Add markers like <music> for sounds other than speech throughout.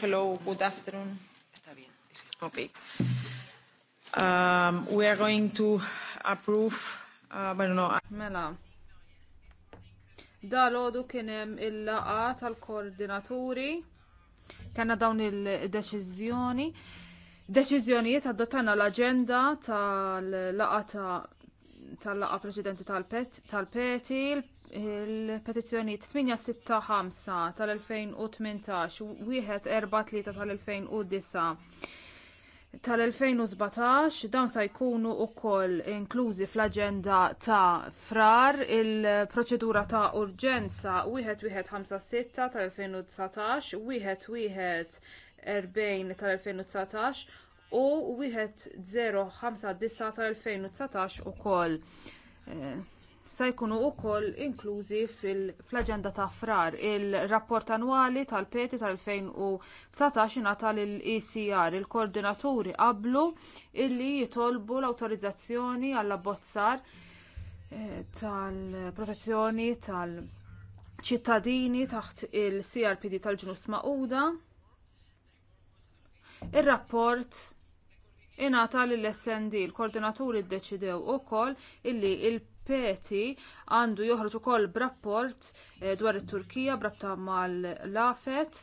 Hello, good afternoon. Okay. Um, we are going to approve, uh, but no. Uh, mela. da lodu kienem il-laqa tal-koordinaturi, kena dawn il-deċizjoni. Deċizjonijiet adottana l-agenda tal-laqa ta' tal laqgħa preċedenti tal-peti, il-petizzjoniet 865 tal-2018, wieħed 43 tal-2009 tal-2017 dawn se jkunu wkoll inklużi fl-aġenda ta' frar il-proċedura ta' urġenza 1156 tal-2019, 1140 tal-2019 u wieħed 1059 tal-2019 ukoll. koll. se jkunu wkoll inklużi fl-aġenda ta' frar il-rapport annwali tal-peti tal-2019 ingħata lill-ECR il-koordinaturi qablu illi jitolbu l-awtorizzazzjoni għall-abbozzar eh, tal-protezzjoni tal-ċittadini taħt il-CRPD tal-ġnus Magħquda. ir rapport Inata li l-SND l-koordinaturi d-deċidew u koll illi il-peti għandu joħroġu koll b'rapport eh, dwar il turkija brapta mal-lafet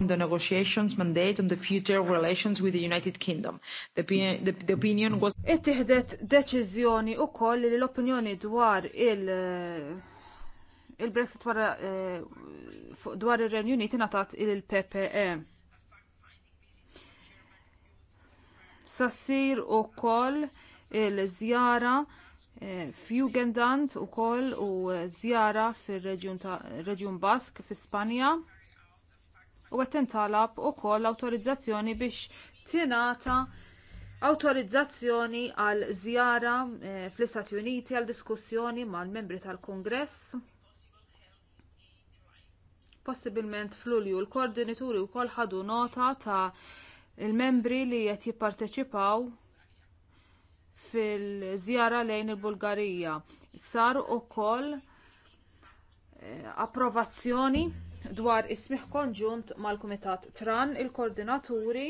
in the negotiations mandate on the future relations with the United Kingdom. The, the, the opinion was... Ittiħdet deċizjoni u koll li l-opinjoni dwar il- eh, il-Brexit wara eh, dwar ir renju Unit ingħatat il-PPE. sassir u koll il-żjara eh, f'Jugendant u koll u żjara fil-reġjun Bask fi Spanja u għattin talab u koll autorizzazzjoni biex tinata autorizzazzjoni għal żjara eh, fl-Istati Uniti għal diskussjoni mal-membri tal-Kongress. Possibilment f'Lulju l-koordinaturi wkoll ħadu nota ta' il-membri li qed jipparteċipaw fil-żjara lejn il-Bulgarija. Sar ukoll eh, approvazzjoni dwar ismiħ konġunt mal-Kumitat Tran il-Koordinaturi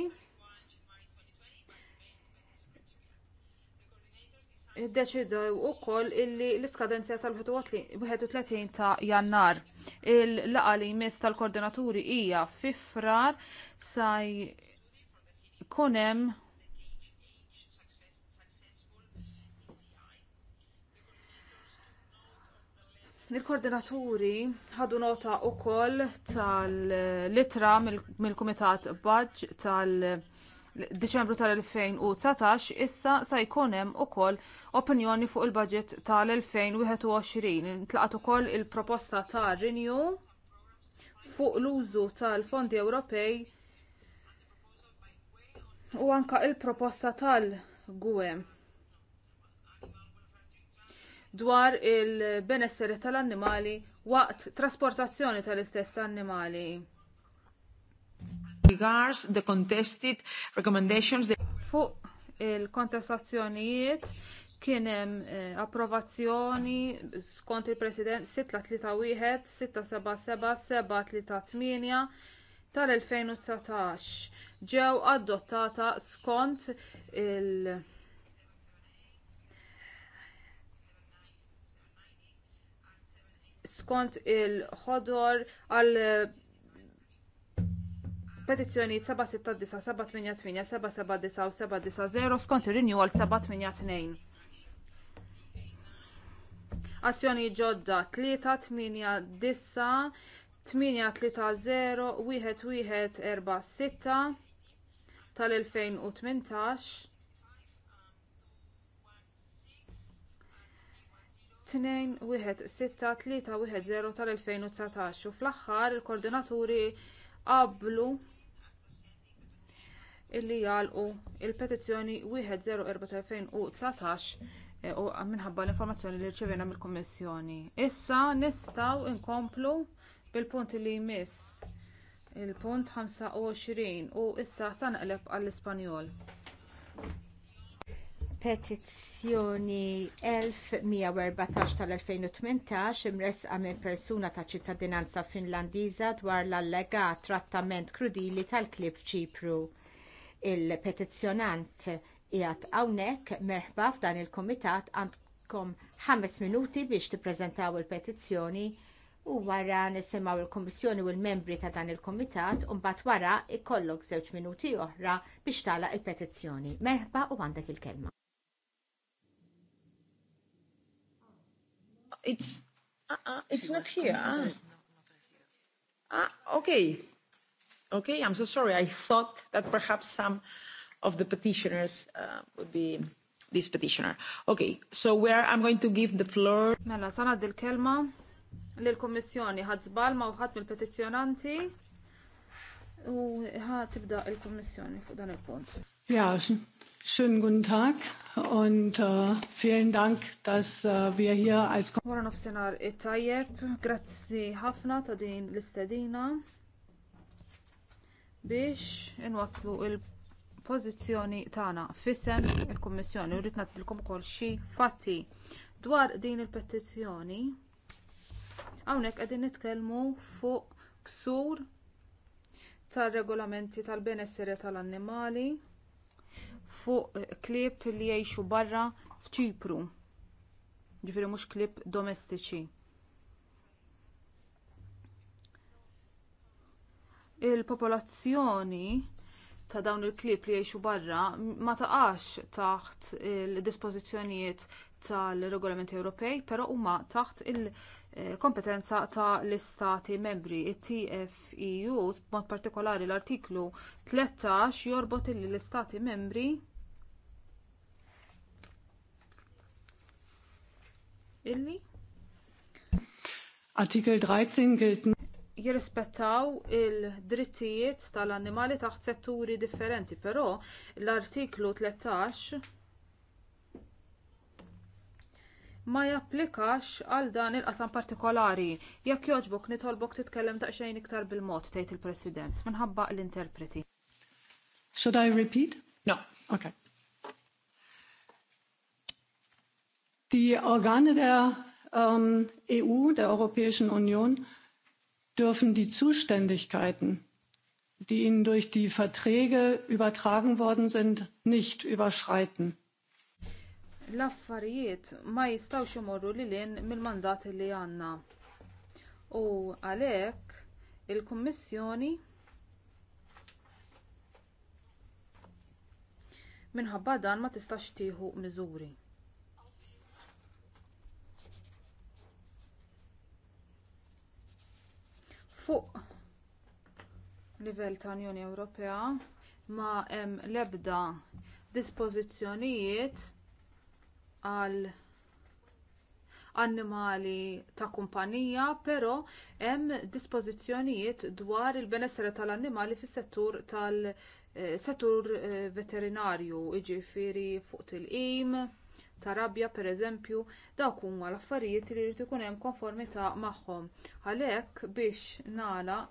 Iddeċidew ukoll illi l iskadenza tal-31 ta' jannar il laqgħa li jmiss tal-koordinaturi hija fi frar saj kunem Il-koordinaturi ħadu nota u koll tal-litra mill-Kumitat mil tal-Deċembru tal-2019 issa sa jkunem u koll opinjoni fuq il-budget tal-2021. Tlaqat u koll il-proposta ta' Renew fuq l-użu tal-fondi Ewropej u anka il-proposta tal-gwe dwar il-benesseri tal-annimali waqt trasportazzjoni tal-istess annimali. Regards the contested recommendations Fuq il-kontestazzjonijiet kien hemm eh, approvazzjoni skont il-President 631, 677, 738 tal-2019 ġew adottata skont il- skont il-ħodor għal petizzjoni 769-789-779-0 skont il-renewal 782. Azzjoni ġodda 3-8-9-8-3-0-1-1-4-6 tal-2018 tal 2019 u fl-aħħar il-koordinaturi qablu li jgħalqu l petizzjoni 104 tal-2019 eh, minħabba l-informazzjoni li rċevejna mill-Kummissjoni. Issa nistgħu nkomplu bil-punt li jmiss il-punt 25 u issa sanqleb għall-Ispanjol. Petizzjoni 1114 tal-2018 imresqa minn persuna ta' ċittadinanza Finlandiża dwar l-allegat trattament krudili tal-klib f'Ċipru. Il-petizzjonant qiegħed hawnhekk merħba f'dan il-kumitat għandkom ħames minuti biex tippreżentaw il-petizzjoni il petizzjoni u wara nisimaw il komissjoni u l-membri ta' dan il komitat u mbagħad wara ikollok zewċ minuti oħra biex tagħlaq il-petizzjoni. Merħba u għandek il-kelma. It's uh, uh, it's not here. Ah. ah, okay. Okay, I'm so sorry. I thought that perhaps some of the petitioners uh, would be this petitioner. Okay, so where I'm going to give the floor. Mela, sanad il kelma li l-Kummissjoni ħadd żball ma' wħadd mill-petizzjonanti u ħad tibda l-Kummissjoni fuq dan il-punt. Ja, schönen guten Tag und uh, vielen Dank, dass uh, wir hier als Wara nofsinhar it-tajjeb, grazzi ħafna ta' din l-istedina biex inwaslu il pożizzjoni tagħna f'isem il-Kummissjoni u rrid nagħtilkom ukoll xi fatti dwar din il-petizzjoni. Hawnhekk qegħdin nitkellmu fuq ksur tar-regolamenti tal-benesseri tal-annimali fuq klieb li jgħixu barra f'Ċipru. Ġifieri mhux klieb domestiċi. Il-popolazzjoni ta' dawn il-klieb li jgħixu barra ma taqax taħt il-dispożizzjonijiet tal-regolamenti Ewropej, però huma taħt il-kompetenza ta' l-istati membri. It-TFEU, b'mod partikolari l-artiklu 13, jorbot l-istati membri illi Artikel 13 gilt jirrispettaw il-drittijiet tal-annimali taħt setturi differenti, però l-artiklu 13 ma japplikax għal dan il-qasam partikolari. Jekk jogħġbok nitolbok titkellem daqsxejn iktar bil-mod tgħid il-President minħabba l-interpreti. Should I repeat? No. Okay. Die Organe der ähm, EU, der Europäischen Union, dürfen die Zuständigkeiten, die ihnen durch die Verträge übertragen worden sind, nicht überschreiten l-affarijiet ma jistgħux imorru lilin mill-mandat li għandna. U għalhekk il-Kummissjoni minħabba dan ma tistax tieħu miżuri. Fuq livell ta' Unjoni Ewropea ma hemm l-ebda dispożizzjonijiet għal annimali ta' kumpanija, però hemm dispożizzjonijiet dwar il-benessere tal-annimali fis-settur tal-settur eh, eh, veterinarju, jiġifieri fuq til-qim, tarabja pereżempju, dawk huma l-affarijiet li jrid ikun hemm konformità magħhom. Għalhekk biex nagħlaq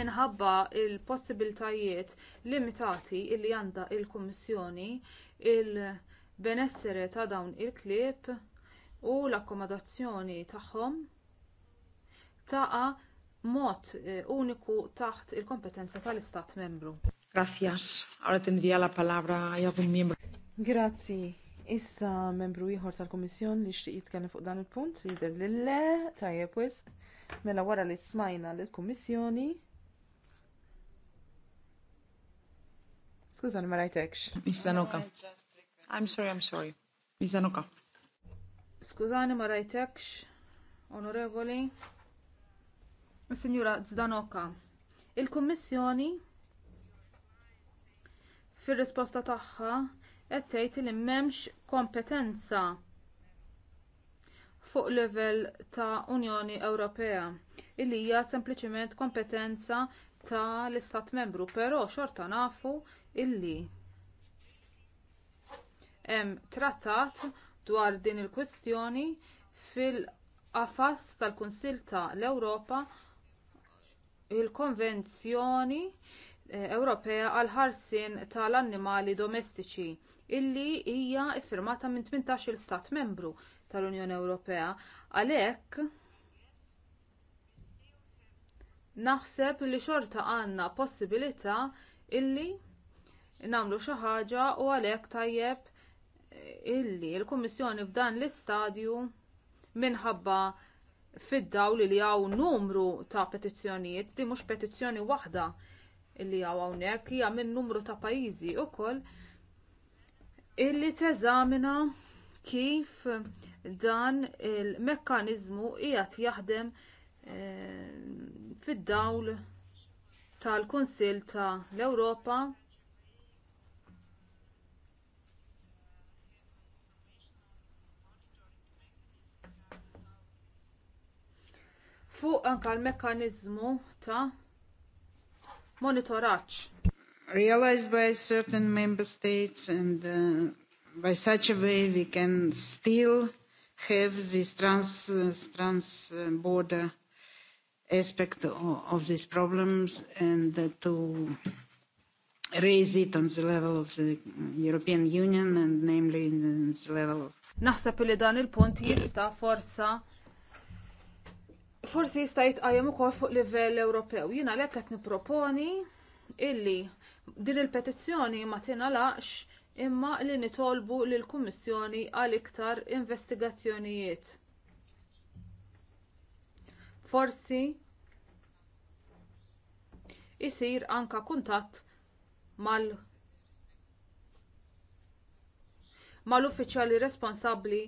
minħabba l possibiltajiet limitati li għandha l kummissjoni il-, il benessere ta' dawn il-klieb u l-akkomodazzjoni tagħhom taqa' mod eh, uniku taħt il-kompetenza tal-Istat membru. Grazzjas, għara tindrija la palabra jakum membru. Grazzi. Issa membru ieħor tal-Kummissjon li xtiq jitkellem fuq dan il-punt jidher li le tajjeb wis mela wara li smajna lill-Kummissjoni. Skużani ma rajtekx. Mista I'm sorry, I'm sorry. Mizanuka. Skużani ma rajtekx, onorevoli. Signora Zdanoka, il-Kummissjoni fir-risposta tagħha qed tgħid li m'hemmx kompetenza fuq livell ta' Unjoni Ewropea illi hija sempliċement kompetenza tal istat membru, però xorta nafu illi hemm trattat dwar din il kwestjoni fil-qafas tal-Kunsill tal ewropa il-Konvenzjoni eh, Ewropea għal ħarsien tal-annimali domestiċi illi hija ffirmata minn 18 il stat membru tal-Unjoni Ewropea għalhekk naħseb li xorta għandna possibilità illi nagħmlu xi ħaġa u għalhekk tajjeb illi l-Kummissjoni f'dan l-istadju minħabba fid-dawl li għaw numru ta' petizzjonijiet, di mhux petizzjoni waħda illi għaw hawnhekk hija minn numru ta' pajjiżi wkoll illi teżamina kif dan il-mekkaniżmu qiegħed jaħdem eh, fid-dawl tal-Kunsill tal-Ewropa fuq anka l-mekkaniżmu ta' monitoraġġ. Realized by certain member states and uh, by such a way we can still have this trans, uh, trans border aspect of, of these problems and uh, to raise it on the level of the European Union and namely in the level of Naħseb li dan il-punt jista' forsa forsi jista' jitqajjem ukoll fuq livell Ewropew. Jiena għalhekk qed nipproponi illi din il-petizzjoni ma tingħalaqx imma li nitolbu lill kummissjoni għal iktar investigazzjonijiet. Forsi isir anke kuntatt mal mal-uffiċjali responsabbli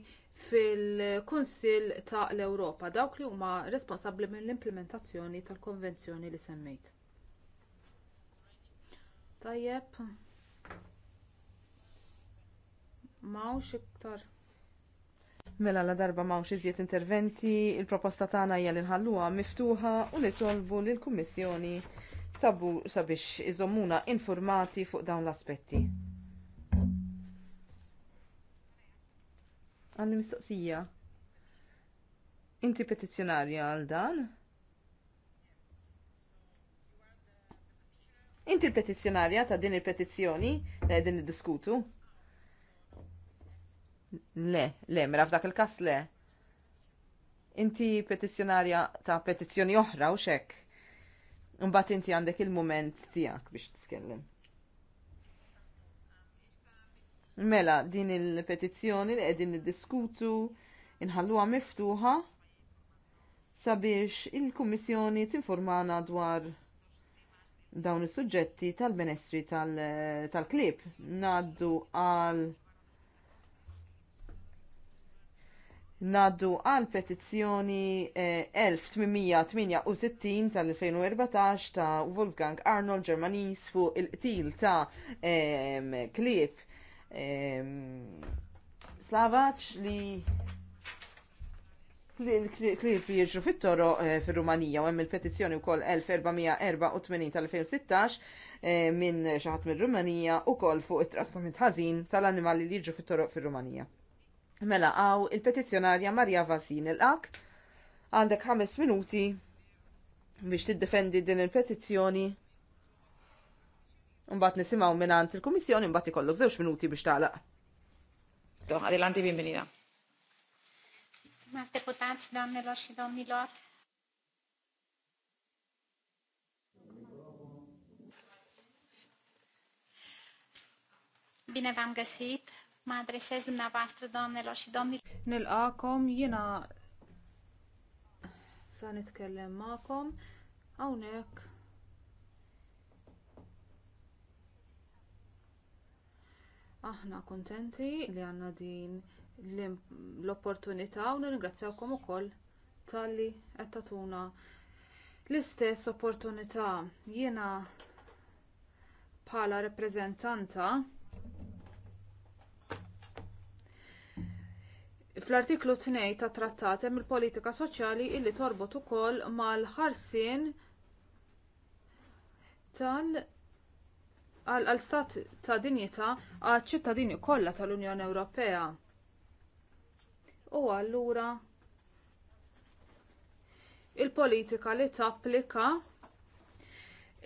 fil-Kunsill ta' l-Ewropa dawk li huma responsabbli mill-implementazzjoni tal-konvenzjoni li semmejt. Tajjeb. Mawx iktar. Mela la darba mawx iżjed interventi, il-proposta tagħna hija li nħalluha miftuħa u nitolbu lill-Kummissjoni sabu sabiex iżommuna informati fuq dawn l-aspetti. Għandi mistoqsija. Inti petizzjonarja għal dan? Inti l-petizzjonarja ta' din il-petizzjoni li din id-diskutu? Le, le, mela f'dak il-kas le. Inti petizzjonarja ta' petizzjoni oħra u xek. Mbagħad inti għandek il-mument tiegħek biex titkellem. Mela, din il-petizzjoni li qegħdin niddiskutu inħalluha miftuħa sabiex il-Kummissjoni tinformana dwar dawn is-suġġetti tal benestri tal-klib. Naddu għal Naddu għal petizzjoni 1868 eh, tal-2014 ta' Wolfgang Arnold Germanis fuq il-qtil ta' eh, Slavaċ li fi jirġu fit-toro eh, fil-Rumanija u hemm il-petizzjoni wkoll 1484 tal-2016 eh, minn xaħat minn Rumanija u koll fuq it-trattament ħażin tal-annimali li jirġu fit-toro fil-Rumanija. Mela għaw il-petizzjonarja Marja Vasin il-Ak għandek 5 minuti biex tiddefendi din il-petizzjoni Unbat nisimaw minant il-Komissjoni, unbat ikollok zewx minuti biex taqlaq. Doħ, adelanti bienvenida. Mas deputați, doamnelor donni Lor. Bine v-am găsit. Mă adresez dumneavoastră, doamnelor și domnilor. Nil-akom, jina sa nitkellem ma'kom, għawnek Aħna kuntenti li għandna din l-opportunità u nirringrazzjawkom ukoll talli qed tatuna l-istess opportunità jiena bħala rappreżentanta fl-artiklu 2 tat trattat hemm il-politika soċjali illi torbot ukoll mal-ħarsien tal- għal stat ta' dinjità għal ċittadini kollha tal-Unjoni Ewropea. U allura il-politika li tapplika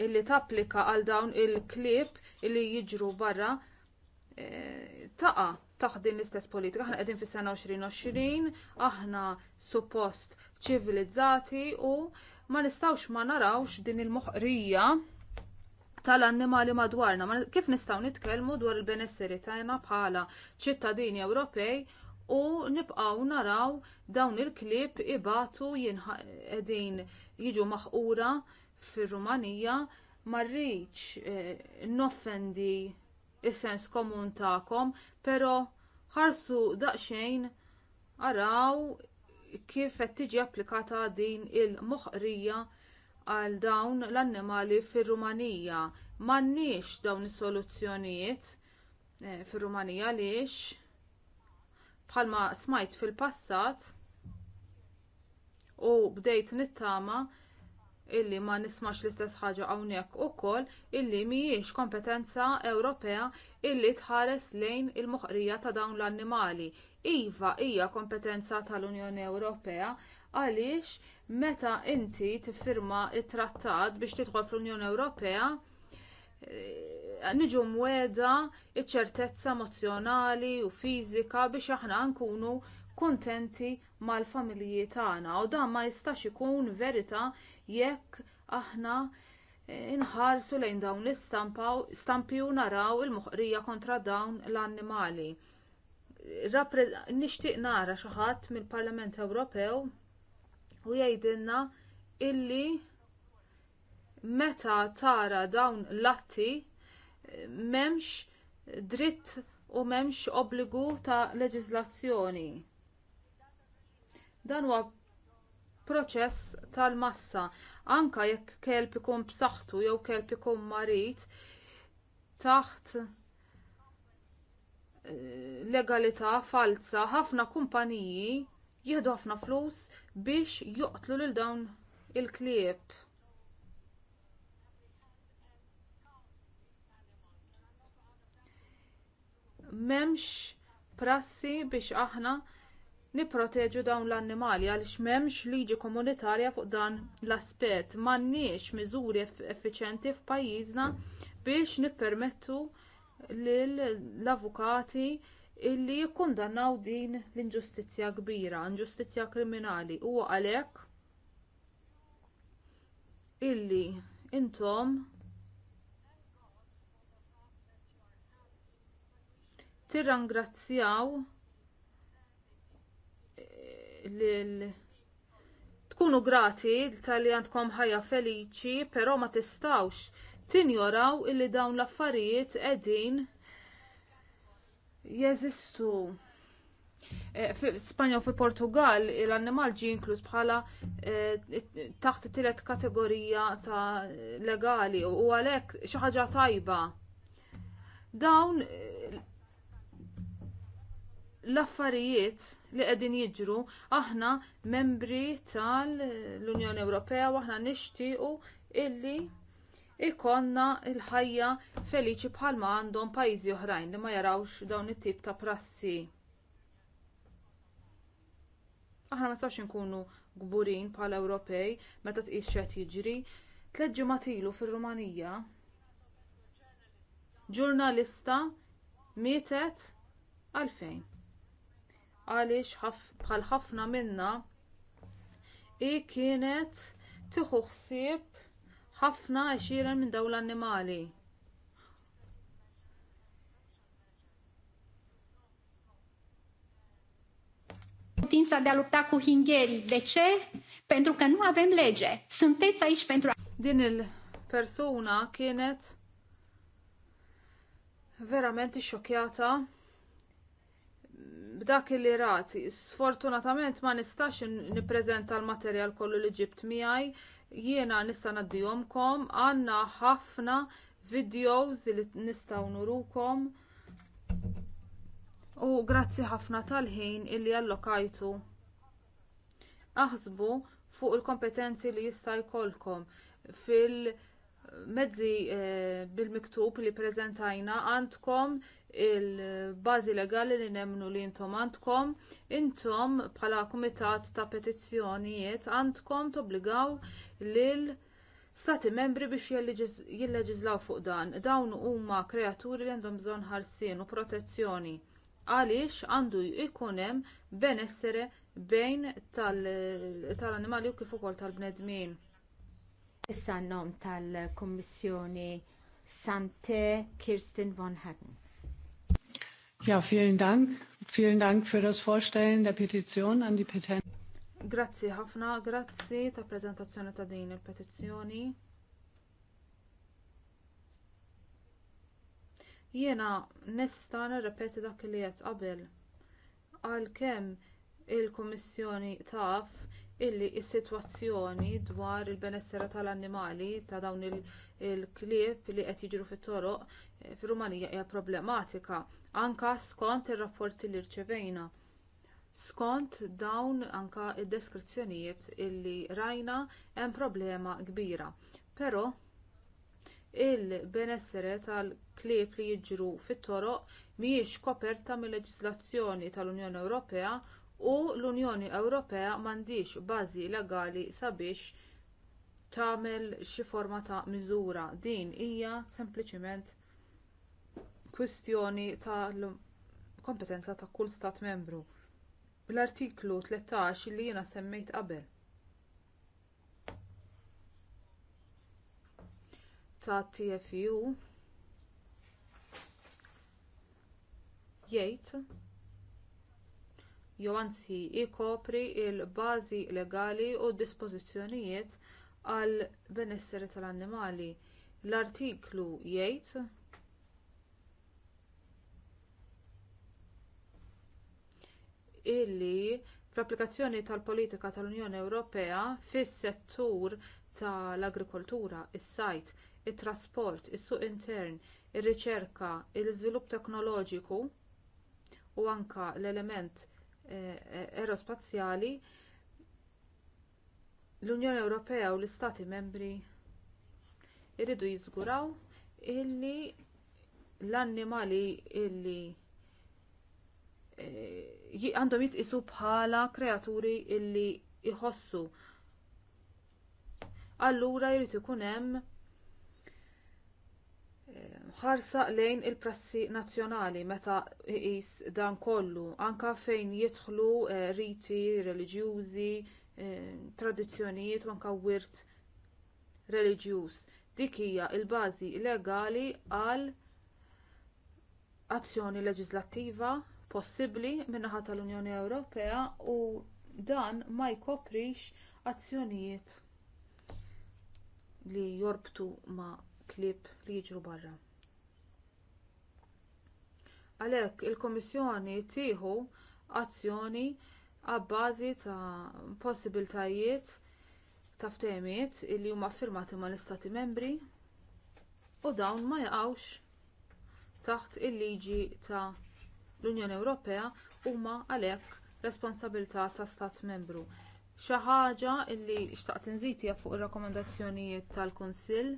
illi tapplika għal dawn il-klib illi jiġru barra e, taqa' taqa taħdin l-istess politika. Aħna qegħdin fis-sena 2020, aħna suppost ċivilizzati u ma nistawx ma narawx din il moħħrija tal-annimali madwarna. Ma kif nistgħu nitkellmu dwar il-benesseri tajna bħala ċittadini Ewropej u nibqgħu naraw dawn il klip ibatu qegħdin jiġu maħqura fir-Rumanija ma rridx offendi eh, noffendi is-sens komun tagħkom, però ħarsu daqsxejn araw kif qed tiġi applikata din il-moħqrija għal dawn l-annimali fir-Rumanija. M'għandniex dawn is-soluzzjonijiet eh, fir-Rumanija għaliex bħalma smajt fil-passat u bdejt nittama illi ma nismax l-istess ħaġa hawnhekk ukoll illi mhijiex kompetenza Ewropea illi tħares lejn il-moħqrija ta' dawn l-annimali. Iva hija kompetenza tal-Unjoni Ewropea għaliex meta inti tiffirma t trattat biex tidħol fl-Unjoni Ewropea eh, niġu mweda iċ-ċertezza emozjonali u fiżika biex aħna nkunu kuntenti mal-familji tagħna u dan ma jistax ikun verità jekk aħna eh, inħarsu lejn dawn l-istampi u naraw il-moħqrija kontra dawn l-annimali. Nixtieq nara xi ħadd mill-Parlament Ewropew u jgħidilna illi meta tara dawn l-atti m'hemmx dritt u m'hemmx obbligu ta' leġiżlazzjoni. Dan huwa proċess tal-massa, anke jekk kelb ikun b'saħħtu jew kelb ikun marit taħt eh, legalità falsa, ħafna kumpaniji jieħdu ħafna flus biex joqtlu lil dawn il-klieb. M'hemmx prassi biex aħna nipproteġu dawn l-annimali għaliex m'hemmx liġi komunitarja fuq dan l-aspett. M'għandniex miżuri effiċjenti f'pajjiżna biex nippermettu lill-avukati illi jikkundannaw din l-inġustizzja kbira, inġustizzja kriminali u għalhekk illi intom tirrangrazzjaw eh, lil tkunu grati tal-li għandkom ħajja feliċi, però ma tistawx tinjoraw illi dawn l-affarijiet qegħdin jeżistu. E, fi Spanja u fi Portugal l-annimal ġi inkluż bħala e, taħt tielet kategorija ta' legali u għalhekk xi ħaġa tajba. Dawn l-affarijiet li qegħdin jiġru aħna membri tal-Unjoni Ewropea u aħna nixtiequ illi ikonna l-ħajja feliċi bħalma għandhom pajjiżi oħrajn li ma jarawx dawn it-tip ta' prassi. Aħna ma nistax inkunu gburin bħala Ewropej meta tqis x'qed jiġri. Tliet ġimgħat ilu fir-Rumanija ġurnalista mietet għalfejn. Għaliex bħal ħafna minna i kienet tieħu ħsieb ħafna għexieren minn dawn l-annimali. Putința de a cu Pentru că nu avem lege. Sunteți aici pentru Din il persona kienet verament xokjata b'dak li rat. Sfortunatament ma nistax nippreżenta l-materjal kollu li ġibt miegħi jiena nista' ngħaddihomkom għandna ħafna videos li nistgħu nurukom u grazzi ħafna tal-ħin illi allokajtu. Aħsbu fuq il-kompetenzi li jista' jkollkom fil- mezzi eh, bil-miktub li prezentajna għandkom il-bazi legali li nemnu li intom għandkom, intom bħala kumitat ta' petizzjonijiet għandkom tobbligaw lil stati membri biex jilleġizlaw fuq dan. Dawn huma kreaturi li għandhom bżonn ħarsien u protezzjoni. Għaliex għandu jkun hemm benessere bejn tal animali u kif ukoll tal-bnedmin. Issa nom tal-Kommissjoni Sante Kirsten von Hatten. Ja, vielen Dank. Vielen Dank für das Vorstellen der Petition an die Petent. Grazzi ħafna, Grazie ta' prezentazzjoni ta' din il-petizzjoni. Jiena nista' nirrepeti dak li qed qabel għalkemm il-Kummissjoni taf illi s-sitwazzjoni dwar il-benesseri tal-annimali ta' dawn il-klieb li qed jiġru fit-toroq eh, fir-rumanija hija problematika anke skont ir-rapporti li rċevejna skont dawn anke d-deskrizzjonijiet illi rajna hemm problema kbira però il-benessere tal-klieb li jiġru fit-toroq mhijiex koperta mil-leġiżlazzjoni tal-unjoni ewropea u l-Unjoni Ewropea m'għandix bażi legali sabiex tagħmel xi forma ta' miżura. Din hija sempliċiment kwistjoni tal kompetenza ta' kull stat membru. L-artiklu 13 li jiena semmejt qabel. ta' TFU jgħid jew anzi jkopri l-bażi legali u d-dispożizzjonijiet għall benesseri tal-annimali. L-artiklu jgħid illi fl-applikazzjoni tal-politika tal-Unjoni Ewropea fis-settur tal-agrikoltura, is-sajt, it-trasport, is-suq intern, ir-riċerka, l-iżvilupp teknoloġiku u anke l-element Eh, eh, aerospazjali l-Unjoni Ewropea u l-Istati membri jridu jiżguraw illi l-annimali illi eh, għandhom jitqisu bħala kreaturi illi jħossu. Allura jrid ikun hemm ħarsa lejn il-prassi nazzjonali meta iqis dan kollu anke fejn jidħlu eh, riti reliġjużi, eh, tradizzjonijiet u anke wirt reliġjuż. Dik hija l-bażi legali għal azzjoni leġislattiva possibbli min-naħa tal-Unjoni Ewropea u dan ma jkoprix azzjonijiet li jorbtu ma' klieb li jiġru barra. Għalhekk il-Komissjoni ttieħu azzjoni għabbażi ta' possibiltajiet ta' ftehmiet li huma affirmati mal istati membri u dawn ma jaqgħux taħt il-liġi ta' l-Unjoni Ewropea huma għalhekk responsabilità ta' stat membru. Xi ħaġa li xtaqt inżid hija fuq ir-rakkomandazzjonijiet tal-Kunsill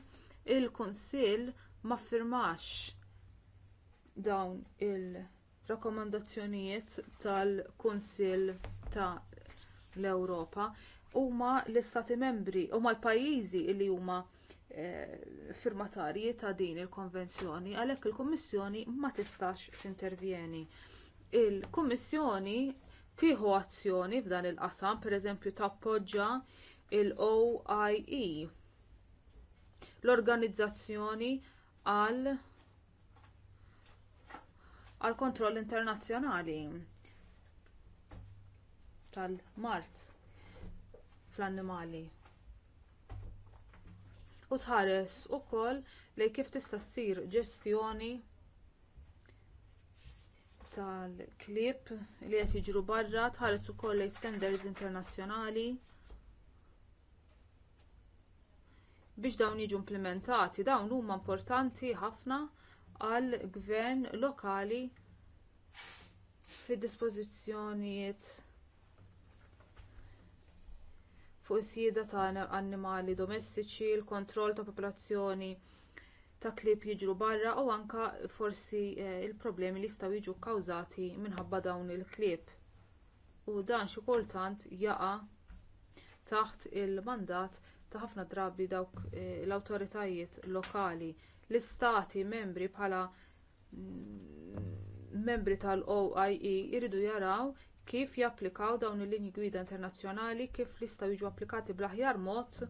il-Kunsill ma ffirmax dawn il-rakkomandazzjonijiet tal-Kunsill l ewropa huma l-istati membri huma l-pajjiżi li huma eh, firmatarji ta' din il-konvenzjoni għalhekk il-Kummissjoni ma tistax tintervjeni. Il-Kummissjoni tieħu azzjoni f'dan il-qasam, pereżempju tappoġġja l oie l-organizzazzjoni għal għal kontroll internazzjonali tal-mart fl-annimali. U tħares ukoll lejn kif tista' ssir ġestjoni tal-klieb li qed jiġru barra tħares ukoll lejn standards internazzjonali biex dawn jiġu implementati dawn huma importanti ħafna għall gvern lokali fid-dispożizzjonijiet fuq is-sjieda ta' annimali domestiċi, il-kontroll ta' popolazzjoni ta' klieb jiġru barra u anke forsi eh, l problemi li jistgħu jiġu kkawżati minħabba dawn il-klieb. U dan xi kultant jaqa' taħt il-mandat ta' ħafna drabi dawk eh, l-awtoritajiet lokali l-istati membri bħala mm, membri tal-oie jridu jaraw kif japplikaw dawn il-linji gwida internazzjonali kif jistgħu jiġu applikati bl-aħjar mod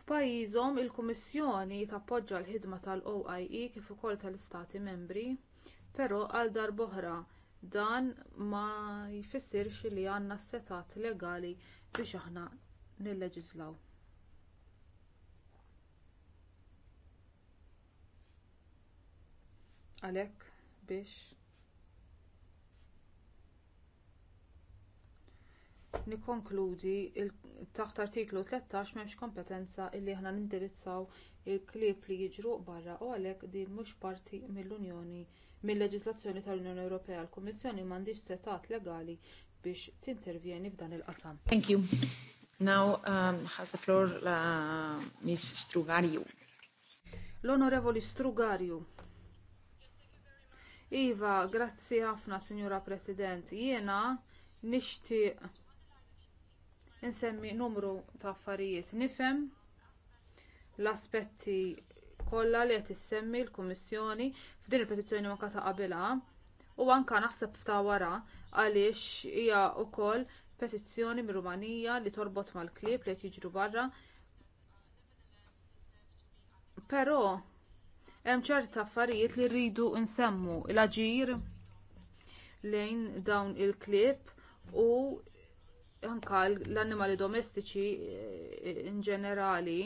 f'pajjiżhom il-kummissjoni tappoġġja l-ħidma tal-oie kif ukoll tal-istati membri però għal darb'oħra dan ma jfissirx li għandna setat legali biex aħna nilleġislaw. għalhekk biex nikkonkludi taħt artiklu 13 m'hemmx kompetenza illi aħna nindirizzaw il-klieb li jiġru barra u għalhekk din mhux parti mill-Unjoni mill-leġiżlazzjoni tal-Unjoni Ewropea. l kummissjoni m'għandix setat legali biex tintervjeni f'dan il-qasam. Thank you. Now um, has the floor la uh, Miss Strugarju. L-Onorevoli Strugarju. Iva, grazzi ħafna, Sinjura President. Jiena nixtieq insemmi numru ta' affarijiet nifhem l-aspetti kollha li qed issemmi l-Kummissjoni f'din il-petizzjoni ma kata qabilha u anke naħseb f'ta' wara għaliex hija wkoll petizzjoni mir-Rumanija li torbot mal-klieb li qed jiġru barra. Però Hemm ċerta affarijiet li rridu nsemmu l-aġir lejn dawn il-klieb u anke l-annimali domestiċi eh, inġenerali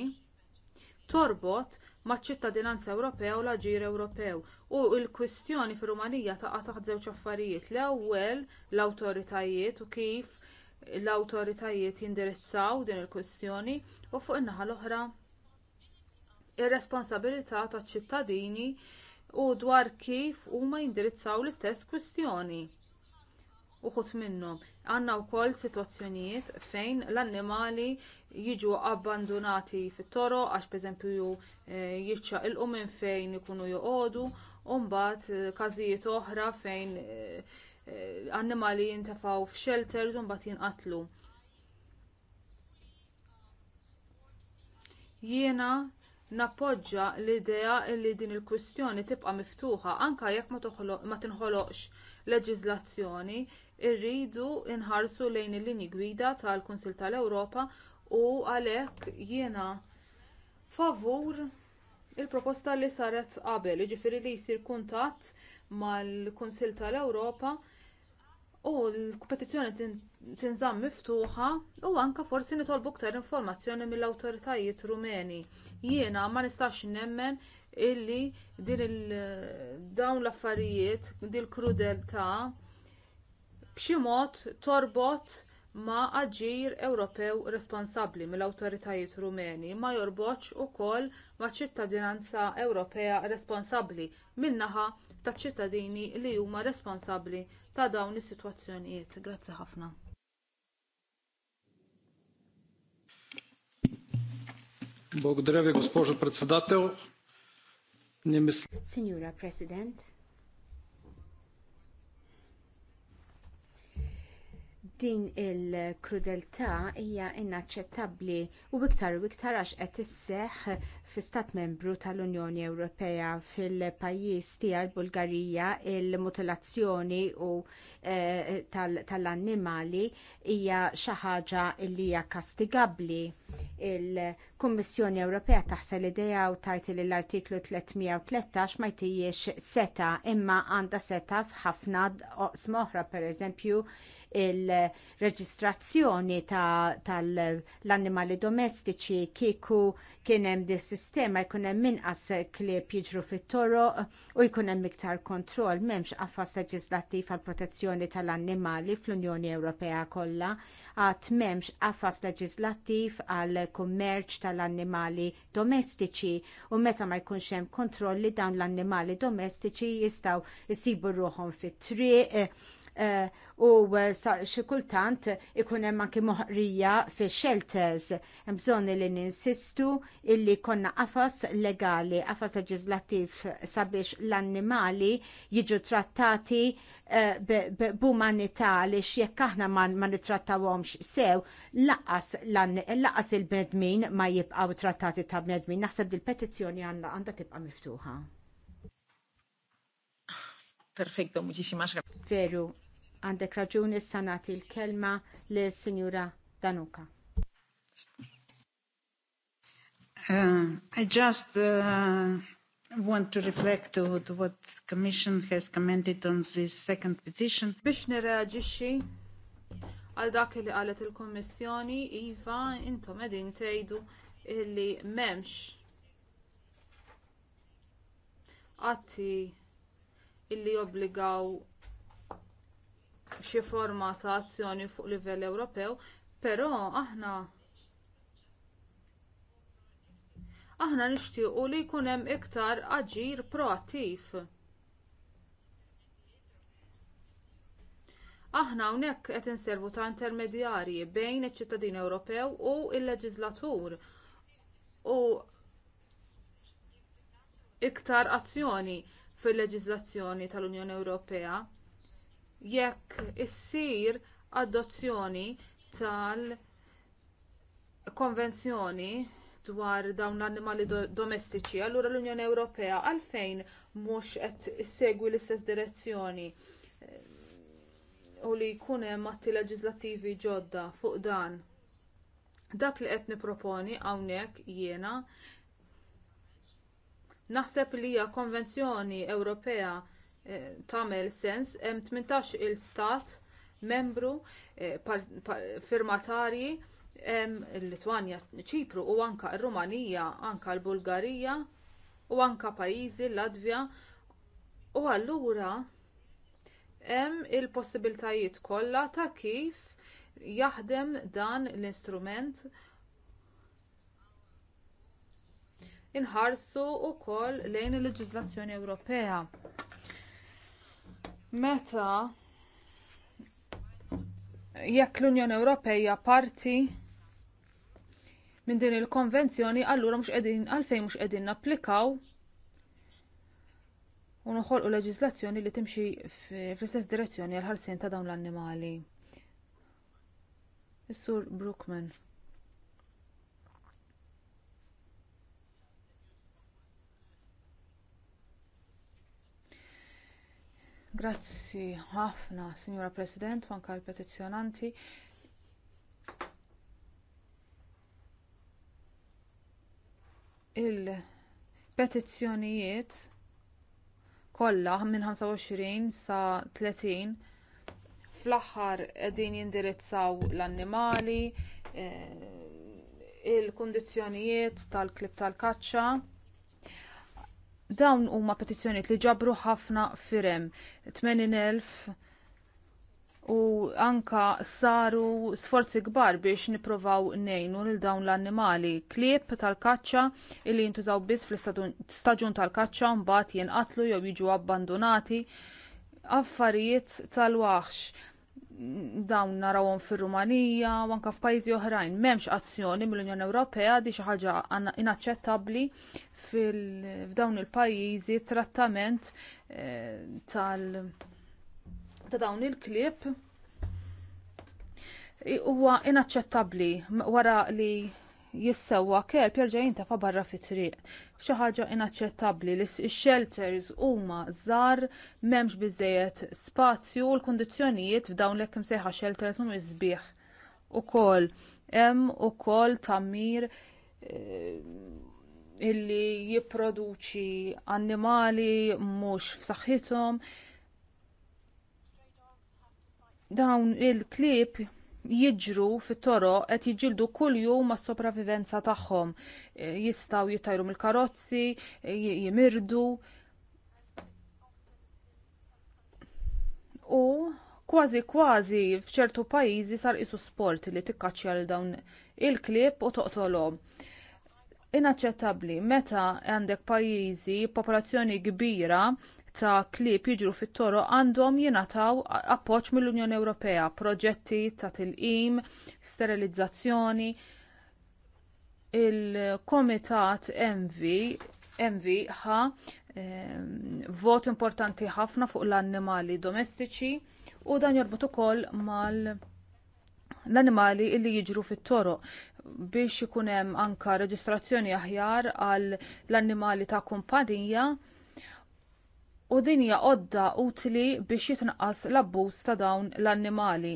torbot maċ ċittadinanza Ewropea u l-aġir Ewropew. U l-kwistjoni fir-Rumanija taqa' taħt żewġ affarijiet. L-ewwel l-awtoritajiet u kif l-awtoritajiet jindirizzaw din il-kwistjoni u fuq in-naħa l-oħra ir-responsabilità taċ-ċittadini u dwar kif huma jindirizzaw l-istess kwistjoni. Uħut minnhom għandna wkoll sitwazzjonijiet fejn l-annimali jiġu abbandonati fit-toro għax pereżempju eh, jiċċaqilqu minn fejn ikunu joqogħdu u mbagħad eh, każijiet oħra fejn eh, annimali jintefgħu f'shelters u mbagħad jinqatlu. jiena nappoġġja l-idea li din il-kwistjoni tibqa' miftuħa anke jekk ma tinħoloqx leġiżlazzjoni irridu nħarsu lejn il-linji gwida tal-Kunsil tal-Ewropa u għalhekk jiena favur il-proposta li saret qabel, jiġifieri li jsir kuntatt mal-Kunsil tal-Ewropa u l-kompetizzjoni tinżamm miftuħa u anke forsi nitolbu aktar informazzjoni mill-awtoritajiet rumeni. Jiena ma nistax nemmen illi dawn l-affarijiet, din l-krudeltà b'xi mod torbot ma' aġir Ewropew responsabbli mill-awtoritajiet rumeni ma jorbotx ukoll ma' ċittadinanza Ewropea responsabbli min-naħa taċ ċittadini li huma responsabbli ta' dawn is-sitwazzjonijiet. Grazzi ħafna. госпожо председател. Signora President, din il-krudeltà hija inaċċettabbli u iktar u iktar għax qed isseħħ fi stat membru tal-Unjoni Ewropea fil-pajjiż tiegħi bulgarija il-mutilazzjoni u eh, tal-annimali hija xi ħaġa li hija kastigabbli Il-Kummissjoni Ewropea taħsel idea u tajt li l-artiklu 313 ma jtijiex seta imma għanda seta f'ħafna oqsma oħra pereżempju il-reġistrazzjoni tal-annimali domestiċi kieku kien hemm dis sistema jkun hemm inqas klieb jiġru fit-toroq u jkun hemm iktar kontroll m'hemmx qafas leġislattiv għall protezzjoni tal-annimali fl-Unjoni Ewropea kollha għad m'hemmx qafas leġislattiv għal tal kummerċ tal-annimali domestiċi u meta ma jkunx hemm kontrolli dawn l-annimali domestiċi jistgħu jsibu ruħhom fit-triq Eh, u xi kultant ikun hemm anke moħrija fi shelters. Hemm bżonn li ninsistu illi konna qafas legali, qafas leġislattiv sabiex l-annimali jiġu trattati eh, b'umanità li jekk aħna ma nittrattawhomx sew laqas laqas il-bnedmin ma jibqgħu trattati ta' bnedmin. Naħseb il-petizzjoni għandha tibqa' miftuħa. Perfekto, muċiċi maċra. Veru, għandek raġuni s-sanati l-kelma li signora Danuka. Uh, I just uh, want to reflect to, what the Commission has commented on this second petition. Biex nirreagixxi għal dak li qalet il-Kummissjoni, Iva, intom qegħdin tgħidu illi m'hemmx atti illi obbligaw xi forma ta' azzjoni fuq livell Ewropew, però aħna aħna nixtiequ li jkun hemm iktar aġir proattiv. Aħna hawnhekk qed inservu ta' intermedjarji bejn iċ-ċittadin Ewropew u l leġiżlatur u iktar azzjoni fil-leġiżlazzjoni tal-Unjoni Ewropea jekk issir adozzjoni tal-konvenzjoni dwar dawn l-annimali domestiċi, allura l-Unjoni Ewropea għalfejn mhux qed issegwi l-istess direzzjoni eh, u li jkun hemm atti leġislattivi ġodda fuq dan. Dak li qed nipproponi hawnhekk jiena naħseb li hija Konvenzjoni Ewropea tagħmel sens hemm 18 il-stat membru eh, firmatarji hemm il-Litwanja, Ċipru u anke r-Rumanija, anke l-Bulgarija u anke pajjiżi l-Latvja u allura hemm il-possibiltajiet kollha ta' kif jaħdem dan l-istrument inħarsu wkoll lejn il-leġiżlazzjoni Ewropea. Meta jekk l-Unjoni Ewropea parti minn din il-konvenzjoni allura mhux qegħdin għalfejn mhux qegħdin napplikaw u noħolqu leġiżlazzjoni li timxi fl-istess direzzjoni għal ħarsien ta' dawn l-annimali. Is-Sur Brookman. Grazzi ħafna, Signora President, u anke l-petizzjonanti. Il-petizzjonijiet kollha minn 25 sa 30 fl-aħħar qegħdin jindirizzaw l-annimali, eh, il-kundizzjonijiet tal-klib tal-kaċċa, dawn huma petizzjonijiet li ġabru ħafna firem 80,000 u anka saru sforzi kbar biex nippruvaw nejnu lil dawn l-annimali. Klieb tal-kaċċa li jintużaw biss fl-istaġun tal-kaċċa mbagħad jinqatlu jew jiġu abbandonati affarijiet tal-waħx dawn narawhom fir-Rumanija u anke f'pajjiżi oħrajn m'hemmx azzjoni mill-Unjoni Ewropea di xi ħaġa inaċċettabbli f'dawn il-pajjiżi trattament eh, tal ta' dawn il klip huwa inaċċettabbli wara li jissewwa kelb jerġa' jintefa' barra fit-triq. Xi ħaġa inaċċettabbli li x-shelters huma żgħar m'hemmx biżżejjed spazju u l-kundizzjonijiet f'dawn l-hekk sejħa shelters mhumiex sbieħ ukoll hemm ukoll tammir eh, illi jipproduċi annimali mhux f'saħħithom dawn il-klieb jiġru fit-toro qed kull kuljum mas-sopravivenza tagħhom. E, Jistgħu jittajru mill-karozzi, e, jimirdu. U kważi kważi f'ċertu pajjiżi sar isu sport li tikkaċċja l dawn il-klieb u toqtolhom. Inaċċettabbli meta għandek pajjiżi popolazzjoni kbira ta' klieb jiġru fit-toro għandhom jingħataw appoġġ mill-Unjoni Ewropea, proġetti ta' tilqim, sterilizzazzjoni. Il-Komitat MV MV ehm, vot importanti ħafna fuq l-annimali domestiċi u dan jorbot ukoll mal l-annimali illi jiġru fit-toroq biex ikun hemm anke reġistrazzjoni aħjar għal l-annimali ta' kumpanija u din hija għodda utli biex jitnaqqas l-abbuż ta' dawn l-annimali.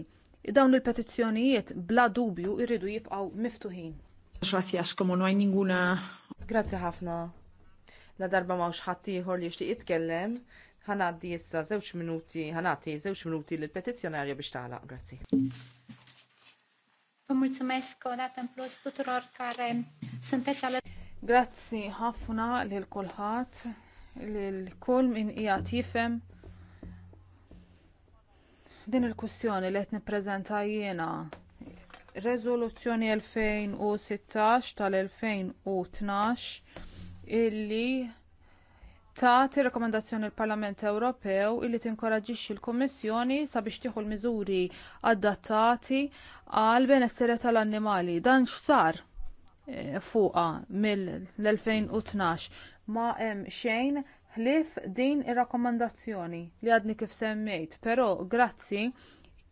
Dawn il-petizzjonijiet bla dubju jridu jibqgħu miftuħin. Grazzi ħafna. La darba ħadd ieħor li jixtieq jitkellem, ħanaddi issa żewġ minuti, ħanati żewġ minuti lill petizzjonarja biex tagħlaq, grazzi. Mulzumesko, o dată plus tuturor care sunteți Grazzi ħafna lil kulħadd l-kull min qiegħed jifhem din il-kwistjoni li qed nippreżenta jiena Rezoluzzjoni 2016 tal-2012 illi tagħti rekomendazzjoni l-Parlament Ewropew illi tinkoraġixxi l-Kummissjoni sabiex tieħu l-miżuri adattati għall benessere tal-annimali. Dan x'sar eh, fuqha mill-2012 ma hemm xejn ħlief din ir-rakkomandazzjoni li għadni kif semmejt, però grazzi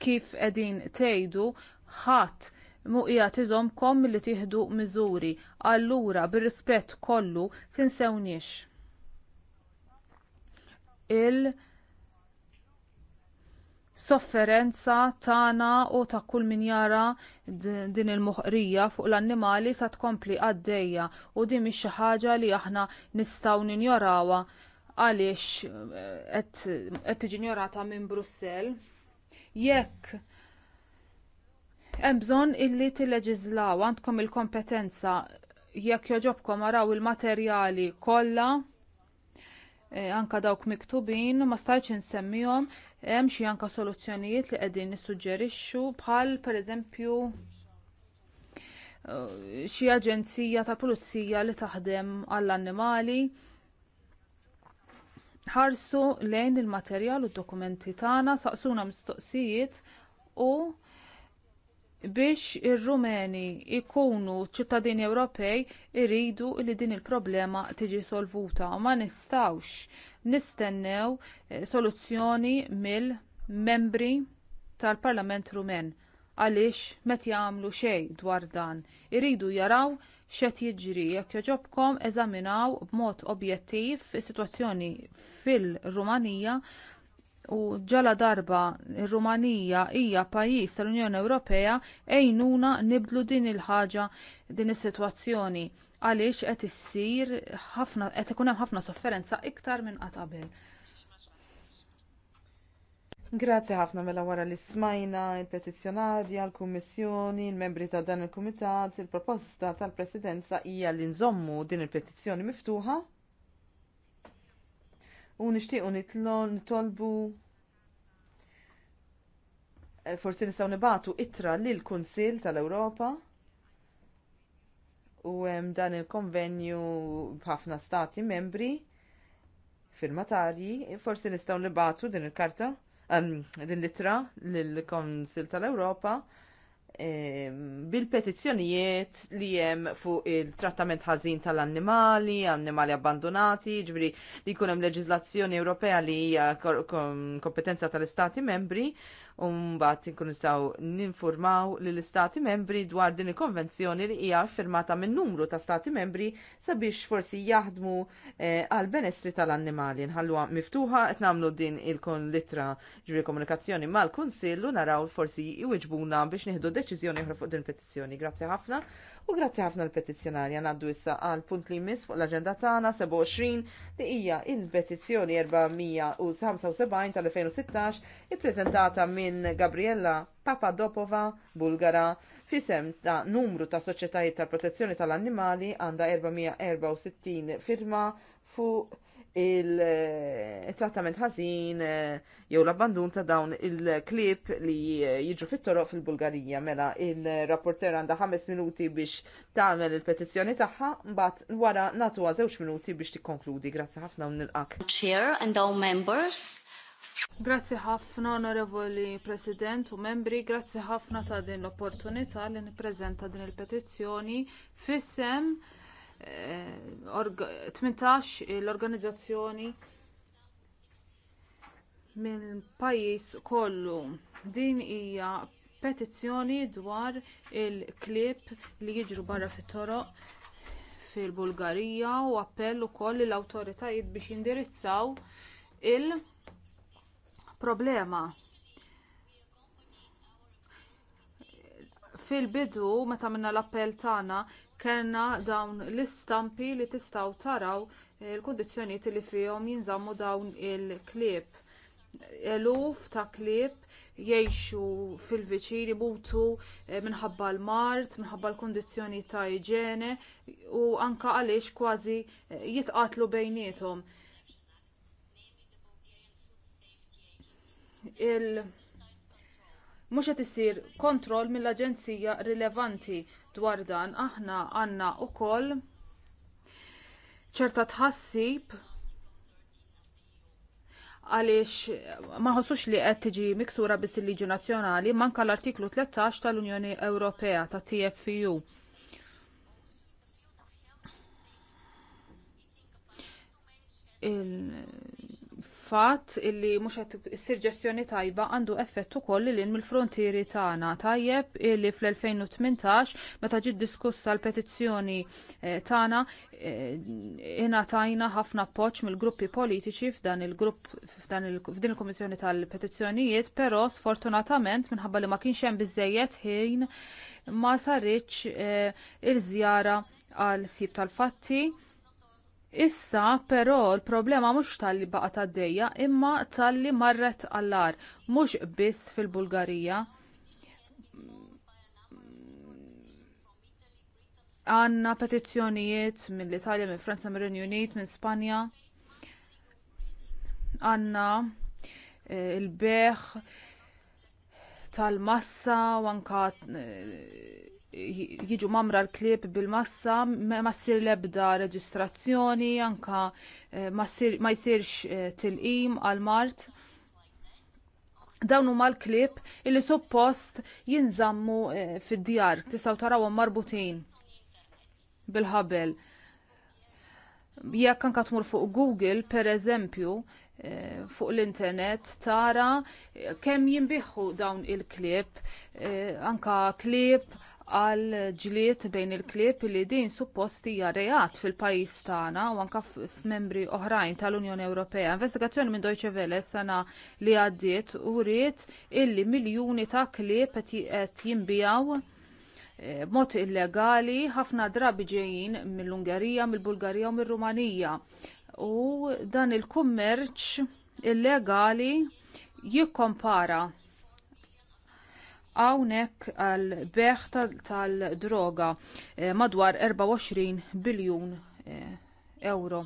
kif qegħdin tgħidu ħadd muqija tiżomkom li tieħdu miżuri, allura bir-rispett kollu tinsewniex il- sofferenza tagħna u ta' kull min jara din il-moħqrija fuq l-annimali sa tkompli għaddejja u din mhix xi ħaġa li aħna nistgħu ninjorawha għaliex eh, qed tiġi ignorata minn Brussell. Jekk hemm bżonn illi tilleġiżlaw għandkom il-kompetenza jekk joġobkom araw il-materjali kollha eh, anke dawk miktubin ma stajtx insemmihom Hemm xi anke soluzzjonijiet li qegħdin nissuġġerixxu bħal pereżempju eh, xi aġenzija ta' pulizija li taħdem għall-annimali ħarsu lejn il-materjal u d-dokumenti tagħna saqsuna mistoqsijiet u biex ir-Rumeni jkunu ċittadini Ewropej iridu li din il-problema tiġi solvuta u ma nistawx nistennew eh, soluzzjoni mill-membri tal-Parlament Rumen għaliex meta jagħmlu xejn dwar dan. Iridu jaraw x'qed jiġri jekk joġobkom eżaminaw b'mod objettiv is-sitwazzjoni fil-Rumanija u ġala darba ir-Rumanija hija pajjiż tal-Unjoni Ewropea ejnuna nibdlu din il-ħaġa din is-sitwazzjoni għaliex qed issir ħafna qed ikun hemm ħafna sofferenza iktar minn qatt qabel. Grazzi ħafna mela wara li smajna il-petizzjonarja, l-Kummissjoni, il-membri ta' dan il-Kumitat, il-proposta tal-Presidenza hija li nżommu din il-petizzjoni miftuħa u nixtiequ nitolbu eh, forsi nistgħu nibatu ittra lil kunsil tal-Ewropa u dan il-konvenju b'ħafna stati membri firmatarji, forsi nistgħu nibatu din il-karta ehm, din l itra lill kunsil tal-Ewropa bil-petizzjonijiet li jem fuq il-trattament ħażin tal-annimali, annimali abbandonati, ġviri li kunem leġizlazzjoni Ewropea li hija kompetenza tal-Istati membri u mbagħad inkun nistgħu ninformaw l istati membri dwar din il-konvenzjoni li hija firmata minn numru ta' stati membri sabiex forsi jaħdmu eh, għal eh, benessri tal-annimali. Nħalluha miftuħa qed nagħmlu din il-kon litra ġri komunikazzjoni mal-Kunsillu naraw forsi jwiġbuna biex nieħdu deċiżjoni oħra fuq din il petizzjoni. Grazzi ħafna U grazzi ħafna l-petizzjonarja naddu issa għal punt li jmiss fuq l-agenda tagħna 27 li hija il-petizzjoni 475 tal-2016 ippreżentata minn Gabriella Papadopova Bulgara fisem ta' numru ta' soċjetajiet tal-protezzjoni tal-annimali għandha 464 firma fuq il-trattament ħażin eh, jew l-abbandun ta' dawn il-klip li eh, jiġu fit-toroq fil-Bulgarija mela il-rapporter għandha ħames minuti biex tagħmel il-petizzjoni tagħha mbagħad wara nagħtuha żewġ minuti biex tikkonkludi. Grazzi ħafna u nilqak. Chair and all members. Grazzi ħafna onorevoli President u membri, grazzi ħafna ta' din l-opportunità li nippreżenta din il-petizzjoni fis-sem 18 eh, l-organizzazzjoni minn pajjiż kollu. Din hija petizzjoni dwar il-klieb li jiġru barra fit-toroq fil-Bulgarija u appell ukoll lill awtoritajiet biex jindirizzaw il-problema. Fil-bidu meta minna l-appell tagħna kellna dawn l-istampi li tistgħu taraw il-kundizzjonijiet li fihom jinżammu dawn il-klieb. Eluf ta' klieb jgħixu fil viċini butu eh, minħabba l-mart, minħabba l-kundizzjoni ta' iġene u anke għaliex kważi eh, jitqatlu bejniethom. il mhux qed isir kontroll mill-aġenzija rilevanti dwar dan aħna għandna wkoll ċerta tħassib għaliex ma ħossux li qed tiġi miksura bis il-liġi nazzjonali manka l-artiklu 13 tal-Unjoni Ewropea ta' TFU. Il il-fatt illi mhux qed issir tajba għandu effett ukoll lil mill-frontieri tagħna. Tajjeb illi fl-2018 meta ġiet diskussa l-petizzjoni eh, tagħna eh, tajna ħafna poċ mill-gruppi politiċi f'dan il-grupp f'din il-Kummissjoni tal-Petizzjonijiet, però sfortunatament minħabba li ma kienx hemm biżejjed ħin ma saritx eh, il-żjara għal sib tal-fatti Issa, però, l-problema mhux tal-li baqa tad-dejja, imma tal-li marret għallar, mhux biss fil-Bulgarija. Għanna petizzjonijiet mill-Italja, minn Franza, mir renju Unit, minn Spanja. Għanna eh, il-beħ tal-massa u anka eh, jiġu mamra l-klib bil-massa, ma ssir l-ebda reġistrazzjoni, anka eh, ma jsirx eh, tilqim għal-mart. Dawn huma l-klib illi suppost jinżammu eh, fid-djar, tistgħu tarawhom marbutin bil-ħabel. Jekk anka tmur fuq Google, per eżempju, fuq l-internet tara kemm jinbiħħu dawn il-klip, anka klip għal ġlied bejn il-klieb li din suppost hija reat fil-pajjiż tagħna u anke f'membri oħrajn tal-Unjoni Ewropea. Investigazzjoni minn Deutsche Welle sena li għaddiet uriet illi miljuni ta' klieb qed jinbijaw e, b'mod illegali ħafna drabi ġejjin mill-Ungerija, mill-Bulgarija u mir-Rumanija. U dan il-kummerċ illegali jikkompara hawnhekk għal beħ tal-droga eh, madwar 24 biljun eh, euro.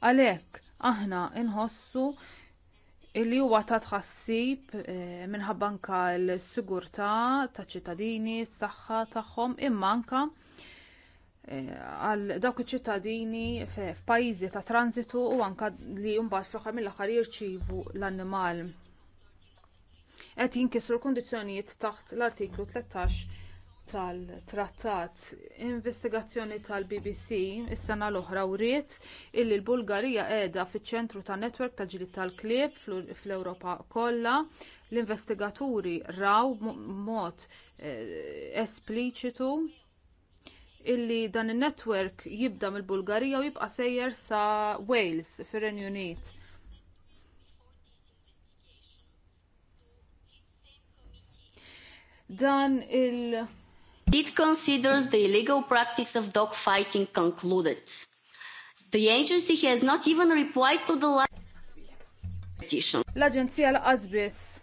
Għalhekk aħna inħossu li huwa ta' tħassib eh, minħabba anka l-sigurtà taċ ċittadini, s-saħħa tagħhom, imma anka għal dawk iċ-ċittadini f'pajjiżi ta' transitu u anke li mbagħad fl-aħħar mill-aħħar jirċievu l-annimal qed jinkisru l-kundizzjonijiet taħt l-artiklu 13 tal-trattat investigazzjoni tal-BBC is-sena l-oħra wriet illi l-Bulgarija qiegħda fiċ-ċentru tan netwerk ta' ġlied tal-klieb fl-Ewropa kollha. L-investigaturi raw b'mod eh, espliċitu illi dan in netwerk jibda mill-Bulgarija u jibqa' sejjer sa Wales fir-Renju Unit dan il- It considers the illegal practice of dog fighting concluded. The agency has not even replied to the petition. L-Aġenzija l-qasbis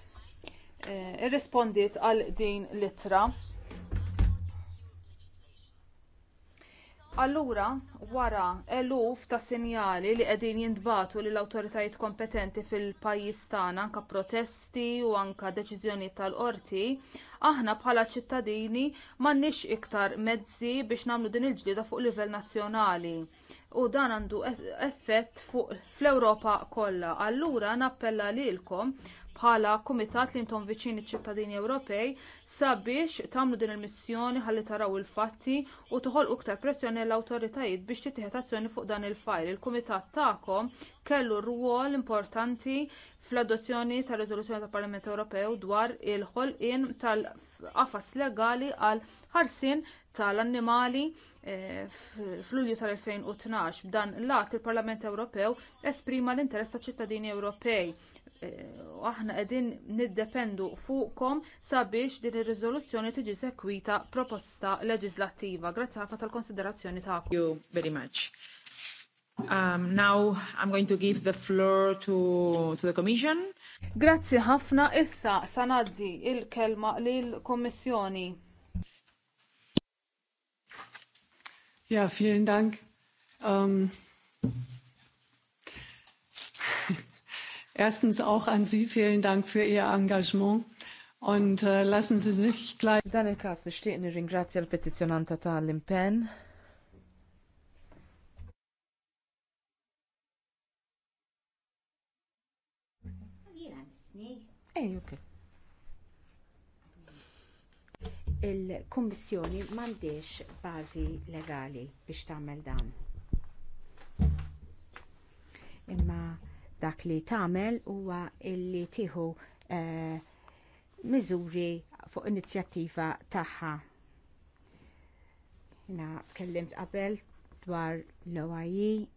eh, irrespondiet għal din l-ittra. Allura, wara eluf ta' sinjali li qegħdin jintbagħtu lill awtoritajiet kompetenti fil-pajjiż tagħna anke protesti u anke deċiżjonijiet tal-qorti, aħna bħala ċittadini m'għandniex iktar mezzi biex nagħmlu din il-ġlieda fuq livell nazzjonali. U dan għandu e-, effett fuq fl-Ewropa kollha. Allura nappella lilkom bħala kumitat li intom viċin iċ-ċittadini Ewropej sabiex tagħmlu din il-missjoni ħalli taraw il-fatti u toħolqu iktar pressjoni l-awtoritajiet biex tittieħed azzjoni fuq dan il-fajl. Il-kumitat tagħkom kellu rwol importanti fl-adozzjoni tar riżoluzzjoni tal-Parlament Ewropew dwar il-ħolqien tal-qafas legali għal ħarsien tal-annimali eh, fl-Ulju tal-2012. B'dan l-att il-Parlament Ewropew esprima l-interess ta' ċittadini Ewropej Eh, aħna qegħdin niddependu fuqkom sabiex din ir-riżoluzzjoni tiġi sekwita proposta leġislattiva. Grazzi ħafna tal-konsiderazzjoni tagħkom. You very much. Um, now I'm going to give the floor to, to the Commission. Grazzi ħafna issa sanaddi il-kelma lill-Kommissjoni. Ja, vielen Dank. Um, Erstens auch an Sie vielen Dank für Ihr Engagement. Und äh, lassen Sie sich gleich. Dan il-kas nixtieq nirringrazzja l-petizzjonanta tal-impenn. Ej, ok. Il-Kommissjoni m'għandix bażi legali biex tagħmel dan. Imma Dak li tagħmel huwa illi tieħu eh, miżuri fuq inizjattiva tagħha. Na tkellimt qabel dwar l e.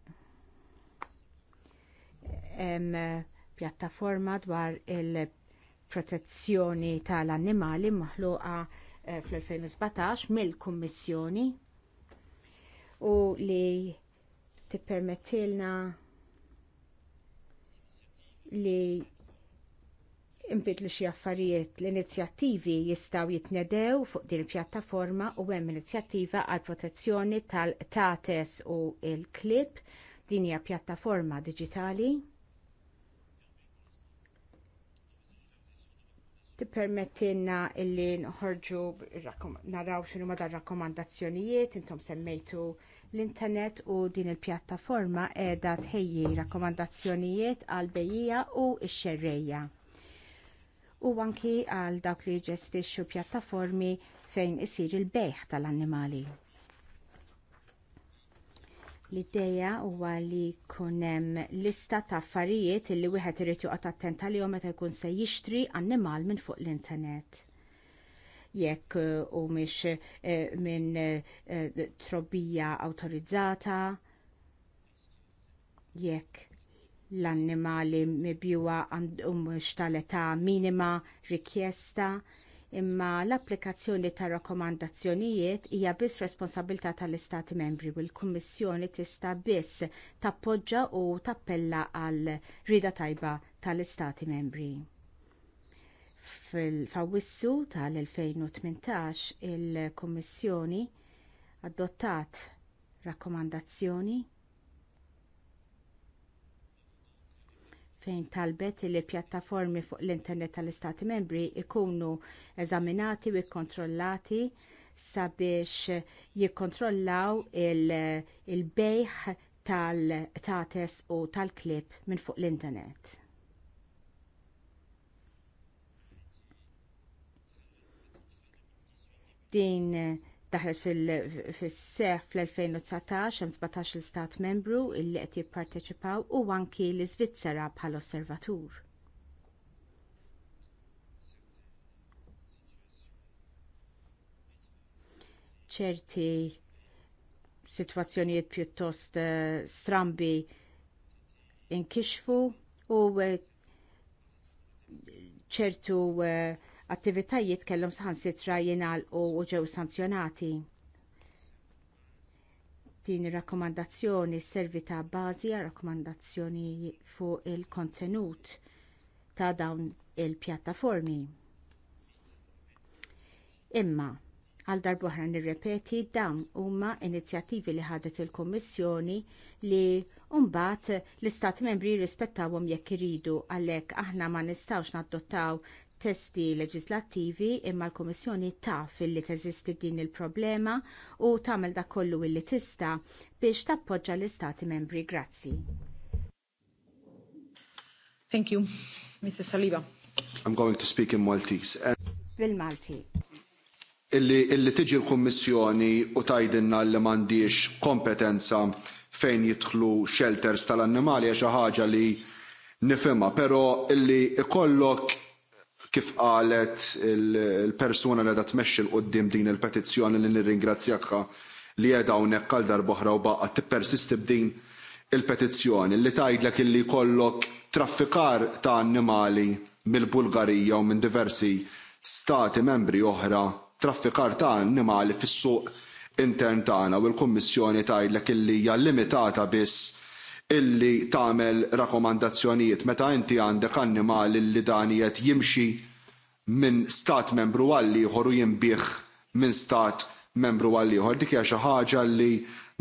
hemm eh, pjattaforma dwar il-protezzjoni tal-annimali maħluqa eh, fl-2017 mill-Kummissjoni u li tippermettilna li imbidlu xi affarijiet l-inizjattivi jistgħu jitnedew fuq din il-pjattaforma u hemm inizjattiva għal protezzjoni tal-tates u l-klib din hija pjattaforma diġitali. Tippermettilna illi nħorġu naraw x'inhuma dar rakkomandazzjonijiet intom semmejtu L-internet u din il-pjattaforma qiegħda tħejji rakkomandazzjonijiet għal bejjija u x-xerrejja. U anki għal dawk li ġestixxu pjattaformi fejn isir il-bejħ tal-annimali l-ideja huwa li jkun hemm lista ta' affarijiet li wieħed irid joqgħod attent għalihom meta jkun se jixtri annimal minn fuq l-internet jekk eh, u miex eh, minn eh, trobija awtorizzata jekk l-annimali mibjuwa mhux tal-età minima rikjesta imma l-applikazzjoni ta' rakkomandazzjonijiet hija biss responsabilità tal-Istati membri u l-Kummissjoni tista' biss tappoġġa u tappella għal rida tajba tal-Istati membri. Fil-fawissu tal-2018 il-Kommissjoni adottat rakkomandazzjoni fejn talbet li pjattaformi fuq l-internet tal-Istati membri ikunu eżaminati u kontrollati sabiex jikkontrollaw il-bejħ il tal-tates u tal-klib minn fuq l-internet. Din daħlet fil-seħ fl-2019 hemm 17 l-Stat membru illi qed jipparteċipaw u għanki l svizzera bħal osservatur. ċerti sitwazzjonijiet pjuttost eh, strambi inkixfu u eh, ċertu uh, attivitajiet kellhom saħansitra jingħalqu u ġew sanzjonati. Din ir-rakkomandazzjoni sservi ta' bażi għal rakkomandazzjoni fuq il-kontenut ta' dawn il-pjattaformi. Imma, għal darbohra nirrepeti dawn huma inizjattivi li ħadet il-Kommissjoni li mbagħad l-Istat membri rispettawhom jekk iridu għalhekk aħna ma nistgħux naddottaw testi leġislattivi imma l-Komissjoni taf illi teżisti din il-problema u tagħmel dak kollu illi tista biex tappoġġa l-Istati membri. Grazzi. Thank you, Mr. Saliba. I'm going to speak in Maltese. Bil-Malti. Illi, illi tiġi l-Kummissjoni u tajdinna li m'għandix kompetenza fejn jidħlu shelters tal-annimali għaxa ħaġa li nifhimha, però illi ikollok kif qalet il-persuna li da tmexxi l qoddim din il-petizzjoni li nirringrazzjakha li qiegħda hawnhekk għal darb'oħra u baqgħet tippersisti b'din il-petizzjoni li tgħidlek illi jkollok traffikar ta' annimali mill-Bulgarija u minn diversi stati membri oħra traffikar ta' annimali fis-suq intern tagħna u l-Kummissjoni tgħidlek illi hija limitata biss illi tagħmel rakkomandazzjonijiet meta inti għandek annimali li dan qed jimxi minn stat membru għal ieħor u jinbih minn stat membru għal ieħor dik hija xi ħaġa li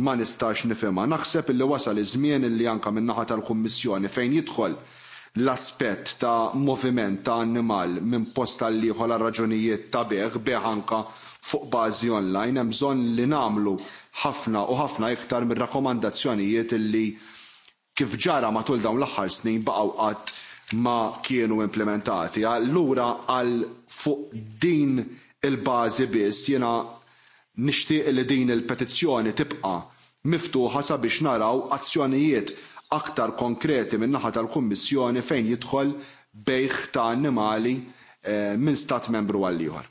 ma nistax nifhimha. Naħseb illi wasal iż-żmien illi anke min-naħa tal-Kummissjoni fejn jidħol l-aspett ta' moviment ta' annimal minn post għal ieħor għal raġunijiet ta' beħ beħ anka fuq bażi online hemm bżonn li nagħmlu ħafna u ħafna iktar mir-rakkomandazzjonijiet illi kif ġara matul dawn l-aħħar snin baqgħu qatt ma kienu implementati. Allura għal fuq din il-bażi biss jiena nixtieq li din il-petizzjoni tibqa' miftuħa sabiex naraw azzjonijiet aktar konkreti min naħa tal-Kummissjoni fejn jidħol bejħ ta' annimali eh, minn stat membru għal ieħor.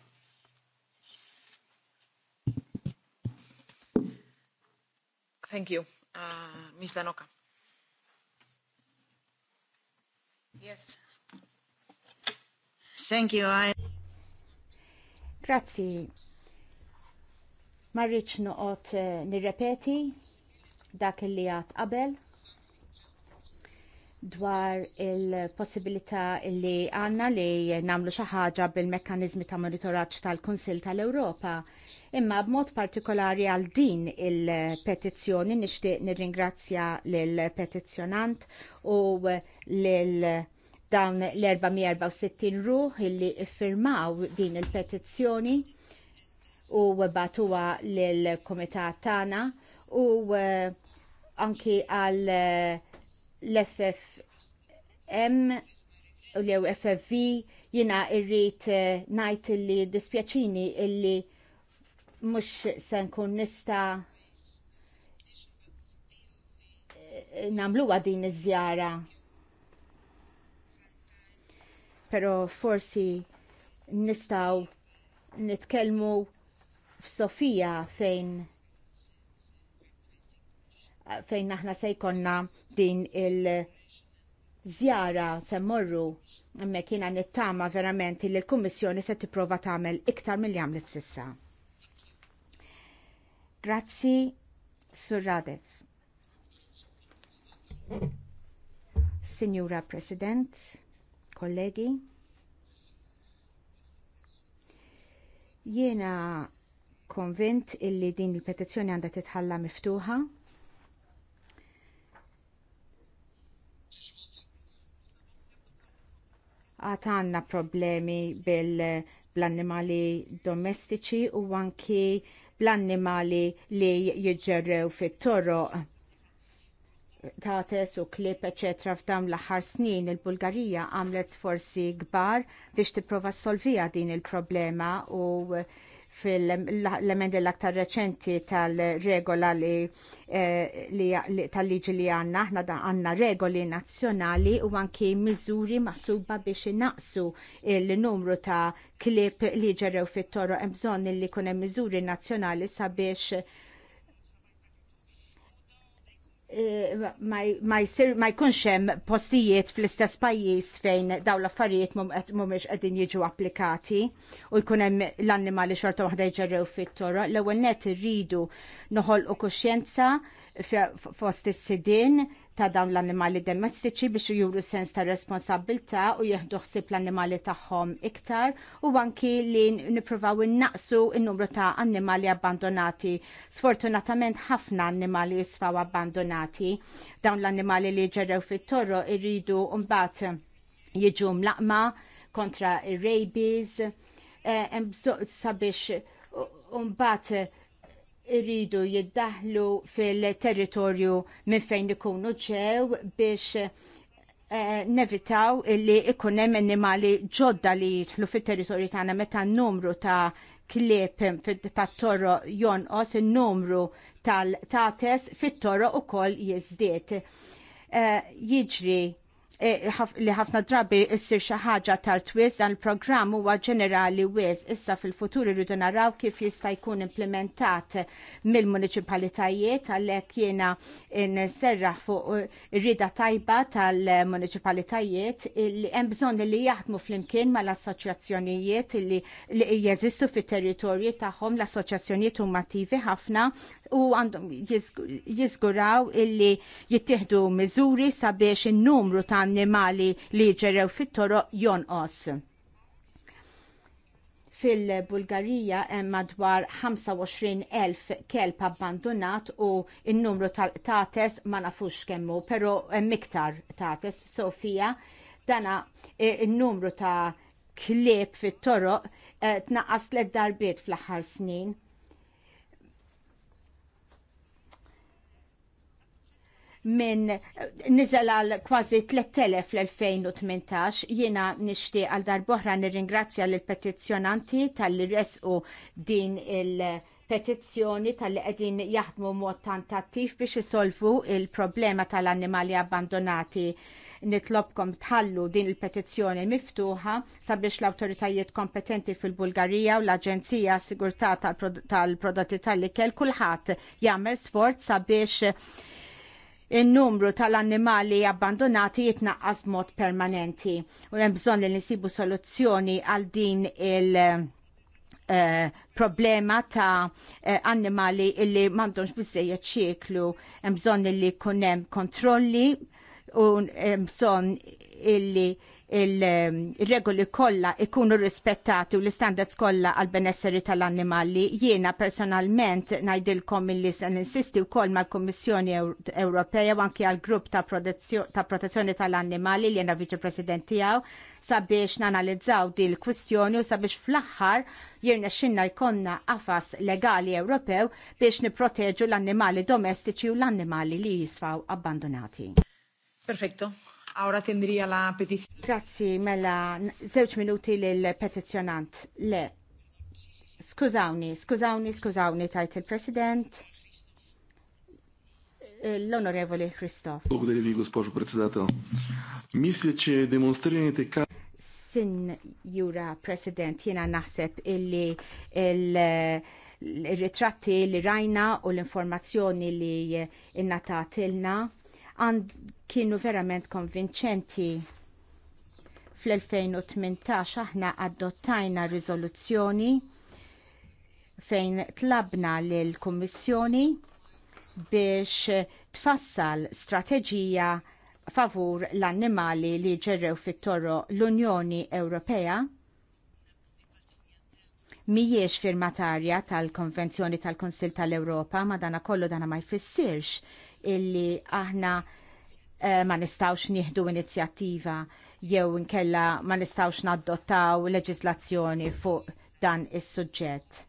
Thank you. Uh, Ms. Danoka. Yes. Thank you. I... Grazzi. Marriċ noqot eh, nirrepeti dak li għat qabel dwar il-possibilità li għandna li nagħmlu xi ħaġa bil mekkaniżmi ta' monitoraġġ tal-Kunsill tal-Ewropa. Imma b'mod partikolari għal din il-petizzjoni nixtieq nirringrazzja lill petizzjonant u lil dawn l-464 ruħ illi iffirmaw din il-petizzjoni u batuwa lill kumitat tagħna u eh, anki għal uh, l-FFM u jew FFV jina irrit eh, najt li dispjaċini illi mux se nkun nista eh, namluwa din iż-żjara. Pero forsi nistaw nitkelmu f'Sofija fejn fejn aħna se jkollna din il- Zjara semmorru emme kiena nittama verament li l-Kummissjoni se tipprova tagħmel iktar mill għamlet sissa. Grazzi, Sur Radev. Signora President, kollegi, jiena konvint illi din il-petizzjoni għandha titħalla miftuħa għad għandna problemi bil bl-annimali domestiċi u anki bl-annimali li jiġġerrew fit torro tates u klip, eċetera, f'dawn l-aħħar snin il-Bulgarija għamlet forsi kbar biex tipprova solvija din il-problema u fil-emendi l-aktar reċenti tal-regola li eh, tal-liġi li għanna, ħna għanna regoli nazzjonali u għanki miżuri maħsuba biex naqsu il-numru ta' klip li ġerew fit-toro, bżonn li kunem miżuri nazzjonali sabiex ma jkunx hemm postijiet fl-istess pajjiż fejn daw l-affarijiet mhumiex qegħdin jiġu applikati u jkun hemm l-annimali xorta waħda jġerrew fit-toro. L-ewwel net irridu noħolqu kuxjenza fost is-sidin ta' dawn l-annimali domestiċi biex juru sens ta' responsabilta u jieħdu ħsieb l-annimali tagħhom iktar u anki li nippruvaw innaqsu n-numru ta' annimali abbandonati. Sfortunatament ħafna annimali jisfaw abbandonati. Dawn l-annimali li ġerrew fit-torro irridu mbagħad jiġu mlaqma kontra ir-rabies, e, eh, sabiex mbagħad iridu jiddaħlu fil-territorju minn fejn ikunu ġew biex eh, nevitaw li ikun hemm annimali ġodda li jidħlu fit-territorju tagħna meta n-numru ta' klieb tat torro jonqos in-numru tal-tates fit torro ukoll jiżdied. Eh, Jiġri Eh, li ħafna drabi issir xi ħaġa tal-twiz dan il-programm huwa ġenerali wiz issa fil-futur irridu naraw kif jista' jkun implementat mill-municipalitajiet għalhekk jiena nserraħ fuq eh, rida tajba tal-municipalitajiet li hemm bżonn li jaħdmu flimkien mal-assoċjazzjonijiet li jeżistu fit-territorji tagħhom l-assoċjazzjonijiet huma attivi ħafna u għandhom jiżguraw illi jittieħdu miżuri sabiex in-numru ta' annimali li ġerew fit-toroq jonqos fil-Bulgarija hemm madwar 25,000 kelb abbandonat u n-numru tal-tates ma nafux kemmu, però hemm iktar tates f'Sofija dana e, n-numru ta' klieb fit-toroq e, tnaqqas l darbiet fl-aħħar snin minn niżel għal kważi 3000 fl-2018 jiena nixtieq għal darbohra nirringrazzja l petizzjonanti tal-li resqu din il-petizzjoni tal-li qegħdin jaħdmu mod tantattiv biex isolvu il-problema tal-annimali abbandonati nitlobkom tħallu din il-petizzjoni miftuħa sabiex l-autoritajiet kompetenti fil-Bulgarija u l-Aġenzija Sigurtà tal-Prodotti tal-Ikel kulħadd jagħmel sforz sabiex il-numru tal-annimali abbandonati jitnaqqas mod permanenti. U hemm bżonn li nisibu soluzzjoni għal din il- eh, problema ta' eh, annimali illi mandonx bizzej ċiklu, bżonn illi kunem kontrolli u bżonn illi Ehm, il-regoli kollha ikunu rispettati u l-istandards kollha għal benesseri tal-annimali. Jiena personalment ngħidilkom illi se ninsisti wkoll mal-Kummissjoni Ewropea u anki għall grupp ta' protezzjoni tal-annimali li jena viċi-president tiegħu sabiex nanalizzaw di l-kwistjoni u sabiex fl-aħħar jirna xinna jkonna għafas legali Ewropew biex niproteġu l-annimali domestiċi u l-annimali li jisfaw abbandonati. Perfetto, Għawra tindrija la petición. Grazzi, mela, zewċ minuti l-petizjonant. Le, skużawni, skużawni, skużawni, tajt il-president. L-onorevoli Kristof. sin jura president jena naħseb illi il-ritratti li rajna u l-informazzjoni li innatatilna kienu verament konvinċenti. Fl-2018 aħna adottajna riżoluzzjoni fejn tlabna lill-Kummissjoni biex tfassal strateġija favur l-annimali li ġerrew fit-toro l-Unjoni Ewropea mijiex firmatarja tal-Konvenzjoni tal-Konsil tal-Europa ma dana kollu dana ma jfissirx illi aħna eh, ma nistawx nieħdu inizjattiva jew inkella ma nistawx naddottaw leġislazzjoni fuq dan is-suġġett.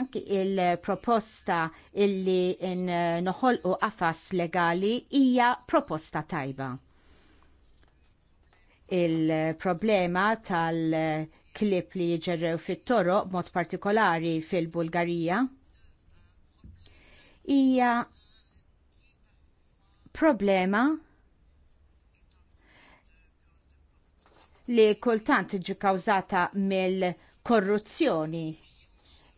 Anki il-proposta illi in eh, noħolqu qafas legali hija proposta tajba. Il-problema tal- klip li ġerrew fit toro mod partikolari fil-Bulgarija hija problema li kultant ġi kawzata mill-korruzzjoni.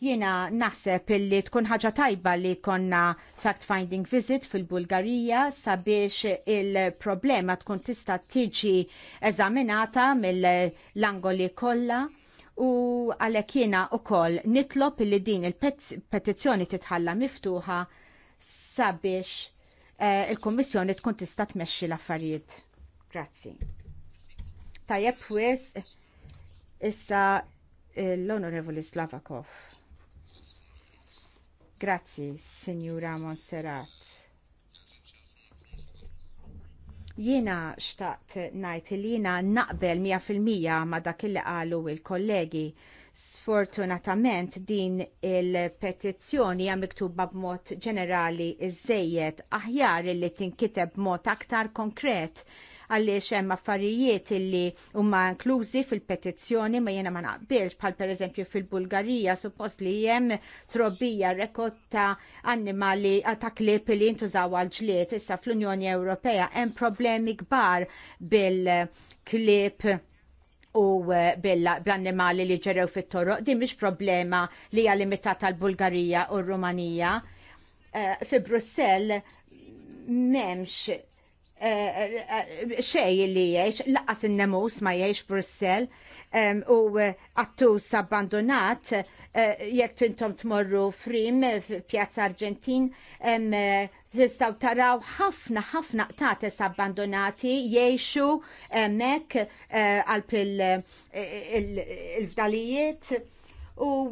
Jiena naħseb illi tkun ħaġa tajba li konna fact-finding visit fil-Bulgarija sabiex il-problema tkun tista' tiġi eżaminata mill-angoli kollha u għalhekk jiena wkoll nitlob illi din il-petizzjoni titħalla miftuħa sabiex Eh, il-Kummissjoni tkun tista' tmexxi l-affarijiet. Grazzi. Tajjeb wis issa l-Onorevoli Slavakov. Grazzi, Signora Monserrat. Jiena xtaqt najt li jiena naqbel 100% ma dak li qalu il-kollegi il kollegi Sfortunatament din il-petizzjoni hija miktuba b'mod ġenerali iżejjed aħjar li tinkiteb b'mod aktar konkret għaliex hemm affarijiet li huma inklużi fil-petizzjoni ma jiena ma naqbilx bħal pereżempju fil-Bulgarija suppost li hemm trobbija rekord ta' annimali ta' klib li jintużaw għal ġlied issa fl-Unjoni Ewropea hemm problemi kbar bil-klib u eh, bl-annimali li ġerew fit-toroq, din mhix problema li hija limitata tal Bulgarija u Rumanija. Eh, fi Brussell m'hemmx eh, xej li jgħix, laqas in-nemus ma jgħix Brussell, u għattus eh, abbandonat eh, jekk intom tmorru frim f'Pjazza Arġentin eh, tistaw taraw ħafna ħafna qtates abbandonati jiexu mek għalp il-fdalijiet u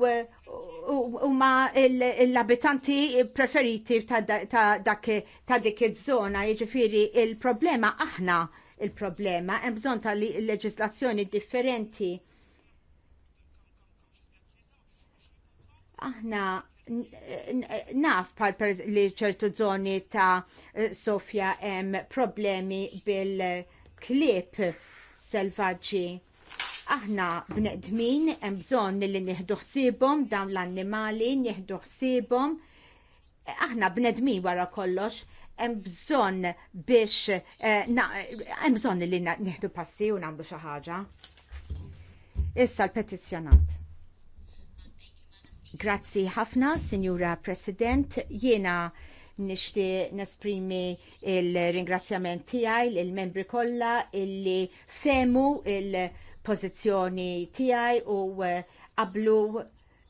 ma l-abitanti preferiti ta' dik iż-żona, jiġifieri il-problema aħna il-problema, hemm bżonn ta' leġislazzjoni differenti. Aħna naf pal li ċertu zoni ta' eh, Sofja hemm problemi bil-klip selvaġġi aħna bnedmin hemm bżonn li nieħdu ħsiebhom dawn l-annimali, nieħdu ħsiebhom. Aħna bnedmin wara kollox, hemm bżonn biex eh, hemm bżonn li nieħdu passi u nagħmlu xi ħaġa. Issa l-petizzjonant. Grazzi ħafna, Sinjura President. Jiena nixti nesprimi il-ringrazzjament tiegħi lill-membri kollha illi femu il-pożizzjoni tiegħi u eh, qablu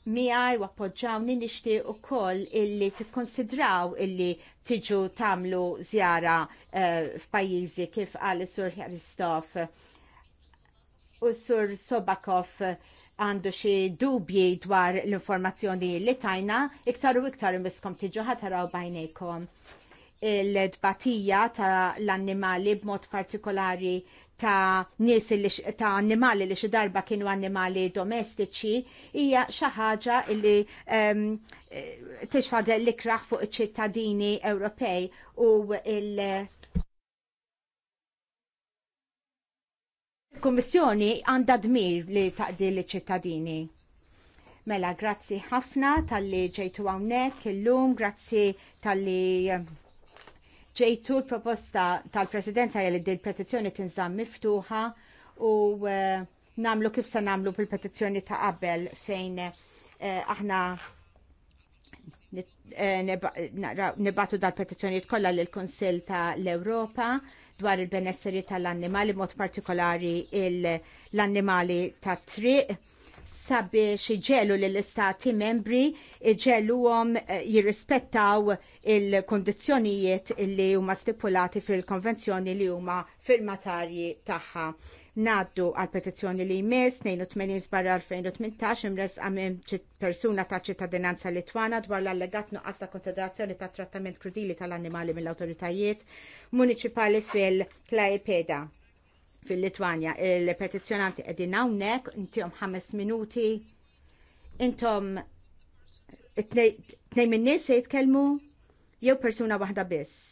miħaj u appoġġawni nishti u koll illi tikkonsidraw illi tiġu tamlu zjara uh, eh, f'pajizi kif għal sur Kristof u sur Sobakov għandu xi dubji dwar l-informazzjoni li tajna iktar u iktar miskom tiġu ħataraw bajnejkom il-dbatija ta' l-annimali b'mod partikolari ta' nies ta' annimali li xi darba kienu annimali domestiċi hija xi ħaġa li um, ehm, eh, tixfadel l-ikraħ fuq iċ-ċittadini Ewropej u il- Kummissjoni għandha dmir li taqdi l-ċittadini. Mela, grazzi ħafna tal-li ġejtu għawnek il-lum, grazzi tal-li ehm, ġejtu l-proposta tal-presidenza jgħal id petizzjoni tinżam miftuħa u eh, namlu kif se namlu bil-petizzjoni ta' qabel fejn eh, aħna eh, nebatu dal petizjoni kollha lil konsil ta' l-Ewropa dwar il-benesseri tal-annimali mod partikolari l-annimali ta' triq sabiex iġelu l istati membri għom eh, jirrispettaw il-kondizjonijiet li huma stipulati fil-konvenzjoni li huma firmatarji tagħha. Naddu għal petizzjoni li jmiss 82 barra 2018 imres għamim persuna ta' ċittadinanza Litwana dwar l-allegat nuqqas ta' konsiderazzjoni ta' trattament krudili tal-annimali mill-autoritajiet municipali fil-Klaipeda fil-Litwanja. Il-petizjonanti qegħdin hawnhekk, intihom ħames minuti. Intom t minn nies se jitkellmu jew persuna waħda biss.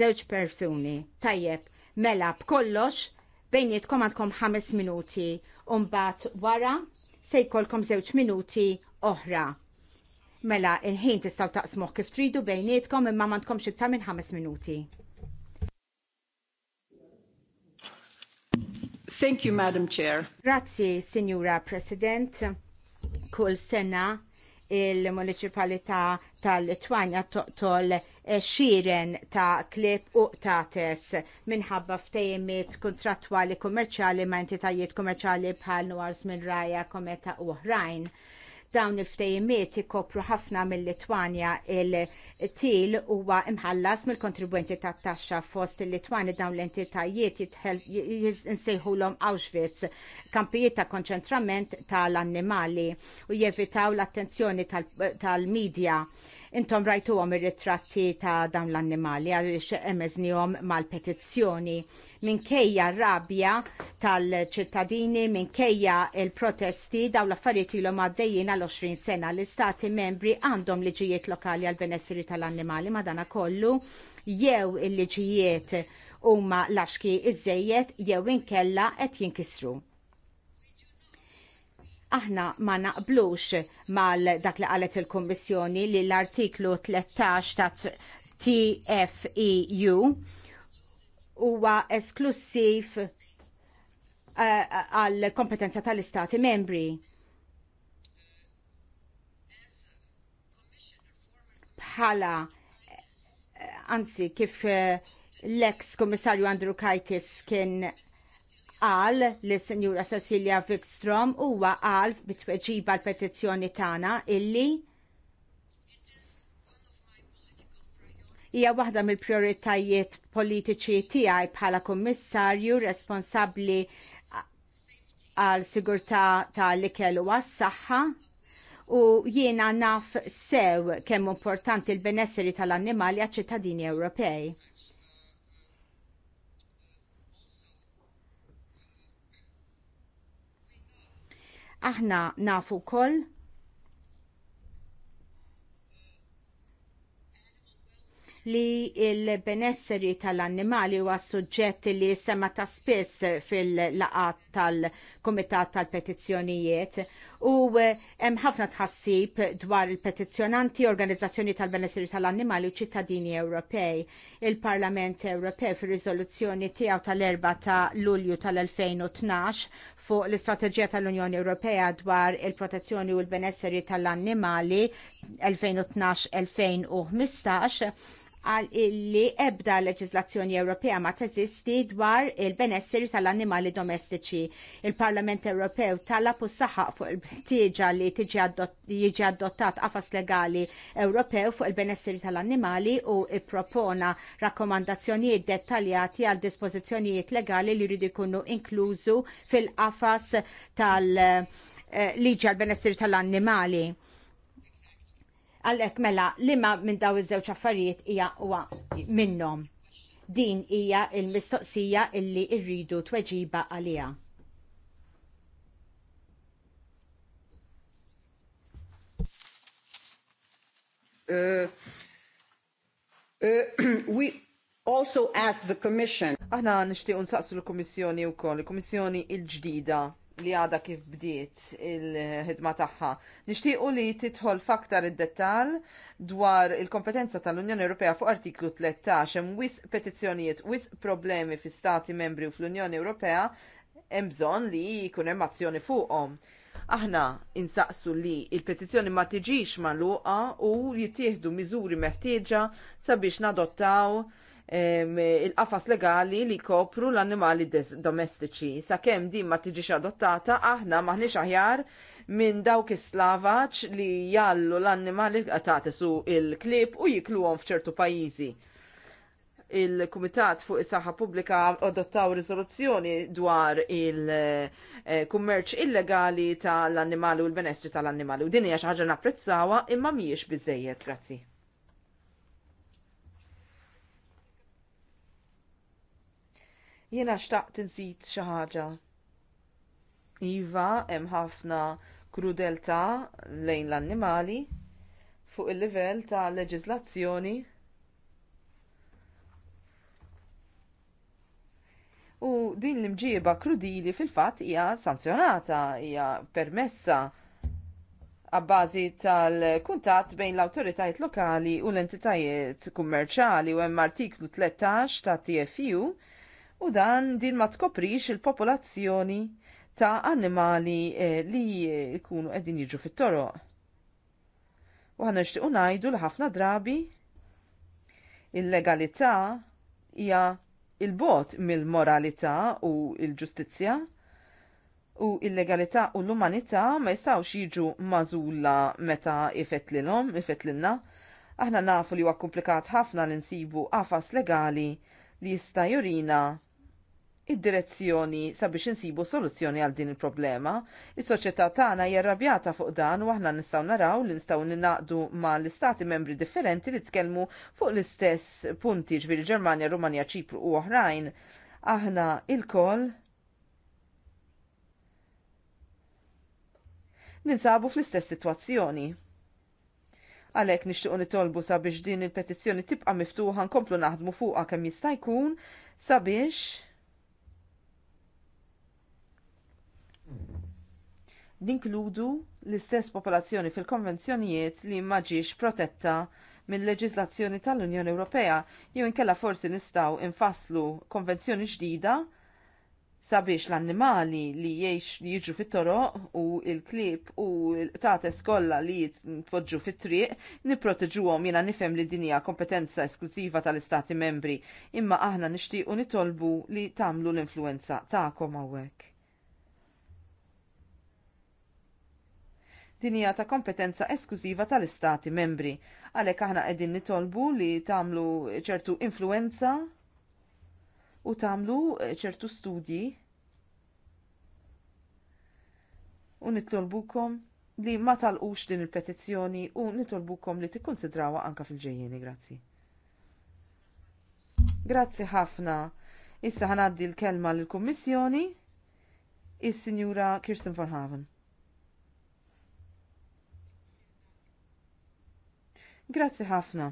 Żewġ persuni, tajjeb, mela b'kollox jitkom għandkom ħames minuti, u mbagħad wara se jkollkom żewġ minuti oħra. Mela, il-ħin tistaw taqsmuh kif tridu bejnietkom imma mandkomx xibta minn ħames minuti. Thank you, Madam Chair. Grazzi, Signora President. Kull sena il-Municipalità tal-Litwanja toqtol xiren ta' klib u tates minħabba ftejmiet kontrattwali kummerċali ma' entitajiet kummerċali bħal nuars minn raja kometa u oħrajn dawn il-ftejimiet ikopru ħafna mill-Litwanja il-til huwa imħallas mill-kontribwenti tat taxxa fost il-Litwani dawn l-entitajiet l-om Auschwitz, kampijiet ta' konċentrament tal-annimali u jevitaw l-attenzjoni tal-medja. tal medja Intom rajtu għom ir-ritratti ta' dawn l-annimali għaliex emeznihom mal-petizzjoni. Minkejja rabja tal-ċittadini, minkejja il-protesti, dawn l-affarijiet ilhom għaddejjin għal 20 sena l-istati membri għandhom liġijiet lokali għal-benessiri tal-annimali madana kollu jew il-liġijiet huma laxki iżejjed jew inkella qed jinkisru aħna ma naqblux mal dak li qalet il-Kommissjoni li l-artiklu 13 ta' TFEU huwa esklusiv eh, għal kompetenza tal-istati membri. Bħala, eh, anzi, kif eh, l-ex Kommissarju Andrew Kaitis kien għal li Senjura Cecilia Wikstrom huwa għal bitweġiba l-petizzjoni tagħna illi hija waħda mill-prioritajiet politiċi tiegħi bħala kummissarju responsabbli għal sigurtà tal-ikel u għas-saħħa u jiena naf sew kemm importanti l-benesseri tal-annimali għaċ-ċittadini Ewropej. Aħna nafu koll li il-benesseri tal-annimali huwa suġġett li sema ta' spiss fil-laqat tal-Kumitat tal-Petizzjonijiet u eh, hemm ħafna tħassib dwar il-petizzjonanti, organizzazzjoni tal-benesseri tal-annimali u ċittadini Ewropej. Il-Parlament Ewropej fir riżoluzzjoni tiegħu tal-4 ta' Lulju tal-2012 fuq l-istrateġija tal-Unjoni Ewropea dwar il-protezzjoni u l-benesseri tal-annimali 2012-2015 għal illi ebda leġislazzjoni Ewropea ma teżisti dwar il-benessiri tal-annimali domestiċi. Il-Parlament Ewropew talab u saħaq fuq il-ħtieġa li jiġi adottat għafas legali Ewropew fuq il-benessiri tal-annimali u ippropona rakkomandazzjonijiet dettaljati għal dispożizzjonijiet legali li jridu jkunu inklużu fil-qafas tal- eh, liġi għal benessiri tal-annimali għalhekk mela li ma minn daw iż-żewġ affarijiet hija huwa minnhom. Din hija l-mistoqsija il illi rridu tweġiba għaliha. Uh, uh, <clears throat> we also ask the Commission. Aħna nixtiequ nsaqsu l-Kummissjoni wkoll, il-Kummissjoni il-ġdida li għada kif bdiet il-ħidma tagħha. Nixtiequ li titħol faktar id dettall dwar il-kompetenza tal-Unjoni Ewropea fuq artiklu 13 hemm wis petizzjonijiet wis problemi fi stati membri u fl-Unjoni Ewropea hemm bżonn li jkun hemm azzjoni fuqhom. Aħna insaqsu li il-petizzjoni ma tiġix magħluqa u jittieħdu miżuri meħtieġa sabiex nadottaw il-qafas legali li kopru l-annimali domestiċi. Sakemm din ma tiġix adottata, aħna maħniex aħjar minn dawk is-slavaċ li jallu l-annimali qatati su il-klib u jikluhom f'ċertu pajjiżi il-Kumitat fuq is-Saħħa Pubblika adottaw riżoluzzjoni dwar il-kummerċ illegali tal-annimali u l-benestri tal-annimali. U din hija xi ħaġa napprezzawha imma mhijiex biżejjed, grazzi. Jiena xtaqt insit xi ħaġa. Iva, hemm ħafna krudeltà lejn l-annimali fuq il-livell ta' leġiżlazzjoni u din l-imġieba krudili fil-fatt hija sanzjonata, hija permessa għabbażi tal-kuntat bejn l-autoritajiet lokali u l-entitajiet kummerċali u hemm artiklu 13 ta' TFU u dan din ma tkoprix il-popolazzjoni ta' annimali eh, li jkunu eh, qegħdin jiġu fit-toroq. U ħana nixtiequ ngħidu li ħafna drabi il-legalità hija il-bot mill-moralità u l-ġustizzja u il-legalità u l-umanità ma jistgħux jiġu mażulla meta ifetlilhom, ifetlilna. Aħna nafu li huwa komplikat ħafna li nsibu qafas legali li jista' jurina id-direzzjoni sabiex insibu soluzzjoni għal din il-problema. Is-soċjetà tagħna hija rrabjata fuq dan u aħna nistgħu naraw li nistgħu ninaqdu ma' l-istati membri differenti li tkellmu fuq l-istess punti ġbir Ġermanja, Rumanja, Ċipru u oħrajn. Aħna il-koll ninsabu fl-istess sitwazzjoni. Għalhekk nixtiequ tolbu sabiex din il-petizzjoni tibqa' miftuħa nkomplu naħdmu fuqha kemm jista' jkun sabiex ninkludu l-istess popolazzjoni fil-konvenzjonijiet li ma ġiex protetta mill-leġiżlazzjoni tal-Unjoni Ewropea jew inkella forsi nistgħu infasslu konvenzjoni ġdida sabiex l-annimali li jiex jiġu fit-toroq u l-klieb u l-tates kollha li jitpoġġu fit-triq nipproteġuhom jiena nifhem li din hija kompetenza esklusiva tal-Istati membri imma aħna nixtiequ nitolbu li tagħmlu l-influenza tagħkom hawnhekk. din hija ta' kompetenza esklużiva tal-istati membri. Għalhekk aħna qegħdin nitolbu li tagħmlu ċertu influenza u tagħmlu eh, ċertu studji u nitolbukom li ma talqux din il-petizzjoni u nitolbukom li tikkonsidrawha anka fil-ġejjeni, grazzi. Grazzi ħafna. Issa ħanaddi l-kelma l-Kummissjoni, is-Sinjura Kirsten von Haven. Grazzi ħafna.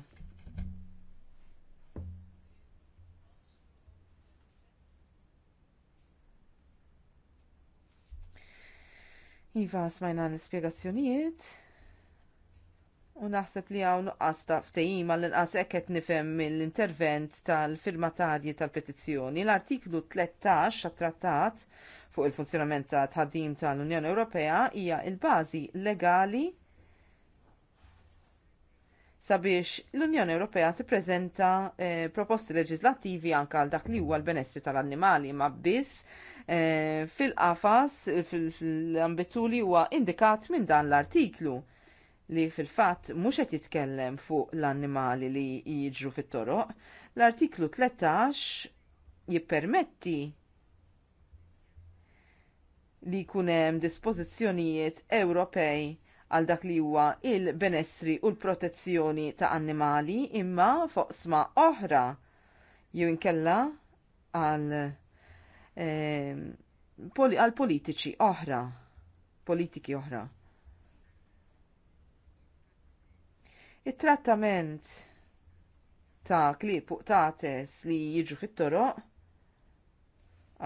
Iva, smajna l-spiegazzjonijiet. U naħseb li għaw nuqqas ta' ftejim inqas eket nifem mill-intervent tal-firmatarji tal-petizzjoni. L-artiklu 13 għat trattat fuq il-funzjonament ta' tħaddim tal-Unjoni Ewropea hija il-bażi legali sabiex l-Unjoni Ewropea tippreżenta eh, proposti leġislattivi anke għal dak li huwa l-benessri tal-annimali ma biss eh, fil-qafas fil-ambitu li huwa indikat minn dan l-artiklu li fil-fatt mhux qed jitkellem fuq l-annimali li jiġru fit-toroq. L-artiklu 13 jippermetti li jkun hemm dispożizzjonijiet Ewropej għal dak li huwa il-benessri u l-protezzjoni ta' annimali imma foqsma oħra jew inkella għal ehm, għal politiċi oħra, politiki oħra. it-trattament ta' klib tates li jiġu fit-toroq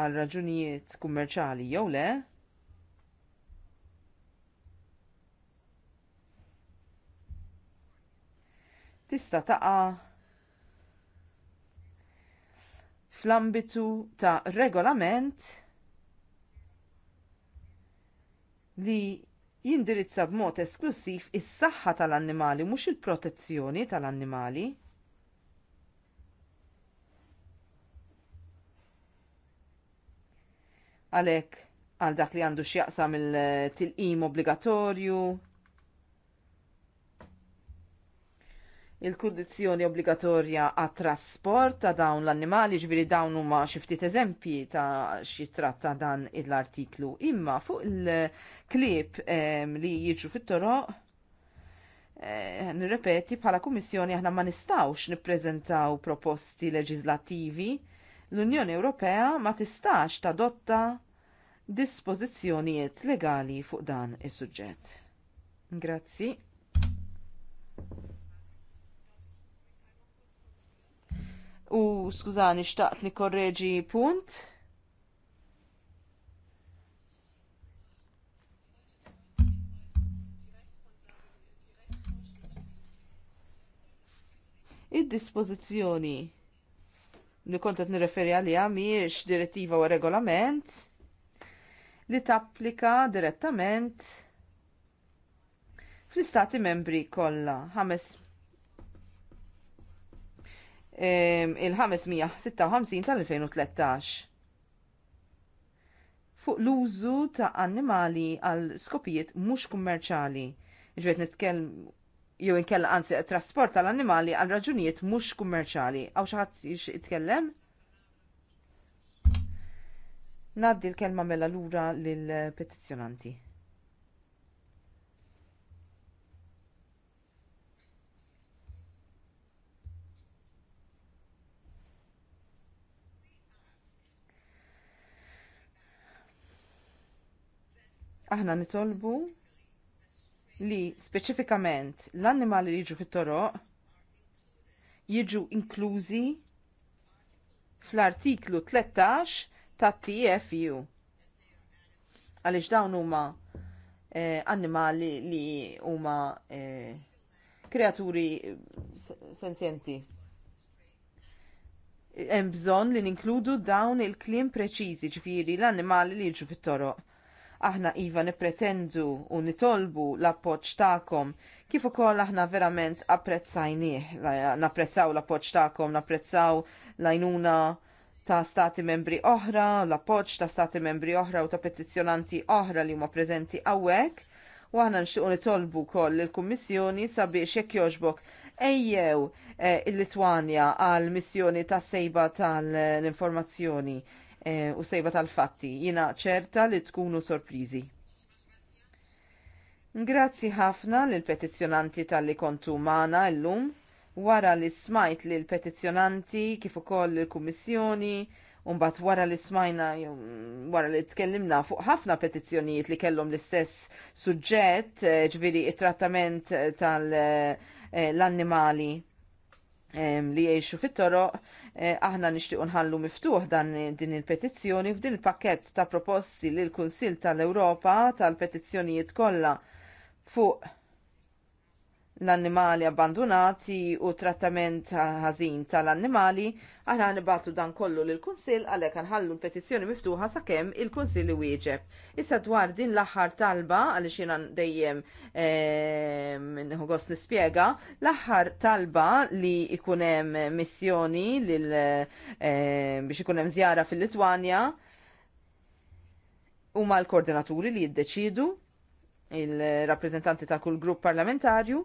għal raġunijiet kummerċali jew le, tista' taqa' fl-ambitu ta' regolament li jindirizza b'mod esklusiv is-saħħa tal-annimali mhux il-protezzjoni tal-annimali. Għalhekk għal dak li għandu x'jaqsam il-tilqim obbligatorju, il-kundizzjoni obbligatorja għat trasport ta' dawn l-annimali, ġviri dawn huma xi ftit eżempji ta' xi tratta dan l-artiklu. Imma fuq il klip li jiġu fit-toroq eh, nirrepeti bħala Kummissjoni aħna ma nistawx nippreżentaw proposti leġislattivi. L-Unjoni Ewropea ma tistax tadotta dispożizzjonijiet legali fuq dan is-suġġett. Grazzi. U skużani, xtaqt nikorreġi punt. Id-dispożizzjoni li kont qed nirreferi għalija mhijiex direttiva u regolament li tapplika direttament fl-istati membri kollha ħames il-556 tal-2013 fuq l-użu ta' annimali għal skopijiet mhux kummerċali. Ġvet nitkellem jew inkella anzi trasport tal-annimali għal raġunijiet mhux kummerċali. Għaw xi ħadd jitkellem? Naddi l-kelma mela lura lill-petizzjonanti. aħna nitolbu li speċifikament l-annimali li jiġu fit-toroq jiġu inklużi fl-artiklu 13 tat TFU. Għaliex dawn huma eh, annimali li huma eh, kreaturi senzjenti. Hemm bżonn li ninkludu dawn il-kliem preċiżi ġifieri l-annimali li jiġu fit-toroq Aħna iva nipretendu u nitolbu l-appoġġ tagħkom kif ukoll aħna verament apprezzajnieh, napprezzaw l-appoġġ tagħkom, napprezzaw l ta' stati membri oħra, l-appoġġ ta' stati membri oħra u ta' petizzjonanti oħra li huma preżenti hawnhekk. U aħna nixtiequ nitolbu wkoll il-Kummissjoni sabiex jekk jogħġbok ejjew eh, il litwania għal missjoni ta' sejba tal-informazzjoni E, u sejba tal-fatti. Jina ċerta li tkunu sorprizi. Grazzi ħafna l petizzjonanti tal-li kontu maħna l-lum wara li smajt li l-petizzjonanti kif ukoll il-Kummissjoni Umbat wara li smajna, wara li tkellimna fuq ħafna petizzjonijiet li kellhom l-istess suġġett, e, ġviri it-trattament tal-annimali e, li jiexu fit-toroq, Eh, aħna nixtiequ nħallu miftuħ dan din il-petizzjoni f'din il-pakett ta' proposti l kunsil tal-Ewropa tal-petizzjonijiet kollha fuq l-annimali abbandonati u trattament ħażin tal-annimali, aħna nibatu dan kollu lil kunsill għalhekk nħallu l-petizzjoni miftuħa sakemm il-kunsill wieġeb. Issa dwar din l-aħħar talba għaliex jiena dejjem ehm, nħu gost nispjega, l-aħħar talba li ikun hemm missjoni lil ehm, biex ikun hemm żjara fil-Litwanja huma l-koordinaturi li jiddeċidu il-rappreżentanti ta' kull grupp parlamentarju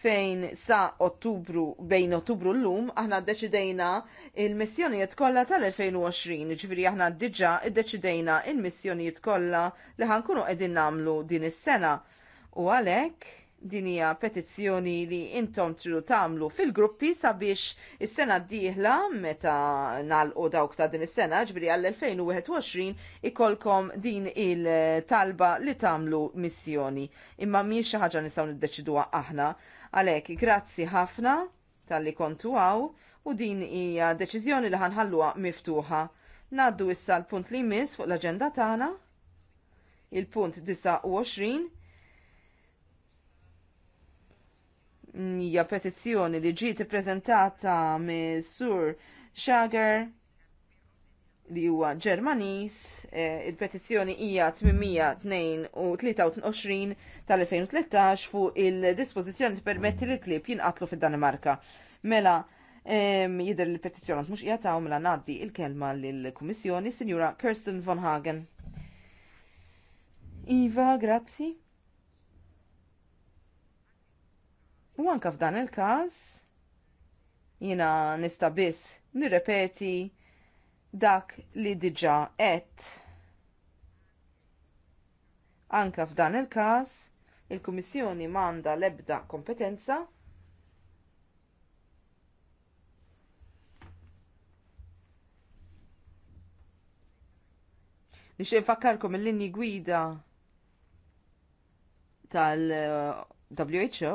fejn sa ottubru bejn ottubru l-lum aħna deċidejna il-missjonijiet kollha tal-2020, ġifieri aħna diġà deċidejna il-missjonijiet kollha li ħankunu qegħdin nagħmlu din is-sena. U għalhekk din hija petizzjoni li intom tridu tagħmlu fil-gruppi sabiex is-sena d-dieħla meta nalqu dawk ta' din is-sena ġbiri għall-2021 ikolkom din il-talba li tagħmlu missjoni. Imma miex xi ħaġa nistgħu niddeċiduha aħna. Għalhekk, grazzi ħafna tal-li kontu għaw u din hija deċiżjoni li ħanħalluha miftuħa. Naddu issa l-punt li jmiss fuq l-aġenda tagħna. Il-punt 29 hija petizzjoni li ġiet ippreżentata mis Sur Xager li huwa Ġermaniż, eh, il-petizzjoni hija 823 tal-2013 fuq il-dispożizzjoni li permetti li klib jinqatlu fid-Danimarka. Mela, jidher li l petizzjoni mhux jataw mela ngħaddi il-kelma lill-Kummissjoni, Sinjura Kirsten von Hagen. Iva, grazzi. U anka f'dan il-każ jiena nista' biss nirrepeti dak li diġa qed. Anka f'dan il-każ, il-Kummissjoni m'għandha l-ebda kompetenza Nix infakkarkom il-linji gwida tal-WHO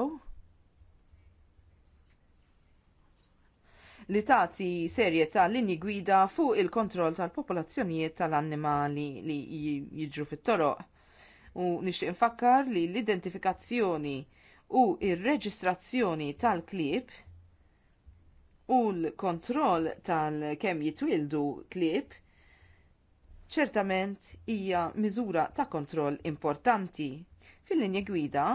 li tagħti serjetà ta linji gwida fuq il-kontroll tal-popolazzjonijiet tal-annimali li jiġru fit-toroq. U nixtieq infakkar li l-identifikazzjoni u r reġistrazzjoni tal-klieb u l-kontroll tal-kemm jitwildu klieb ċertament hija miżura ta' kontroll importanti. Fil-linja gwida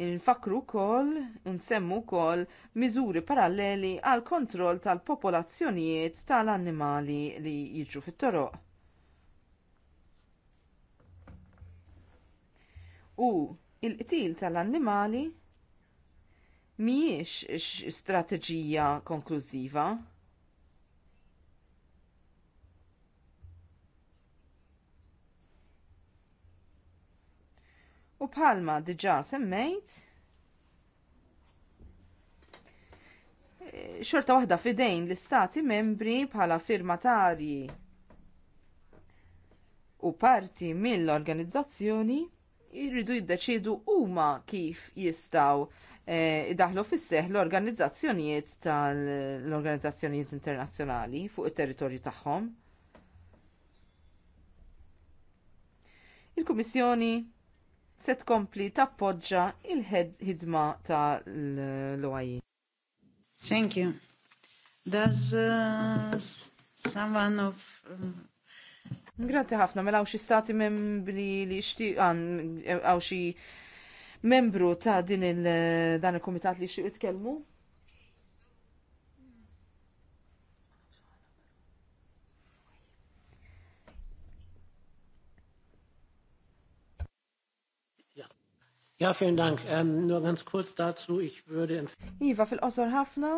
Infakru wkoll nsemmu wkoll miżuri paralleli għal kontroll tal-popolazzjonijiet tal-annimali li jiġu fit-toroq. U l qtil tal-annimali mhijiex strateġija konklużiva U bħalma diġa semmejt, eh, xorta waħda fidejn l-istati membri bħala firmatarji u parti mill-organizzazzjoni jridu jiddeċidu huma kif jistgħu eh, idaħlu fis seħħ l-organizzazzjonijiet tal-organizzazzjonijiet internazzjonali fuq it-territorju tagħhom. Il-Kummissjoni se tkompli tappoġġa il-ħidma tal-OAI. E. Thank you. Does uh, someone of uh, Grazie ħafna, mela xi stati membri li xtieq għaw xi membru ta' din il dan il-kumitat li xtiq jitkellmu? Ja, vielen Dank. Ähm, nur ganz kurz dazu, ich würde... Iva, fil-qosor ħafna?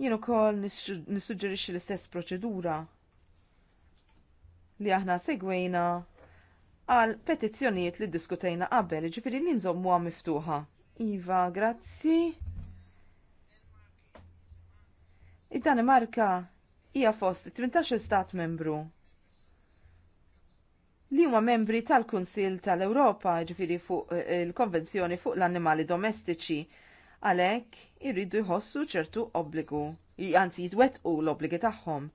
Jien ukoll nissuġġerixxi l-istess proċedura li aħna segwejna għal petizzjonijiet li ddiskutejna qabel, ġifiri li nżommuha miftuħa. Iva, grazzi. Id-Danimarka hija fost 18 stat membru li huma membri tal-Kunsil tal-Ewropa ġifiri fuq eh, il-Konvenzjoni fuq l-Annimali Domestiċi għalhekk irridu jħossu ċertu obbligu, anzi jitwettqu l-obbligi tagħhom.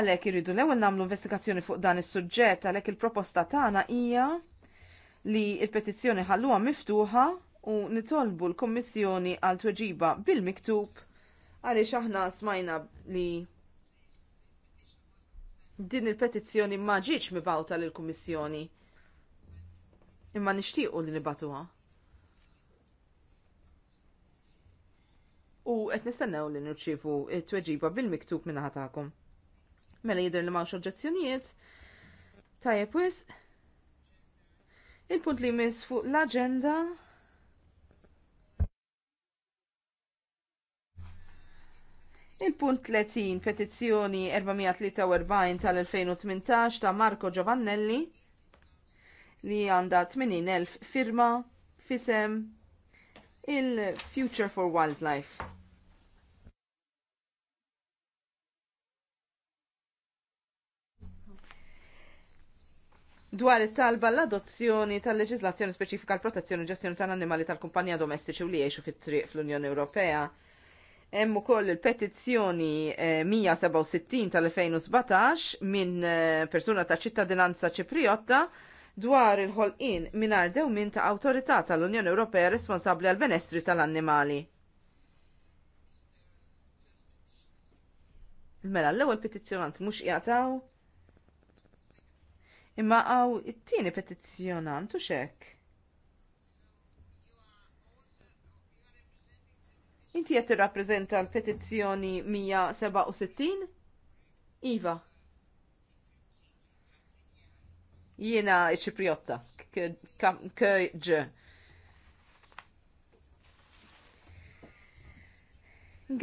Għalhekk irridu l-ewwel nagħmlu investigazzjoni fuq dan is-suġġett għalhekk il-proposta tagħna hija li l-petizzjoni ħalluha miftuħa u nitolbu l-Kommissjoni għal tweġiba bil-miktub għaliex aħna smajna li din il-petizzjoni ma ġietx mibawta lill kummissjoni Imma nixtiequ li nibatuha. U qed nistennew li nirċievu t tweġiba bil-miktub minn ħatakom. Mela jidher li m'hawnx oġġezzjonijiet. Tajjeb wisq. Il-punt li jmiss fuq l-aġenda Il-punt 30, petizzjoni 443 tal-2018 ta' Marco Giovannelli li għanda 80.000 firma fisem il-Future for Wildlife. dwar it-talba l-adozzjoni tal-leġislazzjoni speċifika l-protezzjoni u ġestjoni tal-annimali tal-kumpanija domestiċi u li jgħixu fit-triq fl-Unjoni Ewropea. Hemm ukoll il-petizzjoni 167 eh, tal-2017 minn eh, persuna ta' ċittadinanza Ċipriotta dwar il-ħolqien mingħajr minn ta' awtorità tal-Unjoni Ewropea responsabbli għall benestri tal-annimali. Mela l-ewwel petizzjonant mhux jaqtaw. Imma għaw it-tieni petizzjonant u xek. Inti qed tirrappreżenta l-petizzjoni 167? Iva. Jiena ċipriotta, kġ.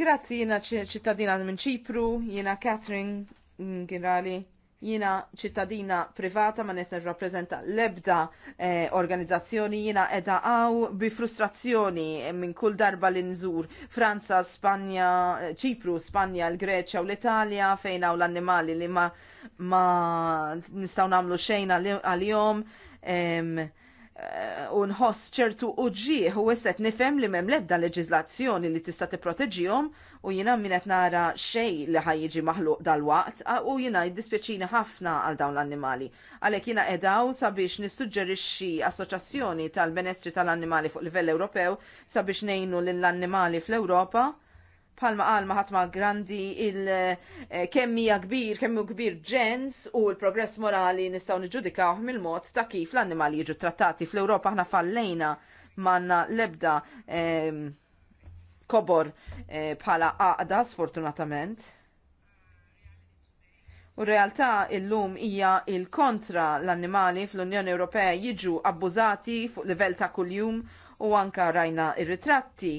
Grazzi jiena ċittadina minn ċipru, jiena Catherine Girali jina ċittadina privata ma net nirrapprezenta l-ebda eh, organizzazzjoni jina edha għaw bi frustrazzjoni eh, minn kull darba li nżur Franza, Spanja, eh, Ċipru, Spanja, l-Greċja u l-Italja fejn hawn l-annimali li ma, ma nistaw namlu xejn għal-jom. Eh, u nħoss ċertu uġġieħ u wisset nifhem li mem l-ebda li tista' tipproteġihom u jiena min qed nara xejn li ħajjiġi maħluq dal-waqt u jiena jiddispjaċini ħafna għal dawn l-annimali. Għalhekk jiena qedaw sabiex nissuġġerixxi assoċjazzjoni tal benestri tal-annimali fuq livell Ewropew sabiex ngħinu lill-annimali fl-Ewropa palma qal maħatma grandi il-kemmija eh, kbir, kemmu kbir ġens u l-progress morali nistaw niġudikaw mill-mod ta' kif l-annimali jiġu trattati fl-Europa ħna fallejna manna lebda ehm, kobor pala eh, bħala għaqda sfortunatament. U realtà illum hija il-kontra l-annimali fl-Unjoni Ewropea jiġu abbużati fuq livell ta' kuljum u anka rajna ir-ritratti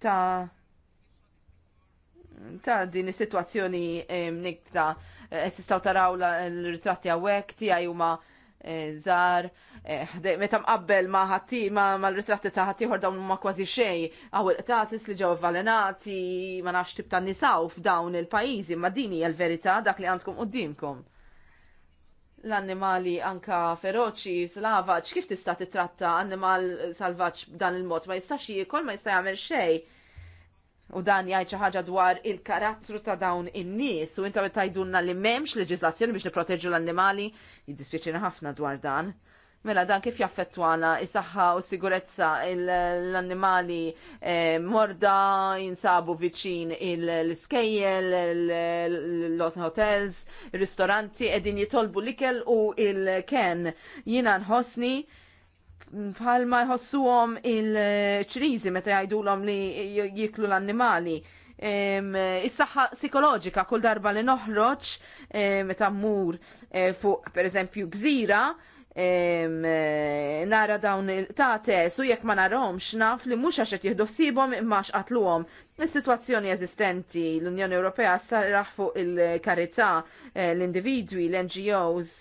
ta' ta' din is-sitwazzjoni nikta tistgħu taraw l-ritratti hawnhekk tiegħi huma eh, zar, eh, meta mqabbel ma' ħatti ma' l-ritratti ta' ħaddieħor dawn huma kważi xejn għawel qtatis li ġew valenati ma nafx tibta ta' nisaw f'dawn il-pajjiżi ma' din hija l-verità dak li għandkom qudiemkom l-annimali anka feroċi, slavaċ, kif tista' titratta annimal salvaġġ b'dan il-mod? Ma jistax jiekol, ma jista' jagħmel xejn. U dan jgħid xi ħaġa dwar il-karattru ta' dawn in-nies u inta tajdulna li m'hemmx leġislazzjoni biex nipproteġġu l-annimali, jiddispjaċina ħafna dwar dan. Mela dan kif jaffettwana is-saħħa u sigurezza l-annimali eh, morda jinsabu viċin l-iskejjel, l-hotels, ristoranti qegħdin jitolbu l-ikel u il-ken. Jiena nħossni bħalma jħossuhom il-ċriżi meta jgħidulhom li jiklu l-annimali. Is-saħħa psikoloġika kull darba li noħroġ meta mmur eh, fuq pereżempju gżira eh, nara dawn il-tates u jekk ma narahomx naf li mhux għax qed jieħdu ħsiebhom imma x'qatluhom. Is-sitwazzjoni eżistenti l-Unjoni Ewropea saraħ fuq il-karità eh, l-individwi, l-NGOs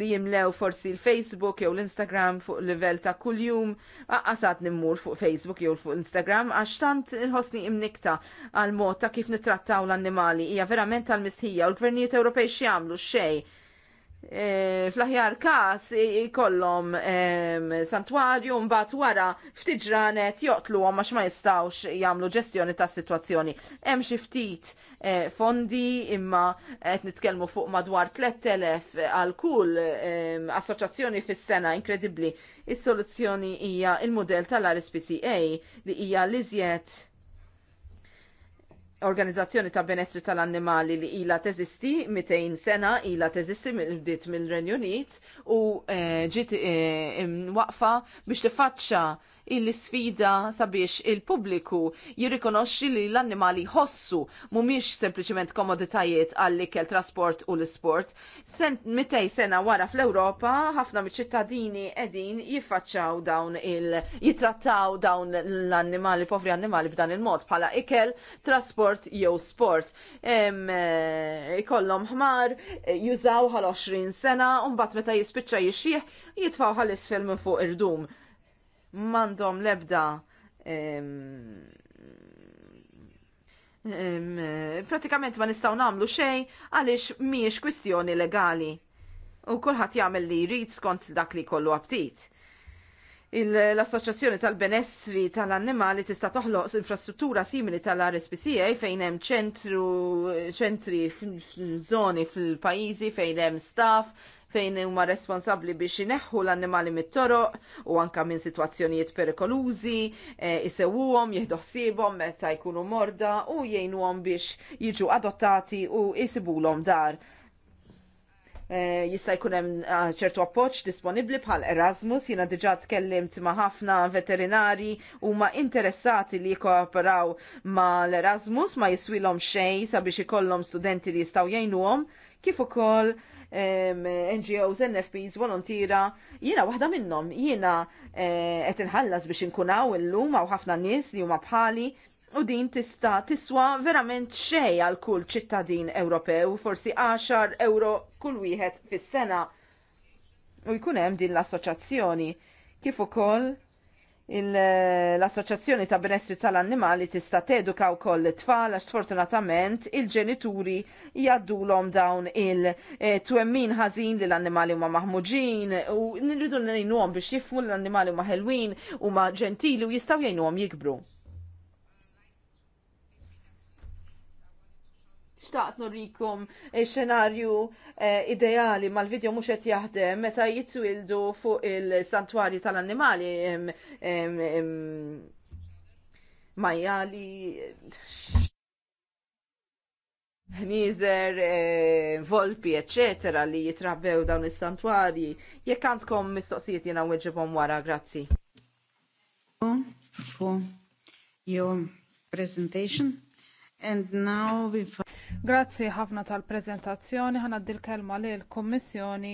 li jimlew forsi l-Facebook jew l-Instagram fuq livell ta' kuljum, għasat nimmur fuq Facebook jew fuq Instagram, għax tant il imnikta għal mod ta' kif nitrattaw l-annimali, hija verament tal-mistħija u l-gvernijiet Ewropej x'jagħmlu xejn E, fl-aħjar kas jkollhom santwarju mbagħad wara ftit joqtlu joqtluhom għax ma jistgħux jagħmlu ġestjoni tas-sitwazzjoni. Hemm xi ftit e, fondi imma qed nitkellmu fuq madwar 3000 għal kull assoċjazzjoni fis-sena inkredibbli. Is-soluzzjoni hija il-mudell tal-RSPCA li hija liżjed organizzazzjoni ta' benessri tal-annimali li ila teżisti 200 sena ila teżisti bdiet mill-Renju Unit u eh, ġiet eh, waqfa biex tifaċċa il-sfida sabiex il-pubbliku jirrikonoxxi li l-annimali ħossu mhumiex sempliċement komoditajiet għall-ikel trasport u l-isport. Sent mitej sena wara fl-Ewropa ħafna miċ-ċittadini qegħdin jiffaċċaw dawn il jitrattaw dawn l-annimali povri annimali b'dan il-mod bħala ikel, trasport jew sport. Eh, Ikollom ħmar, eh, jużaw ħal 20 sena, u mbagħad meta jispiċċa jixxieħ jitfgħu ħal-isfel minn fuq irdum mandom lebda pratikament ma nistaw namlu xej għalix miex kwistjoni legali. U kullħat jagħmel li jrid skont dak li kollu aptit. L-Assoċjazzjoni tal-Benessri tal-Annimali tista' toħloq infrastruttura simili tal-RSPCA fejn hemm ċentru ċentri f'żoni fil-pajjiżi fejn hemm staff fejn huma responsabbli biex ineħħu l-annimali mit-toroq u anka minn sitwazzjonijiet perikolużi, eh, isewuhom, jieħdu ħsiebhom meta jkunu morda u jgħinuhom biex jiġu adottati u jisibulhom dar. E, jista' jkun hemm eh, ċertu appoġġ disponibbli bħal Erasmus, jiena diġà tkellimt ma' ħafna veterinari huma interessati li jkooperaw ma' l-Erasmus ma' jiswilhom xejn sabiex ikollhom studenti li jistgħu jgħinuhom kif ukoll NGOs, NFPs, volontira, jiena waħda minnhom, jiena eh, qed inħallas biex inkunaw illum għaw ħafna nies li huma bħali u din tista tiswa verament xej għal kull ċittadin Ewropew, forsi 10 euro kull wieħed fis-sena. U jkun hemm din l-assoċjazzjoni kif ukoll l-Assoċjazzjoni ta' Benessri tal-Annimali tista' teduka wkoll it-tfal għax sfortunatament il-ġenituri l-om dawn il-twemmin ħażin li l-annimali huma maħmuġin u nirridu ngħinuhom biex jifmu l-annimali huma ħelwin huma ġentili u jistgħu jgħinuhom jikbru. xtaqt nurikom eh, xenarju eh, ideali mal-video mhux qed jaħdem meta jitwildu fuq il santwari tal-annimali majjali nizer, eh, volpi, eccetera li jitrabbew dawn is-santwarji. Jekk għandkom mistoqsijiet jiena weġibhom wara, grazzi. For your presentation. And now we Grazzi ħafna tal-prezentazzjoni, ħana d kelma li l-Kommissjoni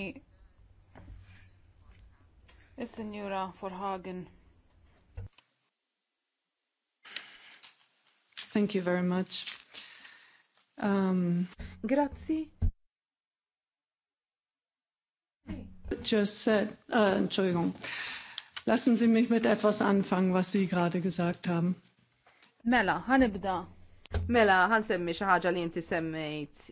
Is-Sinjura Forhagen. Thank you very much. Um, Grazzi. Just said, uh, Entschuldigung. Lassen Sie mich mit etwas anfangen, was Sie gerade gesagt haben. Mela, hanibda. Mela, għan semmi xi ħaġa li inti semmejt.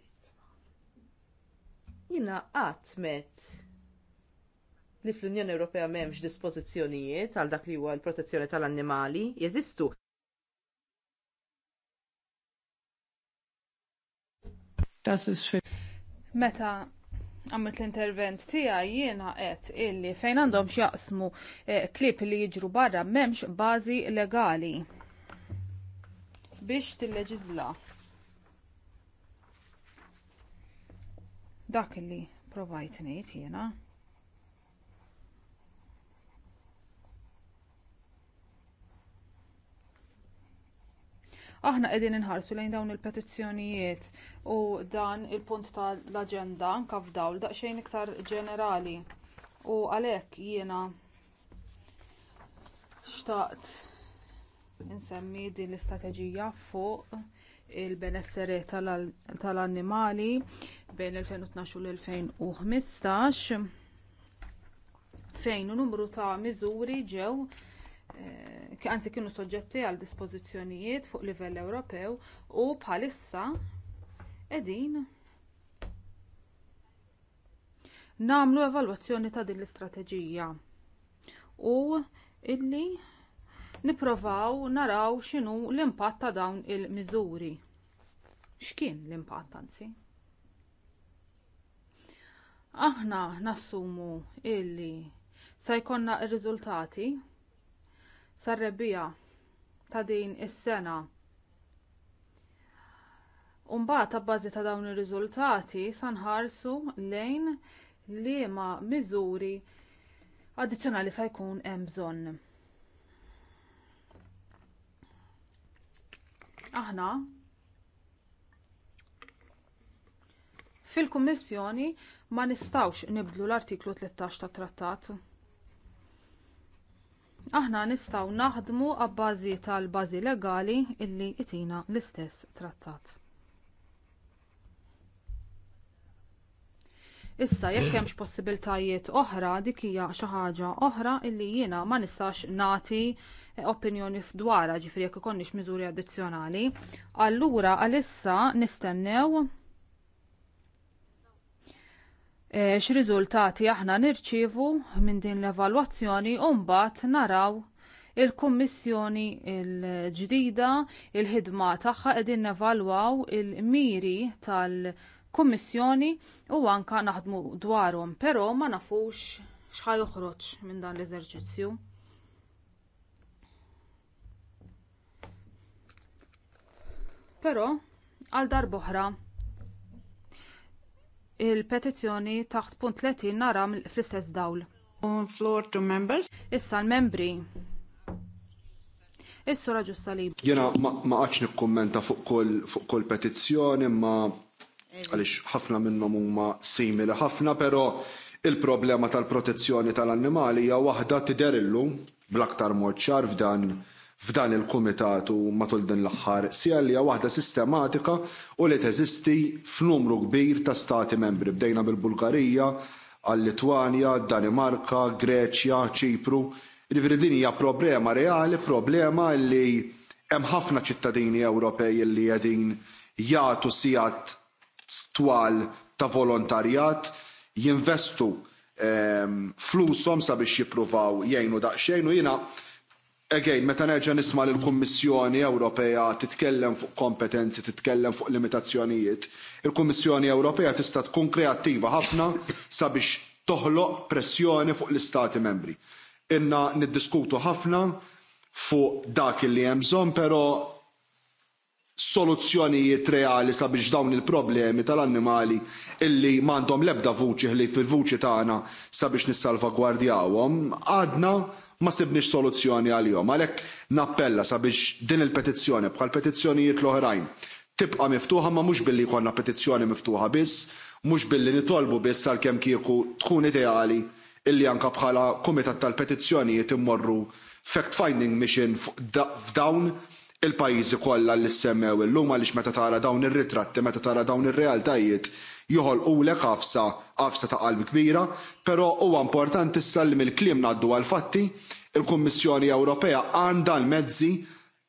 Jina għatmet li fl-Unjoni Ewropea m'hemmx dispożizzjonijiet għal dak li huwa l-protezzjoni tal-annimali jeżistu. Meta għamilt l-intervent tiegħi jiena għet illi fejn għandhom x'jaqsmu eh, klip li jiġru barra m'hemmx bażi legali biex tilleġisla Dak li provajt ngħid jiena. aħna qegħdin inħarsu lejn dawn il-petizzjonijiet u dan il-punt tal agenda anke f'dawl daqsxejn iktar ġenerali u għalhekk jiena xtaqt insemmi din l-istrateġija fuq il-benesseri tal-annimali bejn 2012 u l-2015 fejn numru ta' miżuri ġew eh, anzi kienu soġġetti għal dispożizzjonijiet fuq livell Ewropew u bħalissa qegħdin nagħmlu evalwazzjoni ta' din l-istrateġija u illi nipprovaw naraw x'inhu l-impatt ta' dawn il-miżuri. X'kien l-impatt anzi? Aħna nassumu illi se jkollna r-riżultati sar-rebbija ta' din is-sena Umbagħad ta' bażi ta' dawn ir-riżultati sa nħarsu lejn liema miżuri addizzjonali se jkun hemm bżonn. aħna fil-Kummissjoni ma nistawx nibdlu l-artiklu 13 tat trattat. Aħna nistaw naħdmu għabbażi tal-bażi legali illi itina l-istess trattat. Issa jekk hemmx possibiltajiet oħra dik hija xi ħaġa oħra illi jiena ma nistax nagħti opinjoni f'dwara ġifri jekk ikonniex miżuri addizzjonali, allura għalissa nistennew x eh, x'riżultati aħna nirċievu minn din l-evalwazzjoni u mbagħad naraw il-Kummissjoni l-ġdida il kummissjoni l ġdida il ħidma tagħha qegħdin nevalwaw il-miri tal-Kummissjoni u anke naħdmu dwarhom, però ma nafux x'ħajoħroġ minn dan l-eżerċizzju. Però għal darboħra il-petizzjoni taħt punt 30 nara fl-istess dawl. On floor to members. Issa l-membri. Is-sura ġusta li. Jena ma għax nikkommenta fuq kol, fuq kol petizzjoni, ma għalix ħafna minnhom huma simili ħafna, pero il-problema tal-protezzjoni tal-annimali hija waħda tidher illum bl-aktar mod ċar f'dan f'dan il-kumitat u matul din l-aħħar sija li hija waħda sistematika u li teżisti f'numru kbir ta' stati membri. Bdejna bil-Bulgarija, għal-Litwanja, Danimarka, Greċja, Ċipru. Ġifieri din hija problema reali, problema li hemm ħafna ċittadini Ewropej li qegħdin jagħtu sigħat twal ta' volontarjat jinvestu ehm, flusom sabiex jippruvaw jgħinu daqsxejn u jiena Again, meta nerġa' nisma' lil kummissjoni Ewropea titkellem fuq kompetenzi, titkellem fuq limitazzjonijiet, il-Kummissjoni Ewropea tista' tkun kreattiva ħafna sabiex toħloq pressjoni fuq l-Istati membri. Inna niddiskutu ħafna fuq dak li hemm bżonn, però soluzzjonijiet reali sabiex dawn il-problemi tal-annimali illi m'għandhom l-ebda vuċi ħli fil-vuċi tagħna sabiex nissalvagwardjawhom għadna ma sibniex soluzzjoni għalihom. Għalhekk nappella sabiex din il-petizzjoni bħal petizzjonijiet l-oħrajn tibqa' miftuħa ma mhux billi jkollna petizzjoni miftuħa biss, mhux billi nitolbu biss għalkemm kieku tkun ideali illi anka bħala kumitat tal-petizzjonijiet immorru fact-finding mission f'dawn il-pajjiżi kollha li semmew illum għaliex meta tara dawn ir-ritratti, meta tara dawn ir-realtajiet, joħolqulek qafsa għafsa ta' qalb kbira, però huwa importanti issa li mill-kliem ngħaddu għal fatti il-Kummissjoni Ewropea għandha l-mezzi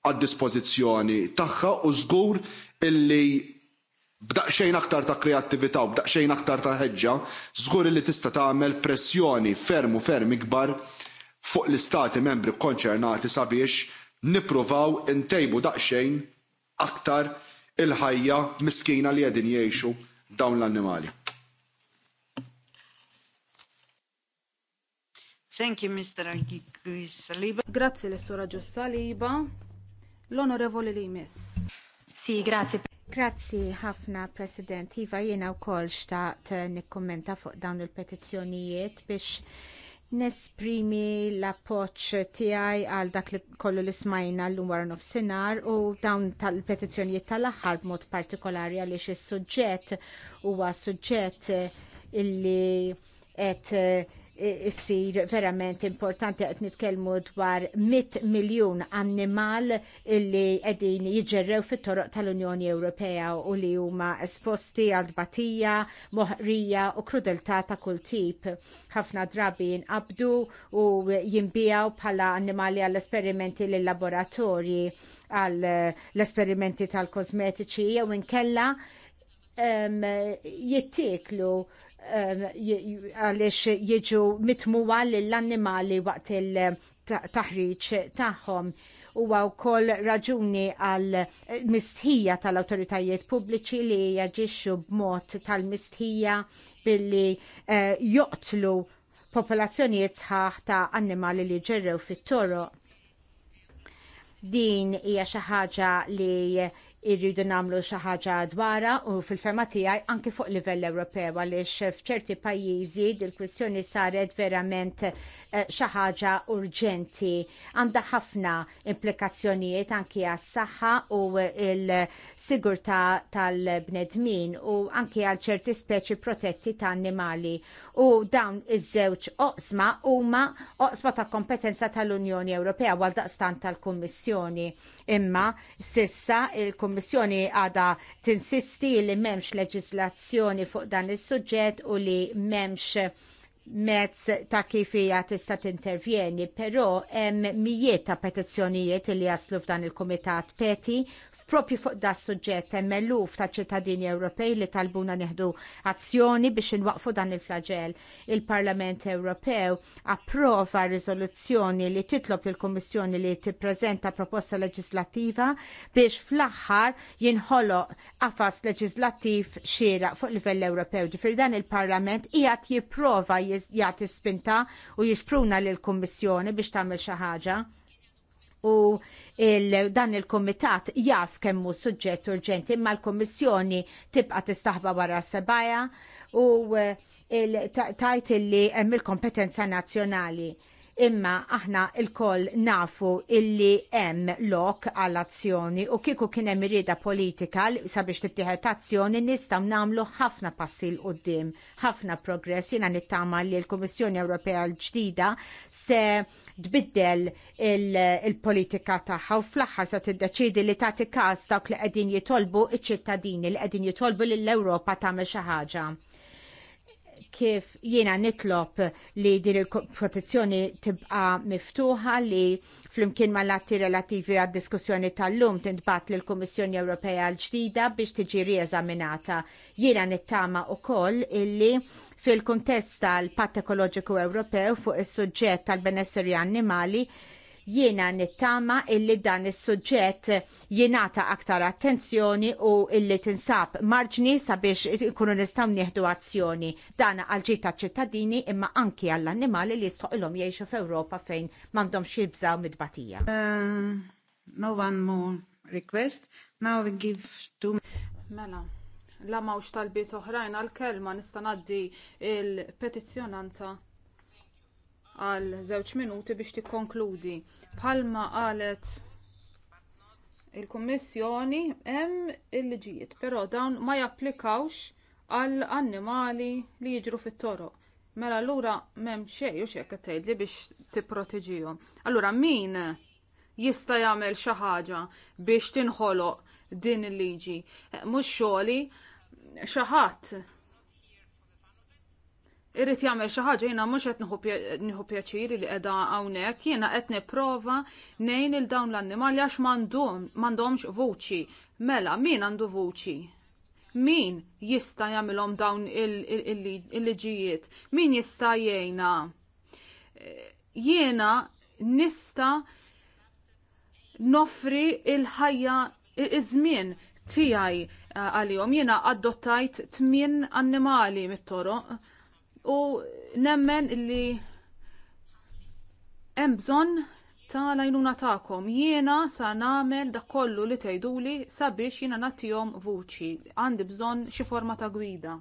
għad-dispożizzjoni tagħha u żgur illi b'daqxejn aktar ta' kreattività u b'daqxejn aktar ta' ħeġġa, żgur li tista' tagħmel pressjoni ferm u ferm ikbar fuq l-istati membri konċernati sabiex nippruvaw intejbu daqsxejn aktar il-ħajja miskina li qegħdin jgħixu dawn l-annimali. Thank you, Mr. Saliba. Grazie l-Sura Saliba. L-Onorevoli Limes. Si, grazie. Grazzi ħafna President Iva jiena wkoll xtaqt nikkummenta fuq dawn il-petizzjonijiet biex nesprimi l-appoċ tiegħi għal dak li kollu li smajna l-lum wara nofsinhar u dawn tal-petizzjonijiet tal-aħħar b'mod partikolari għaliex is-suġġett huwa suġġett illi qed issir verament importanti qed nitkellmu dwar 100 miljun annimal illi qegħdin jiġġerrew fit-toroq tal-Unjoni Ewropea u li huma esposti għal batija, moħrija u krudeltà ta' kull tip. Ħafna drabi jinqabdu u jinbijaw bħala annimali għall esperimenti l laboratorji għall l-esperimenti tal-kosmetiċi jew inkella um, jittiklu Ehm, għaliex jiġu mitmuwa lill-annimali waqt il taħħom. tagħhom għaw kol raġuni għal mistħija tal-awtoritajiet pubbliċi li jaġixxu b'mod tal-mistħija billi eh, joqtlu popolazzjonijiet sħaħ ta' annimali li ġerrew fit-toroq. Din hija xi ħaġa li irridu namlu ħaġa dwarha u fil-ferma tiegħi anki fuq livell Ewropew għaliex f'ċerti pajjiżi dil-kwistjoni saret verament eh, xi ħaġa urġenti għandha ħafna implikazzjonijiet anki għas-saħħa u l-sigurtà tal-bnedmin u anki għal ċerti speċi protetti ta' annimali u dawn iż-żewġ oqsma huma oqsma ta' kompetenza tal-Unjoni Ewropea għal daqstan tal-Kummissjoni imma sissa il-Kummissjoni il-Kummissjoni għada tinsisti li memx leġislazzjoni fuq dan is-suġġett u li memx mezz ta' kif hija tista' tintervjeni, però hemm mijiet ta' petizzjonijiet li jaslu f'dan il-Kumitat Peti Propju fuq da suġġett hemm eluf ta' ċittadini Ewropej li talbuna neħdu azzjoni biex inwaqfu dan il-flagell. Il-Parlament Ewropew approva riżoluzzjoni li titlob il kummissjoni li tippreżenta proposta leġislattiva biex fl-aħħar jinħoloq qafas leġislattiv xieraq fuq livell Ewropew. Ġifier dan il-Parlament qiegħed jipprova jagħti spinta u jispruna lill kummissjoni biex tagħmel xi ħaġa u il dan il-komitat jaf kemmu suġġett urġenti imma l-komissjoni tibqa tistaħba wara sebaja u eh, il tajt li hemm il-kompetenza nazzjonali imma aħna il-koll nafu illi hemm lok għall azzjoni u kieku kien hemm irrieda politika sabiex tittieħed azzjoni nistgħu nagħmlu ħafna passi l qudiem ħafna progress jiena nittama li l-Kummissjoni Ewropea l-ġdida se tbiddel il-politika tagħha u fl-aħħar se tiddeċiedi li tagħti każ dawk li qegħdin jitolbu iċ-ċittadini li qegħdin jitolbu lill-Ewropa tagħmel xi ħaġa kif jiena nitlob li din il-protezzjoni tibqa miftuħa li flimkien mal-atti relativi għad diskussjoni tal-lum tintbat l kummissjoni Ewropea l-ġdida biex tiġi rieżaminata. Jiena nittama u koll illi fil-kontest tal-Patt Ekoloġiku Ewropew fuq is-suġġett tal-benesseri annimali Jiena nittama illi dan is-suġġett jingħata aktar attenzjoni u illi tinsab marġni sabiex ikunu nistgħu nieħdu azzjoni. Dan għal ġita ċittadini imma anki għall annimali li ilhom jgħixu f'Ewropa fejn m'għandhomx jibżaw midbatija. Uh, no one more request. Now we give two Mela, la mawx talbiet oħrajn għal-kelma nista' ngħaddi il-petizzjonanta għal żewġ minuti biex tikkonkludi. Palma qalet il-Kummissjoni hemm il-liġijiet, però dawn ma japplikawx għal annimali li jiġru fit-toroq. Mela allura m'hemm xejn u xejn qed tgħidli biex tipprotiġihom. Allura min jista' jagħmel xi ħaġa biex tinħoloq din il-liġi? Mhux xogħli xi ħadd irrit jagħmel xi ħaġa jiena mhux qed nieħu pjaċir li qiegħda hawnhekk, jiena qed nipprova ngħin il dawn l-annimali għax m'għandhomx vuċi. Mela, min għandu vuċi? Min jista' jagħmilhom dawn il-liġijiet? Min jista' jgħinha? Jiena nista' nofri il-ħajja iż-żmien tiegħi eh, għalihom. Jiena adottajt tmien annimali mit-toroq u nemmen illi hemm bżonn ta' lajnuna ta'kom. Jiena sa' namel da' kollu li tgħiduli sabiex jiena nagħtihom vuċi. Għandi bżonn xi forma ta' gwida.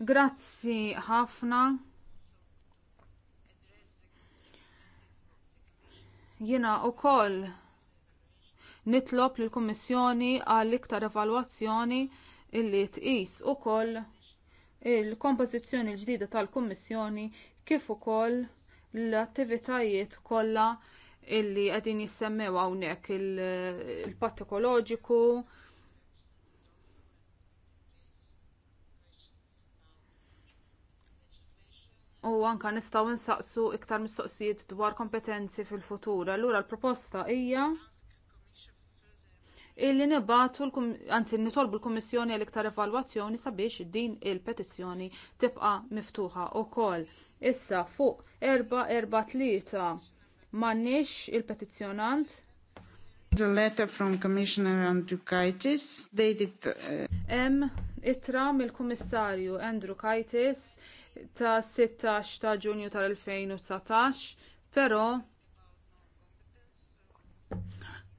Grazzi ħafna. Jiena wkoll nitlob lill kummissjoni għal iktar evalwazzjoni illi tqis ukoll il-kompożizzjoni l-ġdida tal-Kummissjoni kif ukoll l-attivitajiet kollha illi qegħdin jissemmew hawnhekk il-patt ekoloġiku, U anka nistgħu nsaqsu iktar mistoqsijiet dwar kompetenzi fil-futur. Allura l-proposta hija illi nibatu għanzi nitolbu l-Kummissjoni l-iktar evalwazzjoni sabiex din il-petizzjoni tibqa' miftuħa u kol. Issa fuq 443 mannix il-petizzjonant The letter from Commissioner Andrukaitis dated Hemm uh... ittra mill-Kummissarju Andrew Kaitis ta' 16 ta' Ġunju tal-2019, pero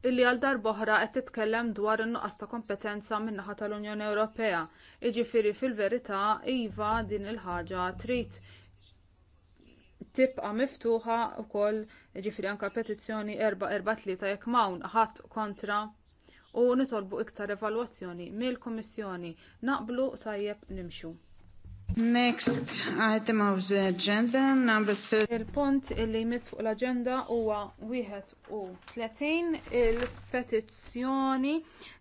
illi għal darboħra qed titkellem dwar in-nuqqas ta' kompetenza min-naħa tal-Unjoni Ewropea. Jiġifieri fil-verità iva din il-ħaġa trid tibqa' miftuħa wkoll jiġifieri anke petizzjoni 443 jekk m'hawn ħadd kontra u nitolbu iktar evalwazzjoni mill-Kummissjoni naqblu tajjeb nimxu. Next item of the agenda, number 30. Il-punt illi jmiss fuq l-agenda huwa wieħed u tletin, il-petizzjoni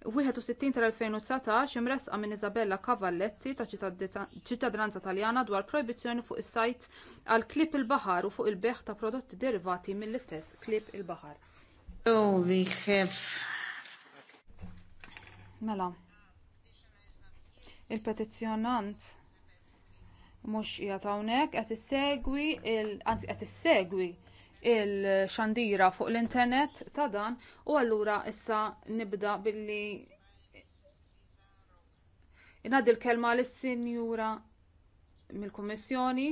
61 tal-2019 imresqa minn Isabella Cavalletti ta' ċittadranza Taljana dwar proibizzjoni fuq is-sajt għal klip il-baħar u fuq il-beħ ta' prodotti derivati mill-istess klip il-baħar. So we have Mela. Il-petizzjonant mhux qiegħed hawnhekk qed isegwi il anzi qed isegwi il-xandira fuq l-internet ta' dan u allura issa nibda billi Inad l kelma l-Sinjura mill-Kummissjoni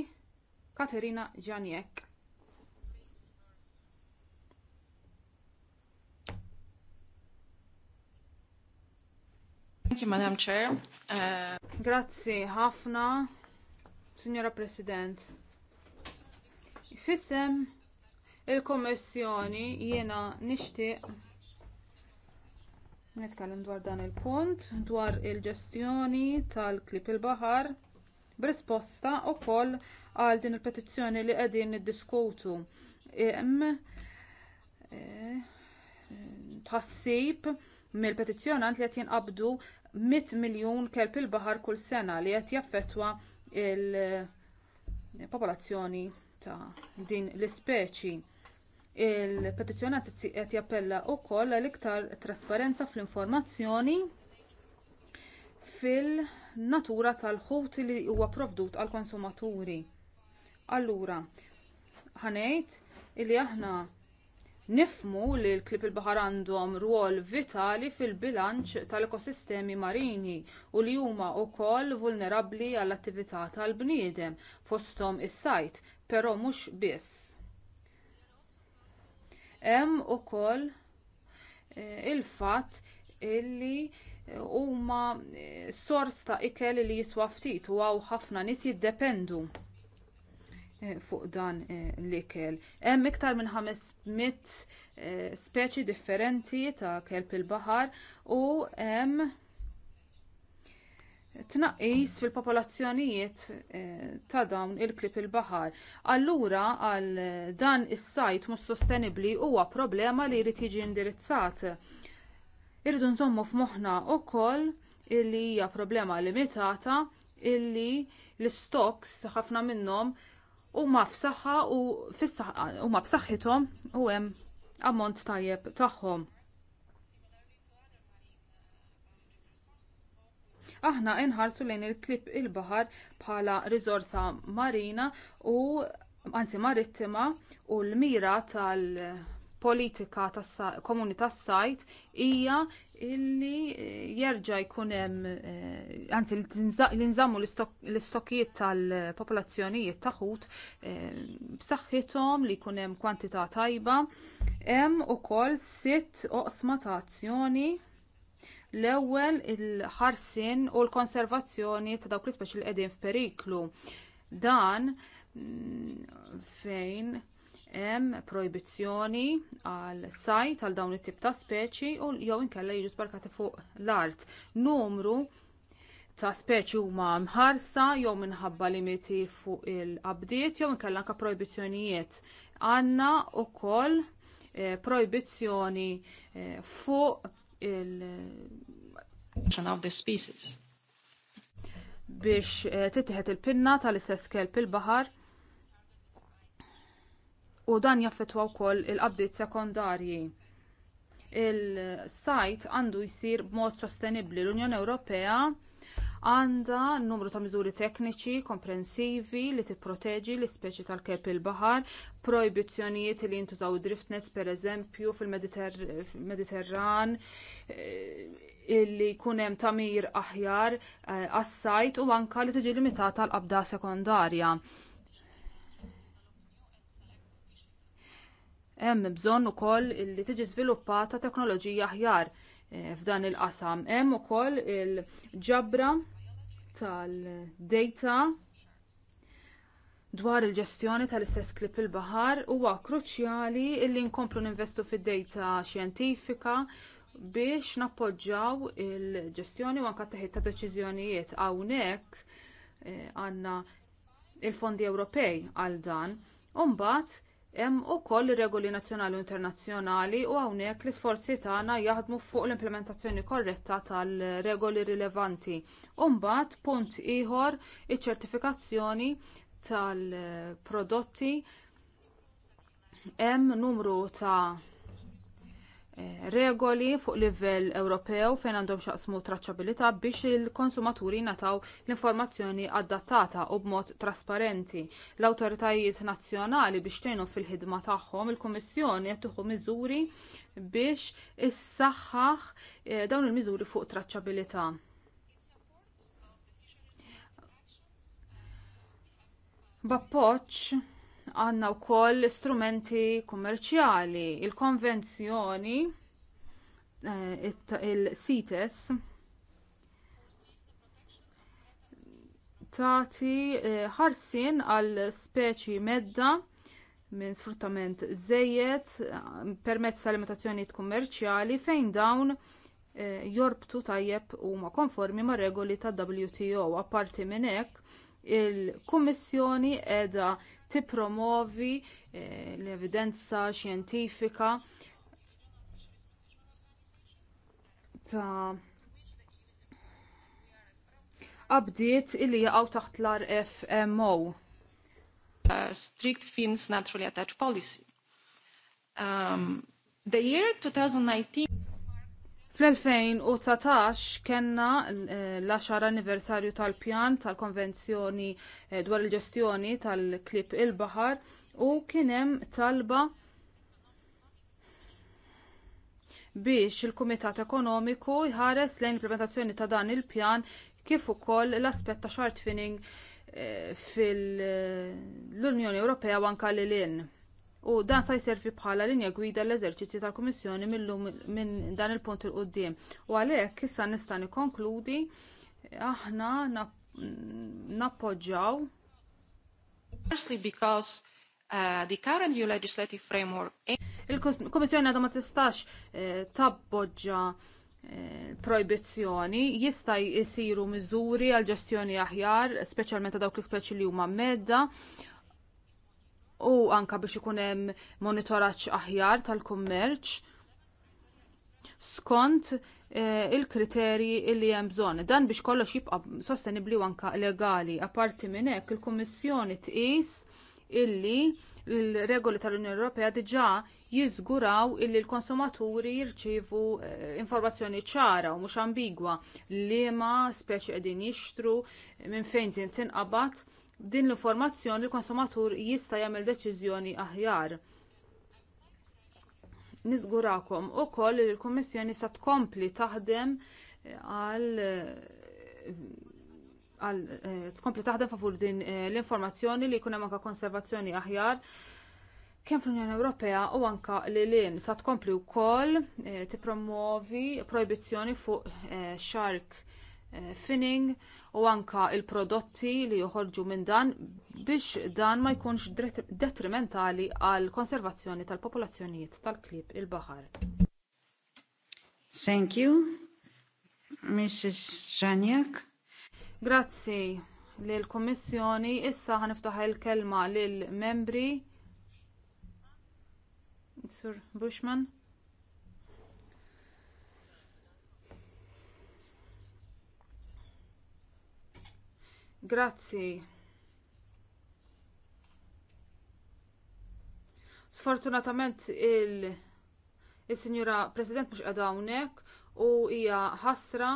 Katerina Ġanjek. Thank you, Madam Chair. Uh... Grazzi ħafna. Signora President, fissem il-Kommissjoni jiena nixtieq nitkellem dwar dan il-punt dwar il-ġestjoni tal-klip il-baħar b'risposta wkoll għal din il-petizzjoni li qegħdin niddiskutu hemm e, tħassib mill-petizzjonant li qed jinqabdu 100 miljun kelb il-baħar kull sena li qed jaffettwa il-popolazzjoni ta' din l-ispeċi. Il-petizjonat qed jappella wkoll l-iktar trasparenza fl-informazzjoni fil-natura tal-ħut li huwa provdut għall konsumaturi Allura, ħanejt illi aħna nifmu li l-klip il-baħar għandhom rwol vitali fil-bilanċ tal-ekosistemi marini u li huma wkoll vulnerabbli għall attività tal-bniedem fosthom is-sajt, però mhux biss. Hemm ukoll eh, il-fatt illi huma eh, sors ta' ikel li jiswa ftit u għaw ħafna nies jiddependu Eh, fuq dan eh, l-ikel. Hemm iktar minn 500 eh, speċi differenti ta' kelb il-baħar u hemm tnaqqis fil-popolazzjonijiet ta' dawn il-klip il-baħar. Allura għal dan is-sajt mhux sostenibbli huwa problema li jrid jiġi indirizzat. Irridu nżommu f'moħħna wkoll illi hija problema limitata illi l-istoks ħafna minnhom huma f'saħħa u fis-saħħa huma b'saħħithom u hemm ammont tajjeb tagħhom. Aħna inħarsu lejn il-klib il-baħar bħala riżorsa marina u anzi marittima u l-mira tal- politika komuni tas-sajt hija illi eh, jerġa' jkun hemm eh, anzi li nżammu l-istokkijiet tal-popolazzjonijiet ta' eh, b'saħħithom li jkun hemm kwantità tajba. Hemm ukoll sitt oqsma ta' azzjoni l-ewwel il-ħarsien u l-konservazzjoni ta' dawk l-ispeċi li qegħdin f'periklu. Dan mm, fejn hemm proibizzjoni għal sajt għal dawn it-tip ta' speċi u jew inkella jiġu sparkati fuq l-art. Numru ta' speċi huma mħarsa jew minħabba limiti fuq il-qabdiet jew inkella anke proibizzjonijiet Għandna wkoll eh, proibizzjoni eh, fuq il- of the species biex eh, titħet il-pinna tal-istess kelb il-baħar u dan jaffetwa wkoll il-qabdiet sekondarji. Il-sajt għandu jsir b'mod sostenibbli. L-Unjoni Ewropea għandha numru ta' miżuri tekniċi komprensivi li tipproteġi l-ispeċi tal-kep il-baħar, projbizzjonijiet li jintużaw driftnets, per pereżempju fil-Mediterran, eh, illi jkun hemm tamir aħjar eh, għas-sajt u anke li tiġi limitata l-qabda sekondarja. hemm bżonn ukoll li tiġi żviluppata teknoloġija aħjar eh, f'dan il-qasam. Hemm ukoll il-ġabra tal-data dwar il-ġestjoni tal-istess klip il-baħar huwa kruċjali li nkomplu ninvestu fid-data xjentifika biex nappoġġjaw il-ġestjoni u anke teħid ta' deċiżjonijiet hawnhekk eh, għandna il-fondi Ewropej għal dan. u mbagħad Hemm ukoll regoli nazzjonali u internazzjonali u hawnhekk l-isforzi tagħna jaħdmu fuq l-implementazzjoni korretta tal-regoli rilevanti. U mbagħad punt ieħor iċ-ċertifikazzjoni tal-prodotti hemm numru ta' regoli fuq livell Ewropew fejn għandhom xaqsmu traċċabilità biex il-konsumaturi nataw l-informazzjoni adattata u b'mod trasparenti. L-awtoritajiet nazzjonali biex tgħinu fil-ħidma tagħhom il-Kummissjoni qed tieħu miżuri biex issaħħaħ eh, dawn il-miżuri fuq traċċabilità. B'appoġġ għanna u koll strumenti kummerċjali, il-konvenzjoni, eh, il-CITES, tati eh, ħarsin għal speċi medda minn sfruttament żejjed eh, permezz ta' limitazzjonijiet kummerċjali fejn dawn jorbtu tajjeb huma konformi ma' regoli ta' WTO. Apparti minn hekk, il-Kummissjoni qiegħda tippromovi eh, l-evidenza xjentifika ta' abdiet illi jaqaw taħt l-RFMO. Uh, strict Finns Naturally Attached Policy. Um, the year 2019 Fl-2019 kellna eh, l-10 anniversarju tal-pjan tal-konvenzjoni eh, dwar il-ġestjoni tal klip il-bahar u kienem talba biex il-Kumitat Ekonomiku jħares lejn l-implementazzjoni ta' dan il-pjan kif ukoll l-aspett ta' short fining eh, fil-Unjoni Ewropea u anka lil U dan sa jservi bħala linja gwida l-eżerċizzju tal kummissjoni minn dan il-punt il qudiem U għalhekk issa nista' nikkonkludi aħna nappoġġjaw Firstly because uh, the current EU legislative framework Il-Kummissjoni għadha ma tistax eh, tabboġġa eh, proibizzjoni jista' jsiru miżuri għal ġestjoni aħjar, speċjalment dawk l-ispeċi li huma medda u anka biex ikun hemm monitoraġġ aħjar tal-kummerċ skont eh, il-kriterji li hemm bżonn. Dan biex kollox jibqa' sostenibbli u anka legali. Apparti minn hekk il-Kummissjoni tqis illi l-regoli tal-Unjoni Ewropea diġà jiżguraw illi l-konsumaturi jirċievu eh, informazzjoni ċara u mhux ambigwa ma speċi qegħdin jixtru minn fejn tinqabad din l-informazzjoni l-konsumatur jista' jagħmel deċiżjoni aħjar. Niżgurakom ukoll li l-Kummissjoni sa tkompli taħdem għal għal eh, tkompli taħdem favur din eh, l-informazzjoni li jkun hemm anke konservazzjoni aħjar kemm fl-Unjoni Ewropea u anke li lin sa tkompli wkoll eh, tippromovi projbizzjoni fuq shark finning u anka il-prodotti li joħorġu minn dan biex dan ma jkunx detrimentali għal konservazzjoni tal-popolazzjonijiet tal-klieb il-baħar. Thank you, Mrs. Janjak. Grazzi lill komissjoni Issa ħaniftaħ il-kelma lill membri Sir Bushman. Grazzi. Sfortunatament il- il-Sinjura President mhux qiegħda hawnhekk u hija ħasra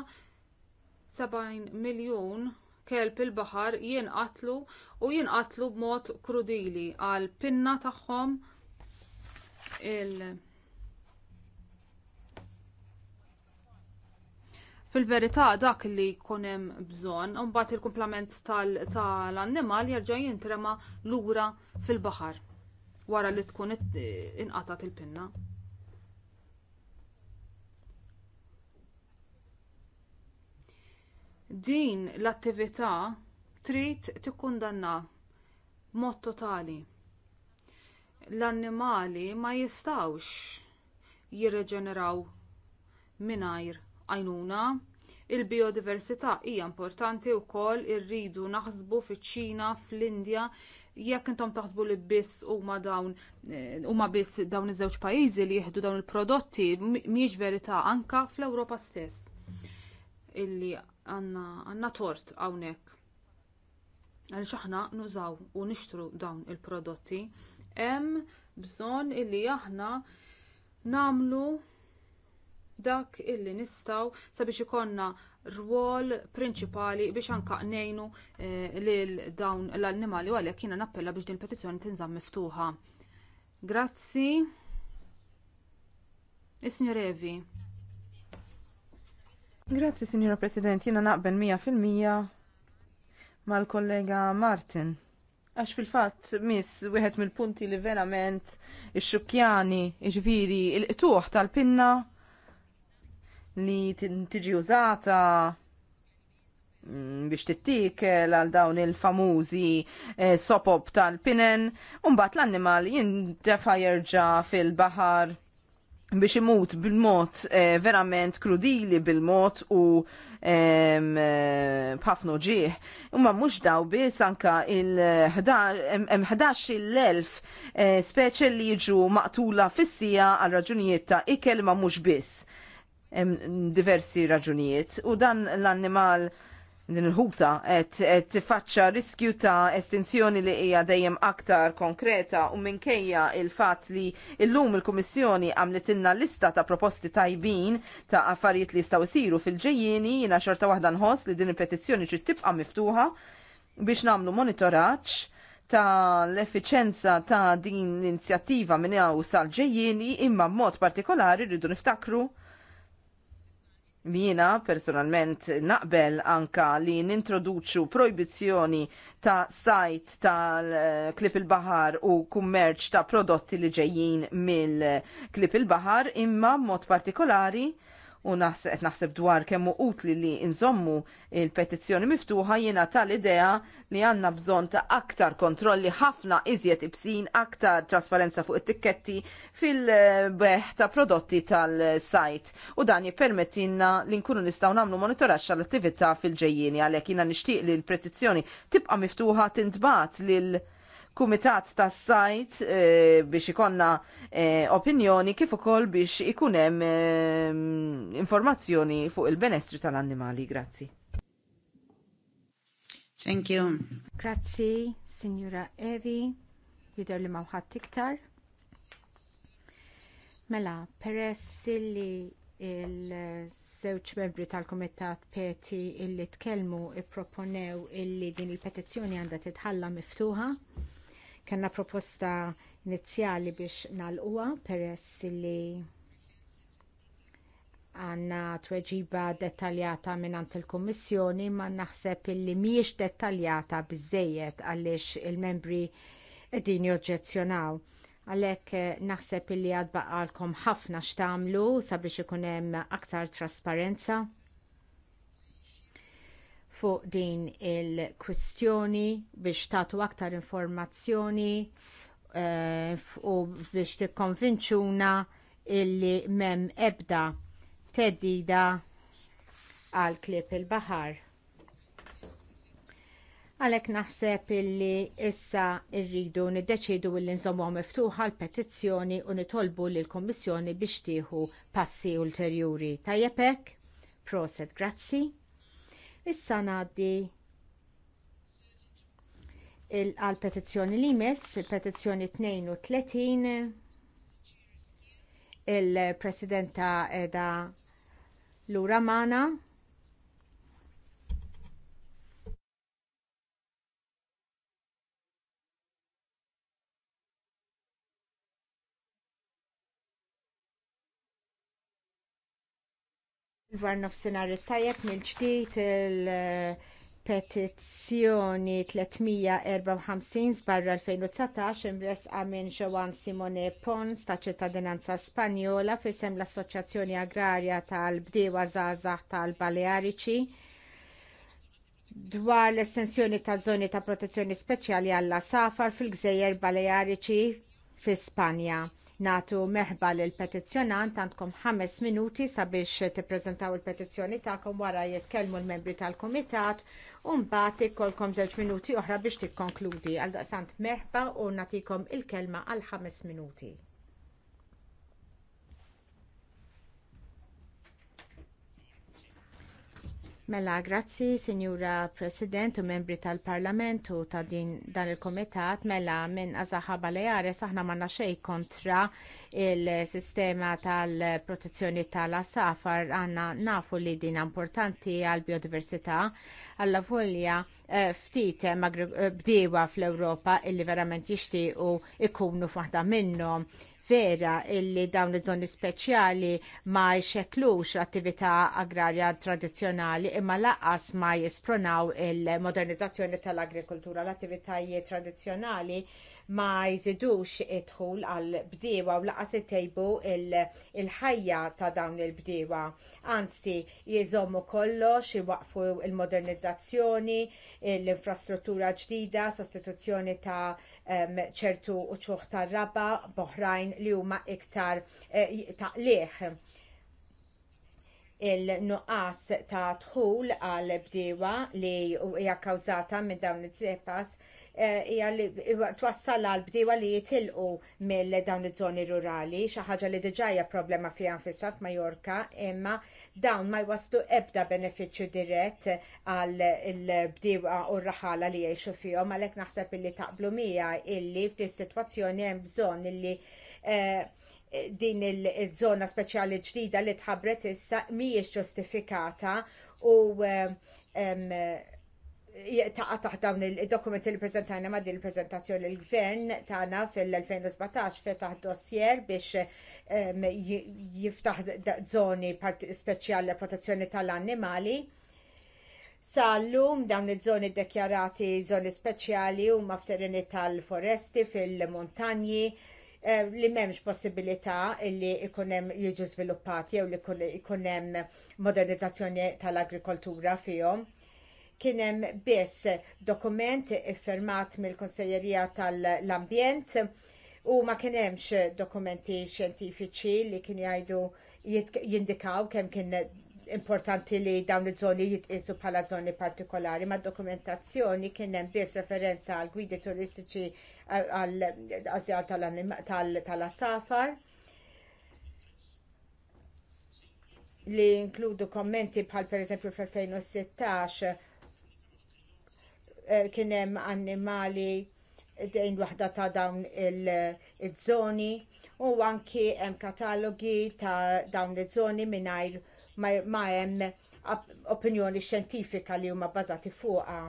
70 miljun kelb il-baħar jinqatlu u jinqatlu b'mod krudili għal pinna tagħhom il- fil-verità dak li jkun hemm bżonn, u mbagħad il-kumplament tal-annimal jerġa' jintrema lura fil-baħar wara li tkun inqatat il-pinna. Din l-attività trid tikkundanna b'mod totali. L-annimali ma jistawx jirreġeneraw mingħajr għajnuna. Il-biodiversità hija importanti wkoll irridu naħsbu fiċ-Ċina, fl-Indja, jekk intom taħsbu li biss huma dawn eh, huma biss dawn iż-żewġ pajjiżi li jieħdu dawn il-prodotti mhijiex verità anka fl-Ewropa stess. Illi għandna tort hawnhekk. Għaliex aħna nużaw u nixtru dawn il-prodotti, hemm bżonn illi aħna namlu dak illi nistgħu sabiex ikollna rwol prinċipali biex anka qnejnu eh, lil dawn l-annimali u għalhekk jiena nappella biex din il-petizzjoni tinżamm miftuħa. Grazzi. Is-Sinjor Evi. Grazzi, Sinjora President, jiena naqbel 100% mal-kollega Martin. Għax fil-fatt, miss, wieħed mill-punti li verament ix-xukjani, ġviri, il-qtuħ tal-pinna, li tiġi użata mm, biex tittikel għal dawn il-famużi eh, sopop tal-pinen, unbat l-annimal jindefa jirġa fil-bahar biex imut bil-mod eh, verament krudili bil-mod u eh, bħafna ġieħ. Umma mux daw biss anka il-11.000 speċe li jiġu maqtula fissija għal raġunijiet ta' ikel ma mux biss diversi raġunijiet u dan l-annimal din il-ħuta qed tiffaċċa riskju ta' estinzjoni li hija dejjem aktar konkreta u minkejja il-fatt li llum il-Kummissjoni għamlet ilna lista ta' proposti tajbin ta' affarijiet li jistgħu jsiru fil-ġejjieni jiena xorta waħda nħoss li din il-petizzjoni trid tibqa' miftuħa biex nagħmlu monitoraġġ ta' l-effiċenza ta' din l-inizjattiva minn hawn sal-ġejjieni imma b'mod partikolari rridu niftakru Jiena personalment naqbel anka li nintroduċu projbizzjoni ta' sajt tal-klip il-bahar u kummerċ ta' prodotti li ġejjin mill-klip il-bahar imma mod partikolari u naħseb naħseb dwar kemm hu utli li nżommu il-petizzjoni miftuħa jiena tal-idea li għandna bżonn ta' aktar kontrolli ħafna iżjed ibsin, aktar trasparenza fuq it-tikketti fil-beħ ta' prodotti tal-sajt. U dan jippermettilna li nkunu nistgħu nagħmlu monitoraġġ l attività fil ġejjini għalhekk jiena nixtieq li l-petizzjoni tibqa' miftuħa tintbagħat lil kumitat tas sajt e, biex ikonna e, opinjoni kif ukoll biex ikun hemm e, informazzjoni fuq il-benestri tal-annimali. Grazzi. Thank you. Grazzi, Signora Evi. Jidher li mawħat iktar. Mela, peress li il-żewġ membri tal kumitat Peti illi tkellmu ippproponew illi din il-petizzjoni għandha titħalla miftuħa Kellna proposta inizjali biex nal peress li għanna tweġiba dettaljata minnant il-Kommissjoni ma naħseb illi miex dettaljata bizzejiet għalix il-membri edin joġġezzjonaw għalek eh, naħseb illi għadbaqalkom ħafna xtamlu sabiex ikunem aktar trasparenza fuq din il-kwistjoni biex tagħtu aktar informazzjoni eh, u biex tikkonvinċuna illi m'hemm ebda teddida għal klieb il baħar Għalhekk naħseb illi issa rridu niddeċidu illi nżommu miftuħa l-petizzjoni u nitolbu lill kummissjoni biex tieħu passi ulterjuri. Tajjeb hekk? Proset, grazzi. Issa ngħaddi għal petizzjoni li jmiss, il-petizzjoni 32, il-presidenta edha Lura Mana, Dwar nofsinhar it-tajjeb mill-ġdid il-petizzjoni 354 barra 2019 imresqa minn Joan Simone Pons ta' ċittadinanza Spanjola fisem l-Assoċjazzjoni Agrarja tal-Bdewa Zazax tal-Baleariċi dwar l-estensjoni ta' żoni ta' protezzjoni speċjali għall safar fil-Gżejjer Baleariċi fi Spanja natu meħba lil petizzjonant għandkom ħames minuti sabiex tippreżentaw il-petizzjoni tagħkom wara jitkellmu l-membri tal-kumitat u mbagħad ikolkom żewġ minuti oħra biex tikkonkludi. Għaldaqsant meħba u natikom il-kelma għal ħames minuti. Mela, grazzi, Sinjura President u membri tal-Parlament u ta' din dan il kumitat Mela, minn Azaha Baleare, saħna manna xej kontra il-sistema tal-protezzjoni tal-asafar għanna nafu li din importanti għal-biodiversità għall-avolja eh, ftit eh, eh, bdiewa fl-Europa illi verament jixtiequ ikunu f'waħda minnhom vera illi dawn iż-żoni speċjali ma jxekklux l-attività agrarja tradizzjonali imma lanqas ma jispronaw il-modernizzazzjoni tal-agrikoltura l-attivitajiet tradizzjonali ma jżidux idħul għal bdiewa u laqas tejbu il-ħajja ta' dawn il-bdiewa. Anzi, jizommu kollox, iwaqfu il-modernizzazzjoni, l-infrastruttura ġdida, sostituzzjoni ta' ċertu uċuħ ta' raba, boħrajn li huma iktar eh, ta' liħ il-nuqqas ta' dħul għal bdiewa li hija kkawżata minn dawn it-trepas Eh, hija li twassal għal bdiewa li jitilqu mill dawn iż-żoni rurali, xi ħaġa li diġà hija problema fiha nfisha f'Majorka, imma dawn ma jwaslu ebda benefiċċju dirett għal il-bdiewa u r-raħala li jgħixu fihom għalhekk naħseb illi taqblu mija illi f'din sitwazzjoni hemm bżonn illi eh, din il-żona speċjali ġdida li tħabbret issa mhijiex ġustifikata u um, taqa taħt dawn il-dokumenti li prezentajna ma' din il-prezentazzjoni l-gvern tagħna fil-2017 fetaħ dossier biex ehm, jiftaħ zoni speċjali għal protezzjoni tal-annimali. Sallum dawn iż-żoni ddekjarati żoni speċjali huma mafterini tal-foresti fil-montanji ehm, li m'hemmx possibilità li jkun hemm jiġu żviluppati jew li jkun hemm modernizzazzjoni tal-agrikoltura fihom kien hemm biss dokument iffermat mill-Konseljerija tal-Ambjent u ma kien hemmx dokumenti xjentifiċi li kien jgħidu jindikaw kemm kien importanti li dawn iż-żoni jitqisu bħala żoni partikolari, ma' dokumentazzjoni kien hemm biss referenza għal gwidi turistiċi għal għażjar tal-asafar. li inkludu kommenti bħal per eżempju fl-2016 Eh, kien hemm annimali dejn waħda ta' dawn il-żoni u anki hemm katalogi ta' dawn il żoni mingħajr ma hemm opinjoni xjentifika li huma bbażati fuqha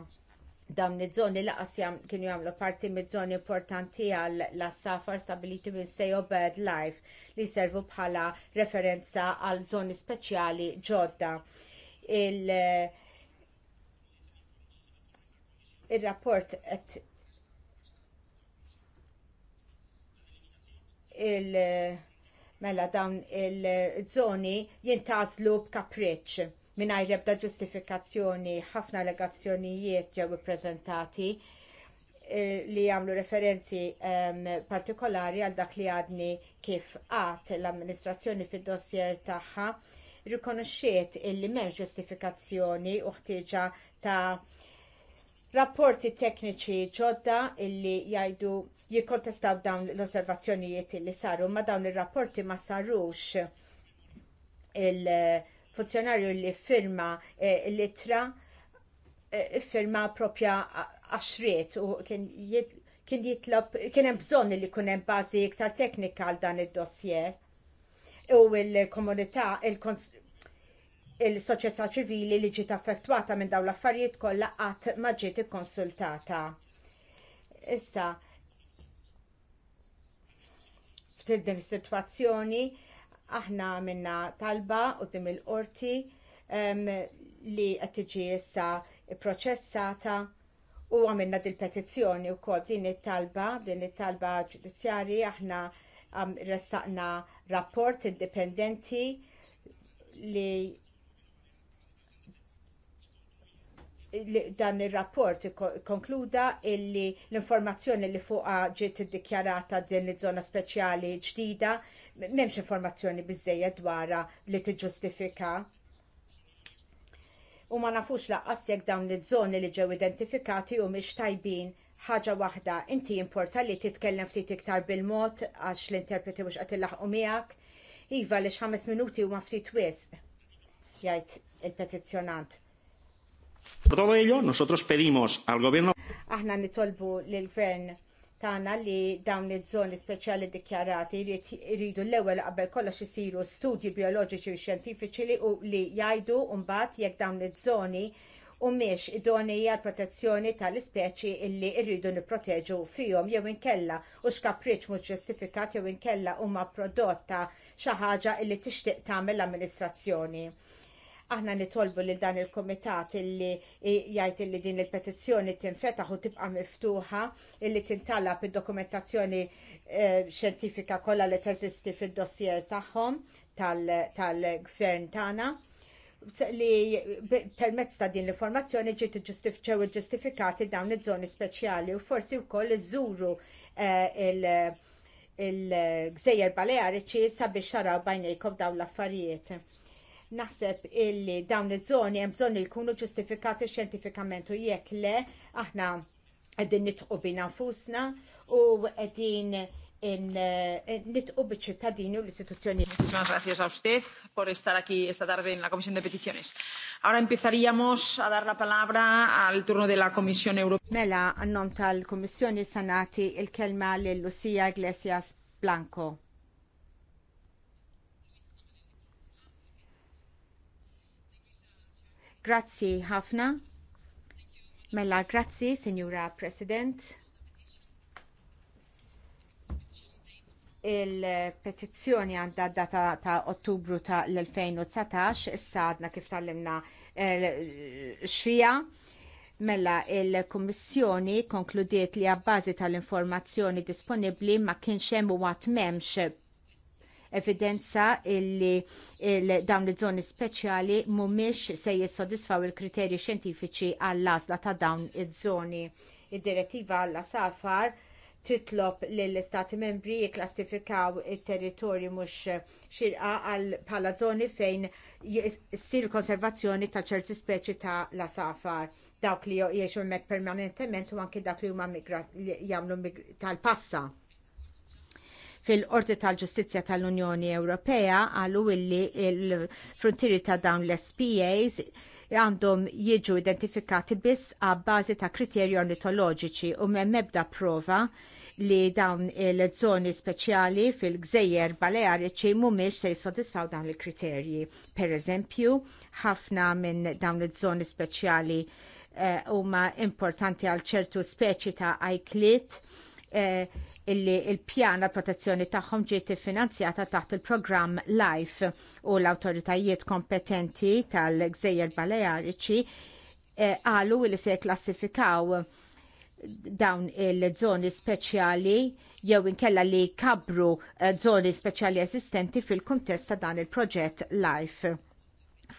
dawn il żoni laqas kienu jagħmlu parti miż-żoni importanti għal la assafar stabiliti minn Sejo bad Life li servu bħala referenza għal żoni speċjali ġodda. Il- Ir-rapport qed il- mela dawn il-żoni jintazlu b'kapriċċ mingħajr ebda ġustifikazzjoni ħafna allegazzjonijiet ġew ippreżentati eh, li jagħmlu referenzi um, partikolari għal dak li għadni kif għat l-amministrazzjoni fid-dossier tagħha rikonoxxiet illi m'hemm ġustifikazzjoni u ħtieġa ta' rapporti tekniċi ġodda illi jgħidu jikkontestaw dawn l-osservazzjonijiet illi saru, ma dawn ir rapporti ma sarux il-funzjonarju li firma eh, l-itra eh, firma propja għaxriet u kien jitlob, kien hemm bżonn li kun hemm bażi iktar teknika għal dan id-dossier u l-komunità, il-soċjetà ċivili li ġiet affettwata minn dawn l-affarijiet kollha qatt ma ġiet ikkonsultata. Issa ftit din is-sitwazzjoni aħna minna talba quddiem il-qorti li qed tiġi issa pproċessata u għamilna dil-petizzjoni wkoll din it-talba, din it-talba ġudizzjari aħna ressaqna rapport indipendenti li dan ir-rapport konkluda illi l-informazzjoni li fuqha ġiet iddikjarata din il żona speċjali ġdida m'hemmx informazzjoni bizzejja dwarha li tiġġustifika. U ma nafux laqqas jekk dawn il żoni li ġew identifikati u mhix tajbin ħaġa waħda inti importa li titkellem ftit iktar bil-mod għax l-interpreti mhux qed ilaħqu miegħek. Iva li x'ħames minuti huma ftit wisq jgħid il-petizzjonant Por todo ello, nosotros pedimos al gobierno. Aħna nitolbu lill-gvern tagħna li dawn iż-żoni speċjali dikjarati jridu l-ewwel qabel kollox isiru studji bioloġiċi u xjentifiċi li u li jgħidu mbagħad jekk dawn iż-żoni u miex idonija l-protezzjoni tal-ispeċi illi rridu nipproteġu fihom jew inkella u x'kapriċ mhux ġustifikat jew inkella huma prodotta xi ħaġa li tixtieq tagħmel l-amministrazzjoni. Aħna nitolbu lil dan il-komitat illi jgħid illi din il-petizzjoni tinfetaħ u tibqa' miftuħa illi tintalab id-dokumentazzjoni eh, xjentifika kollha li teżisti fid-dossier tagħhom tal-gvern tagħna li permezz ta' din l-informazzjoni ġiet ġustifiċew ġustifikati dawn iż-żoni speċjali u forsi wkoll iżuru eh, il-gżejjer Baleariċi sabiex xaraw bajnejkom dawn l-affarijiet. Naħseb illi dawn iż-żoni hemm bżonn li jkunu ġustifikati xjentifikament u jekk le aħna qegħdin nitqu bina nfusna u qegħdin eh, nitqu biċ-ċittadini u l-istituzzjoni. Muchísimas gracias a usted por estar aquí esta tarde en la Comisión de Peticiones. Ahora empezaríamos a dar la palabra al turno de la Comisión Europea. Mela, annom tal komissjoni sanati il-kelma l-Lucia Iglesias Blanco. Grazzi ħafna. Mella grazzi, Signora President. il-petizzjoni għandha data ta' ottubru ta' l-2019, issa għadna kif tallimna eh, xfija. Mella il-Kummissjoni konkludiet li għabbażi tal-informazzjoni disponibbli ma kienx hemm u għat memx evidenza illi dawn li żoni speċjali mhumiex se jissodisfaw il-kriterji xjentifiċi għall-għażla ta' dawn iż-żoni. Id-direttiva għall safar titlob li l-istati membri jiklassifikaw il-territorju mhux xirqa għal pala zoni fejn jissir konservazzjoni ta' ċerti speċi ta' la safar dawk li jiexu mek permanentement u anki dawk li huma jagħmlu tal-passa fil-Qorti tal-Ġustizzja tal-Unjoni Ewropea għalu illi l frontieri ta' dawn l-SPAs għandhom jiġu identifikati biss għabbażi ta' kriterji ornitoloġiċi u memm ebda prova li dawn il-żoni speċjali fil-gżejjer baleariċi mhumiex se jissodisfaw dawn il-kriterji. Per eżempju, ħafna minn dawn il-żoni speċjali eh, huma uh, importanti għal ċertu speċi ta' ajklit uh, eh, illi il-pjan protezzjoni tagħhom ġiet iffinanzjata taħt il-programm LIFE u l-awtoritajiet kompetenti tal-Gżejjer Baleariċi qalu eh, li se klassifikaw dawn il-żoni speċjali jew inkella li kabru eh, żoni speċjali eżistenti fil-kuntest ta' dan il-proġett LIFE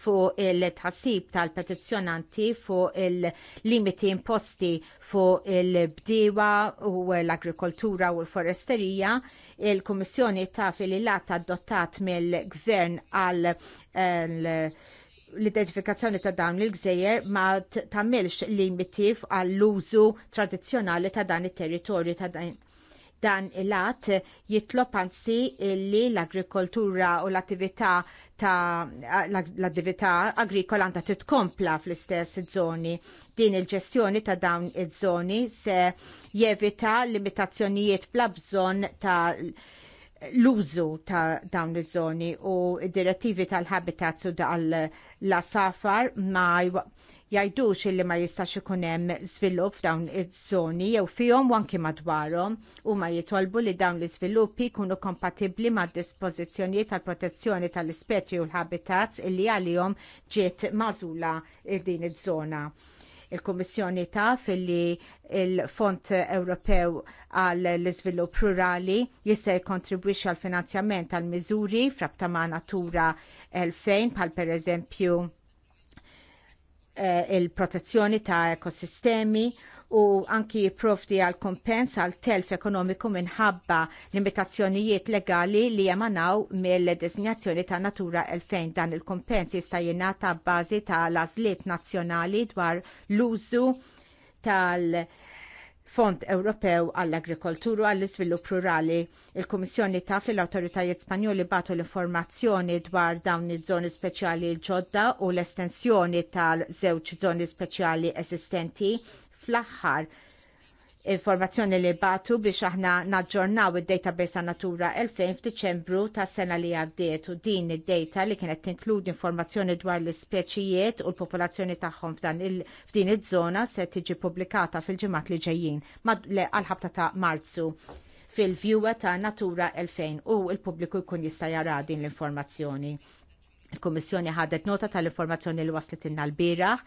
fuq il-tħassib tal-petizzjonanti fuq il-limiti imposti fuq il-bdiewa u l-agrikoltura u l-foresterija, il-Kummissjoni ta' li Lat adottat mill-Gvern għal ehm, l-identifikazzjoni ta' dawn il-gżejjer ma tagħmilx limiti għall-użu tradizzjonali ta' dan it-territorju ta' dan Dan il għat jitlob anzi li l-agrikoltura u l-attività ta' l-attività agrikola għandha titkompla fl-istess żoni. Din il-ġestjoni ta' dawn iż-żoni se jevita limitazzjonijiet bla bżonn ta' l-użu ta' dawn iż-żoni u d direttivi tal-habitats u tal safar ma jajdux illi ma jistax ikun hemm żvilupp f'dawn iż-żoni jew fihom u anki madwarhom huma jitolbu li dawn l-iżviluppi jkunu kompatibbli mad dispożizzjonijiet tal-protezzjoni tal-ispeċi u l-habitats illi għalihom ġiet mażula din iż-żona il kummissjoni taf li il-Fond Ewropew għal l-Iżvilupp Rurali jista' jikkontribwixxi għal finanzjament tal miżuri frabta ma' Natura 2000 bħal pereżempju Eh, il-protezzjoni ta' ekosistemi u anki jipprovdi għal kompens għal telf ekonomiku minħabba limitazzjonijiet legali li jemanaw mill-designazzjoni ta' Natura 2000 dan il-kompens jista' jingħata bbażi ta' lażliet nazzjonali dwar l-użu tal- Fond Ewropew għall-Agrikolturu għall-Iżvilupp Rurali. Il-Kummissjoni taf li l-awtoritajiet Spanjoli batu l-informazzjoni dwar dawn iż-żoni speċjali l-ġodda u l-estensjoni tal-żewġ żoni speċjali eżistenti fl-aħħar informazzjoni li batu biex aħna naġġornaw id-database ta' Natura 2000 f'Diċembru ta' sena li għaddiet u din id-data li kienet tinkludi informazzjoni dwar l-ispeċijiet u l-popolazzjoni tagħhom f'din iż-żona se tiġi pubblikata fil-ġimgħat li ġejjin għal-ħabta ta' Marzu fil-viewa ta' Natura 2000 u l-pubbliku jkun jista' jara din l-informazzjoni. Il-Kommissjoni ħadet nota tal-informazzjoni li waslet inna l-biraħ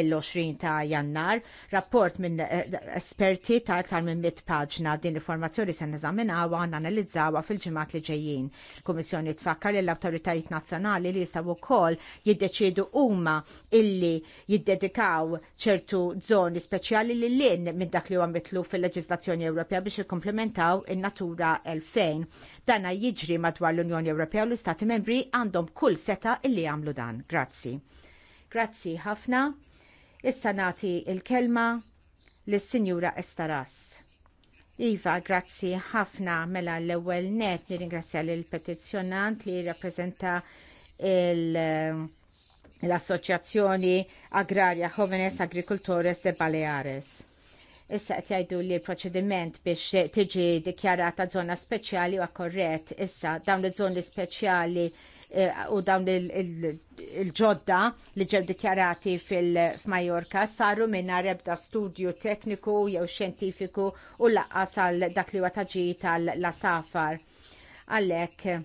l 20 ta' jannar, rapport minn eh, esperti ta' aktar minn 100 paġna din l-informazzjoni se neżaminawa għan analizzawa fil-ġimgħat li ġejjin. Il-Kommissjoni tfakkar li l-awtoritajiet nazzjonali li jistgħu wkoll jiddeċiedu huma illi jiddedikaw ċertu żoni speċjali li lin minn dak li huwa mitlu fil leġislazzjoni Ewropea biex jikkomplementaw in-natura 2000. Danna jiġri madwar l-Unjoni Ewropea u l-Istati membri għandhom kull seta illi għamlu dan. Grazzi. Grazzi ħafna. Issa nagħti l kelma l sinjura Estaras. Iva, grazzi ħafna mela l-ewwel net nirringrazzja lill petizzjonant li rappreżenta l-Assoċjazzjoni Agraria Jovenes Agricultores de Baleares. Issa qed jgħidu li l-proċediment biex tiġi dikjarata żona speċjali huwa korrett. Issa dawn iż-żoni speċjali eh, u dawn il-ġodda li ġew dikjarati fil-Majorka saru minna rebda studju tekniku jew xjentifiku u laqqas għal dak li huwa taġi tal-lasafar. Għalhekk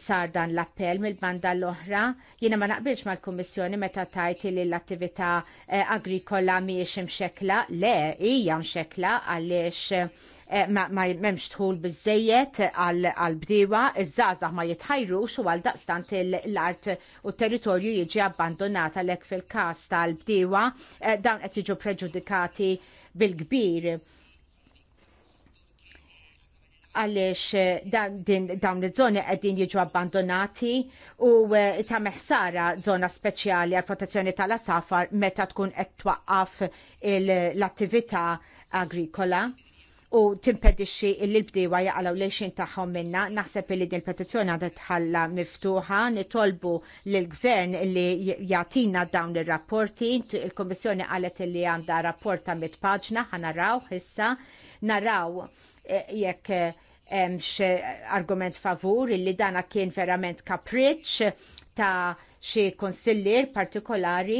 sar dan l-appell mill-banda l-oħra, jiena ma naqbilx mal-Kummissjoni meta tajt li l-attività eh, agrikola mhijiex imxekla, le hija imxekla, għaliex eh, ma memx tħul bizzejiet għal bdiwa iż-żgħażagħ ma jitħajrux u għal daqstant l-art u territorju jiġi abbandonata l fil-każ tal-bdiewa eh, dawn qed jiġu preġudikati bil-kbir għaliex eh, dawn il żoni qegħdin jiġu abbandonati u eh, ta' meħsara żona speċjali għal protezzjoni tal-asafar meta tkun qed twaqqaf l-attività agrikola u timpedixxi l bdiewa jaqalgħu lejxin tagħhom minna. Naħseb li din il-petizzjoni għadha tħalla miftuħa, nitolbu lill gvern li jagħtina dawn ir-rapporti. Il-Kummissjoni qalet li għandha rapport ta' mit paġna ħanaraw issa naraw Eh, jekk eh, hemmx argument favur illi dana kien verament kapriċ ta' xi konsillier partikolari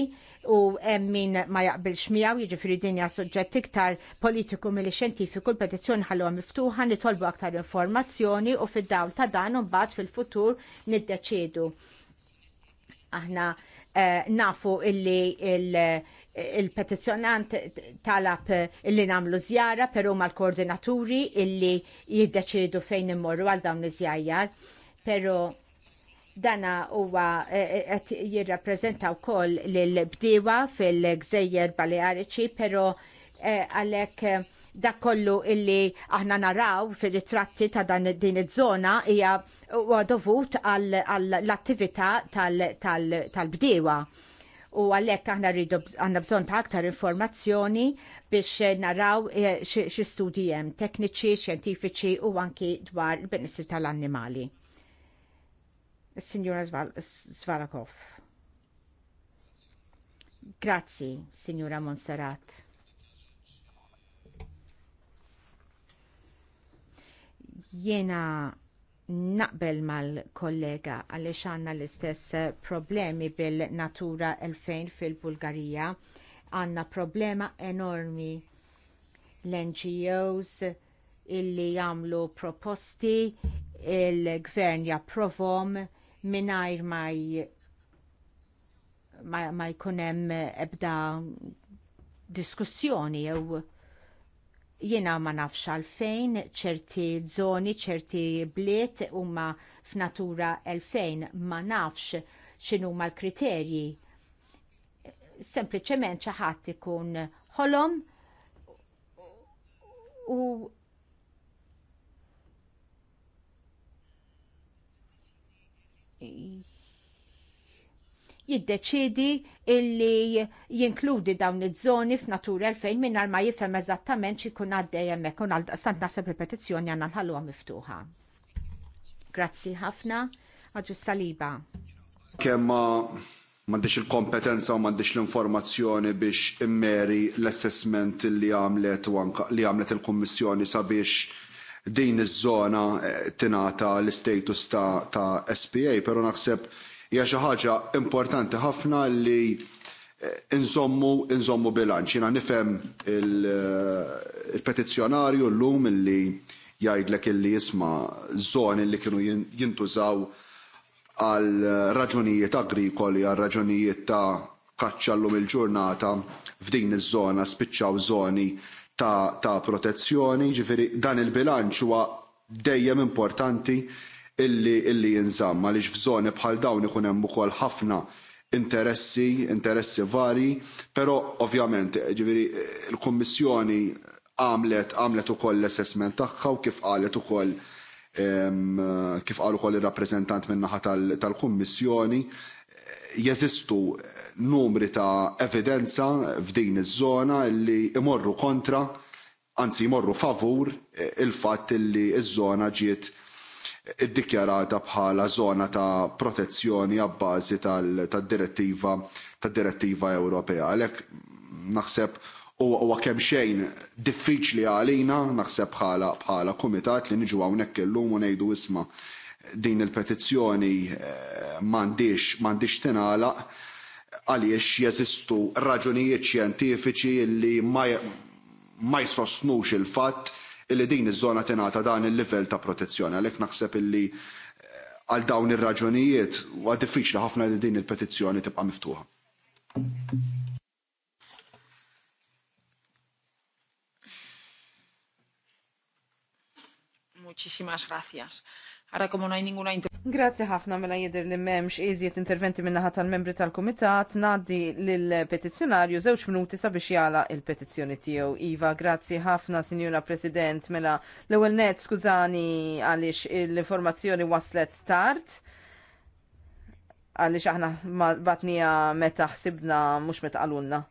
u hemm min ma jaqbilx miegħu jiġifieri din hija suġġett iktar politiku milli xjentifiku l-petizzjoni ħallu miftuħa nitolbu aktar informazzjoni u fid-dawl ta' dan u mbagħad fil-futur niddeċiedu. Aħna eh, nafu illi il- il-petizjonant talab illi namlu zjara, per huma l-koordinaturi illi jiddeċidu fejn immorru għal dawn iż-żjajjar, pero dana huwa qed e, jirrappreżenta wkoll lil-bdiewa fil-Gżejjer Baleariċi, pero e, għalhekk e, dak kollu illi aħna naraw fir-ritratti ta' dan din iż-żona hija dovut għall-attività tal-bdiewa. tal, tal u għalhekk aħna rridu għandna bżonn ta' aktar informazzjoni biex eh, naraw eh, xi studji hemm tekniċi, xjentifiċi u anki dwar il-benessri tal-annimali. Signora Svalakov. Grazzi, Signora Monserrat. Jena naqbel mal-kollega għaliex għandna l-istess eh, problemi bil-natura 2000 fil-Bulgarija. Għandna problema enormi l-NGOs illi jagħmlu proposti il-gvern japprovom mingħajr ma ma, ma jkun hemm ebda diskussjoni jew Jiena ma nafx għalfejn ċerti zoni, ċerti bliet huma f'natura elfejn ma nafx ma l-kriterji. Sempliċement xi ħadd ikun ħolom u jiddeċidi illi jinkludi dawn iż-żoni f'Natur 2000 mingħajr ma jifhem eżattament x'ikun għaddej hemmhekk u għaldaqstant naħseb il-petizzjoni għandna nħalluha miftuħa. Grazzi ħafna. Aġu saliba. Kemm m'għandix il-kompetenza u m'għandix l-informazzjoni biex immeri l-assessment li għamlet u li għamlet il-Kummissjoni sabiex din iż-żona eh, tingħata l-istatus ta' SPA, però naħseb hija xi ħaġa importanti ħafna li eh, inżommu inżommu bilanċ. Jiena nifhem eh, il-petizzjonarju llum illi jgħidlek illi jisma' żoni li kienu jintużaw għal raġunijiet agrikoli, għal raġunijiet ta' kaċċa llum il-ġurnata f'din iż-żona spiċċaw żoni ta', ta protezzjoni, ġifieri dan il-bilanċ huwa dejjem importanti illi illi jinżamm għaliex f'żoni bħal dawn ikun hemm ukoll ħafna interessi, interessi vari, però ovvjament ġifieri l-Kummissjoni għamlet għamlet ukoll l-assessment tagħha u kif qalet ukoll kif qal ukoll ir-rappreżentant min-naħa tal-Kummissjoni jeżistu numri ta' evidenza f'din iż-żona li imorru kontra anzi jmorru favur eh, il-fatt li ż-żona ġiet iddikjarata bħala żona ta' protezzjoni għabbażi tad-direttiva tad-direttiva Ewropea. Għalhekk naħseb huwa kemm xejn diffiċli għalina naħseb bħala bħala kumitat li niġu hawnhekk illum u ngħidu isma' din il-petizzjoni eh, mandiċ, m'għandix tingħalaq għaliex jeżistu raġunijiet xjentifiċi li ma jsostnux il-fatt illi din iż-żona tingħata dan il-livell ta' protezzjoni. Għalhekk naħseb illi eh, għal dawn ir-raġunijiet huwa diffiċli ħafna li din il-petizzjoni tibqa' miftuħa. Muchísimas gracias. Arakom unaj ninguna Grazie ħafna mela jidir li memx iżjiet interventi minnaħat tal-membri tal-komitat naddi l-petizjonarju zewċ minuti sabiex jala il-petizjoni tiegħu. Iva, grazzi ħafna, Sinjura President, mela l ewwel net skużani għaliex l-informazzjoni waslet tard għaliex aħna batnija meta ħsibna mhux meta qalunna.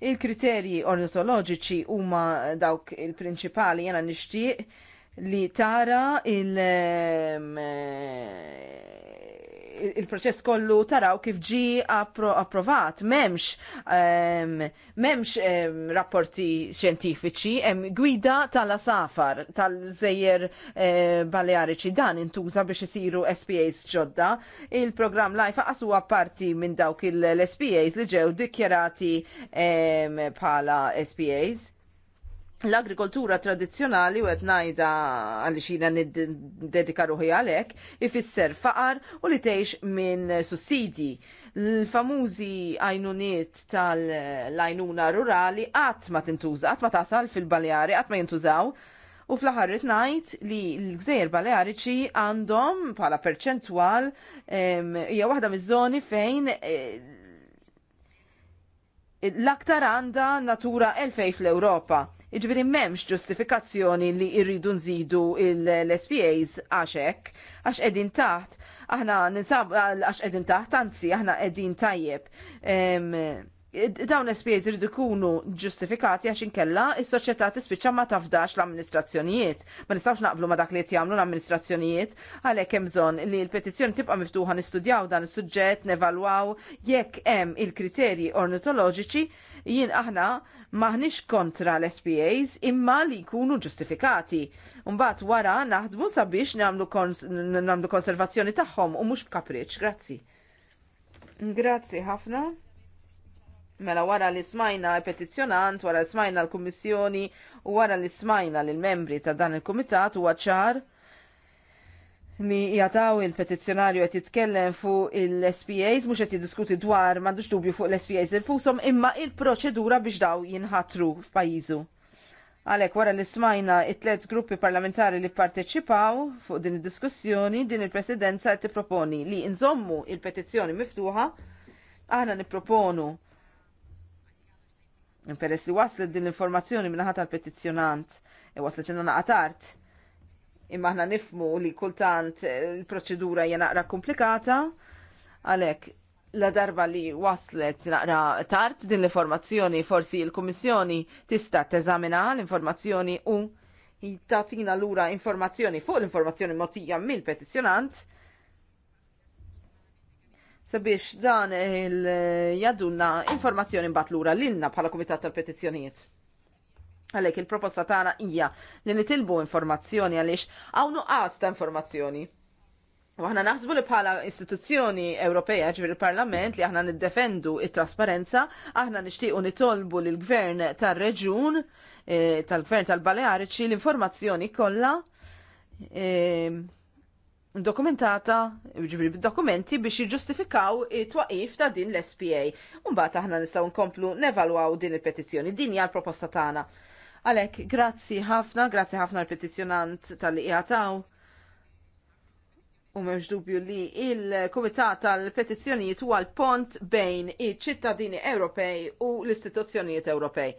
Il-kriterji ornitoloġiċi huma dawk il-prinċipali jena nixtieq li tara il- ehm, eh, il-proċess kollu taraw kif ġi appro approvat. Memx, um, memx um, rapporti xjentifiċi, hemm gwida tal-asafar, tal-żejjer uh, eh, baleariċi dan intuża biex isiru SPAs ġodda. Il-programm lajfa huwa parti minn dawk il-SPAs li ġew dikjerati bħala pala SPAs l-agrikoltura tradizjonali u etnajda għalli xina nid-dedika ruħi għalek, ifisser faqar u li teħx minn sussidi. L-famużi għajnuniet tal-għajnuna rurali għat ma tintuża, għat ma tasal fil-baljari, għat ma jintużaw. U fl-ħarret najt li l-gżejjer baleariċi għandhom pala perċentwal hija waħda miż-żoni fejn e, l-aktar għanda natura elfej fl-Europa Iġbiri memx ġustifikazzjoni li irridu nżidu l-SPAs għaxek, għax edin taħt, aħna ninsab għax edin taħt, anzi, aħna edin tajjeb dawn l-espież irridu jkunu ġustifikati għax inkella il soċjetà tispiċċa ma tafdax l-amministrazzjonijiet. Ma nistgħux naqblu ma dak li qed jagħmlu l-amministrazzjonijiet għalhekk hemm bżonn li l-petizzjoni tibqa' miftuħa nistudjaw dan is-suġġett, nevalwaw jekk hemm il-kriterji ornitoloġiċi jien aħna maħniex kontra l-SPAs imma li jkunu ġustifikati. Mbagħad wara naħdmu sabiex nagħmlu konservazzjoni tagħhom u mhux b'kapriċ. Grazzi. Grazzi ħafna. Mela wara li smajna petizzjonant, wara li smajna l-Kummissjoni u wara li smajna l-membri ta' dan il-Kumitat huwa ċar li jataw il-petizzjonarju qed jitkellem fuq il-SPAs mhux qed jiddiskuti dwar dux dubju fuq l-SPAs il il-fusom, imma il-proċedura biex daw jinħatru f'pajizu. Għalek wara li smajna it-tlet gruppi parlamentari li parteċipaw fuq din id-diskussjoni, din il-Presidenza tipproponi li nżommu il-petizzjoni miftuħa, aħna nipproponu Peress li waslet din l-informazzjoni minna tal-petizzjonant e waslet inna naqatart. Imma ħna nifmu li kultant eh, il-proċedura hija naqra komplikata, għalek la darba li waslet naqra tard din l-informazzjoni forsi il-Kummissjoni tista' teżamina l-informazzjoni u l lura informazzjoni fuq l-informazzjoni motija mill-petizzjonant sabiex dan eh, jadunna informazzjoni mbatlura l-inna bħala Kumitat tal-Petizzjonijiet. Għalek il-proposta tagħna hija li nitilbu informazzjoni għaliex hawn nuqqas ta' informazzjoni. U aħna naħsbu li bħala istituzzjoni Ewropea ġviri parlament li aħna niddefendu it-trasparenza, aħna nixtiequ nitolbu l gvern tar-reġun eh, tal-gvern tal-Baleariċi l-informazzjoni kollha eh, dokumentata, ġibri dokumenti biex jġustifikaw it-twaqif ta' din l-SPA. Umbat aħna nistaw nkomplu nevalwaw din il-petizjoni, din hija l-proposta tagħna. Alek, grazzi ħafna, grazzi ħafna l-petizjonant tal-li jgħataw. U memx dubju li il-Kumitat tal-Petizzjonijiet huwa l-pont bejn iċ-ċittadini Ewropej u l-istituzzjonijiet Ewropej.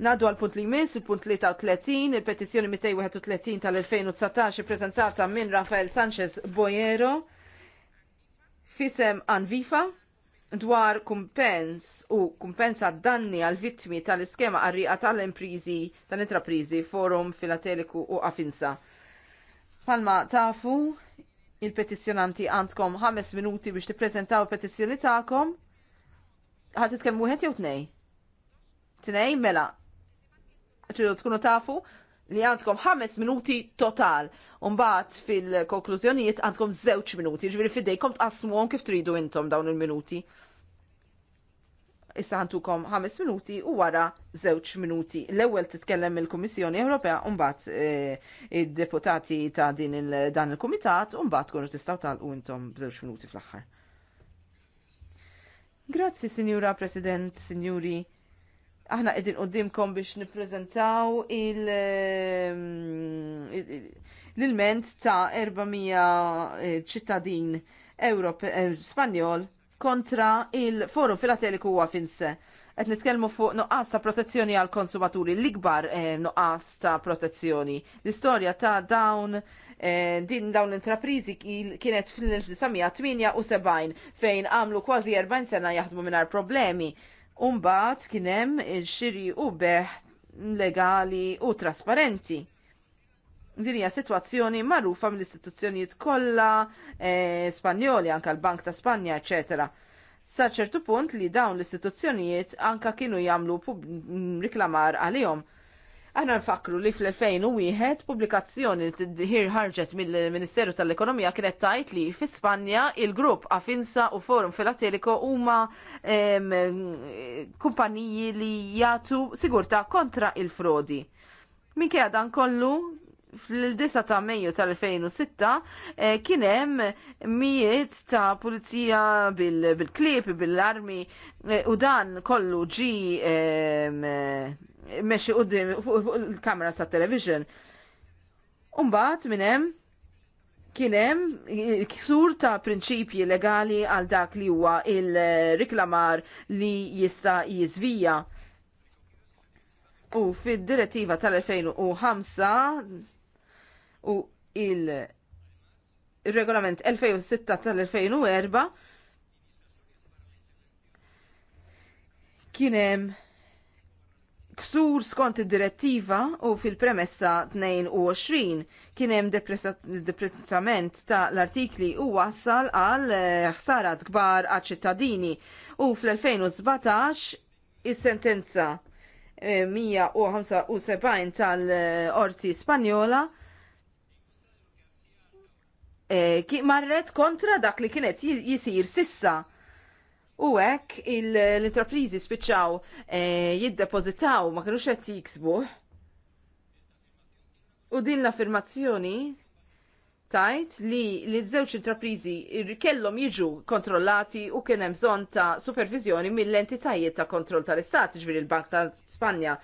Nadu għal punt li jmiss, il-punt 30, il-petizjoni 231 tal-2019 prezentata minn Rafael Sanchez Boyero fisem Anvifa dwar kumpens u kumpensa danni għal vittmi tal-iskema għarriqa tal-imprizi tal-intraprizi forum filateliku u afinsa. Palma tafu, il-petizjonanti għandkom 5 minuti biex tippreżentaw prezentaw petizjoni tagħkom. Ħad titkellmu wieħed jew tnej? Tnej mela, tridu tkunu tafu li għandkom ħames minuti total. Umbat fil-konklużjonijiet għandkom żewġ minuti, ġviri fidejkom għom kif tridu intom dawn il-minuti. Issa ħantukom ħames minuti u wara żewġ minuti. L-ewwel titkellem il-Kummissjoni Ewropea umbat il eh, id-deputati ta' din dan il-kumitat u mbagħad tkunu tal u intom b'żewġ minuti fl-aħħar. Grazzi, Sinjura President, Sinjuri aħna qegħdin qudiemkom biex nippreżentaw il, ehm, l-ilment ta' 400 eh, ċittadin eh, Spanjol kontra il-Forum Filateliku huwa finse. Qed nitkellmu fuq nuqqas ta' protezzjoni għal konsumaturi, l-ikbar noqqas eh, nuqqas ta' protezzjoni. L-istorja ta' dawn din dawn l-intraprizi kienet fl-1978 fejn għamlu kważi 40 sena jaħdmu mingħajr problemi. Umbaħt kienem il-xiri u beħ legali u trasparenti din hija sitwazzjoni magħrufa mill-istituzzjonijiet kollha eh, Spanjoli, anke l-Bank ta' Spanja, eċetera. Sa ċertu punt li dawn l-istituzzjonijiet anka kienu jagħmlu riklamar għalihom. Aħna nfakru li fl-2001 pubblikazzjoni li tidħir ħarġet mill-Ministeru tal-Ekonomija kienet tajt li fi Spanja il-grupp Afinsa u Forum Filatelico huma kumpaniji li jagħtu sigurtà kontra il-frodi. Minkejja dan kollu fl-9 ta' Mejju tal-2006 eh, kien hemm mijiet ta' pulizija bil-klip, bil klip bil armi eh, u dan kollu ġi eh, meċi u fuq il-kamera tat television. Umbat minnem hemm kien hemm ksur ta' prinċipji legali għal dak li huwa il-riklamar li jista' jiżvija. U fid-direttiva tal-2005 u il-regolament 2006 tal-2004 kienem ksur skont id-direttiva u fil-premessa 22 kienem deprezzament ta' l-artikli u wassal għal eh, ħsarat kbar għal ċittadini u fl-2017 is-sentenza 175 eh, tal-Orti eh, Spanjola Eh, ki marret kontra dak li kienet jisir sissa. U hekk l-intrapriżi spiċċaw eh, jiddepozitaw ma kinux qed jiksbuh. U din l affirmazzjoni tajt li li żewġ intrapriżi kellhom jiġu kontrollati u kien hemm bżonn ta' supervizjoni mill-entitajiet ta' kontroll tal-Istat, ġifieri il-Bank ta' Spanja.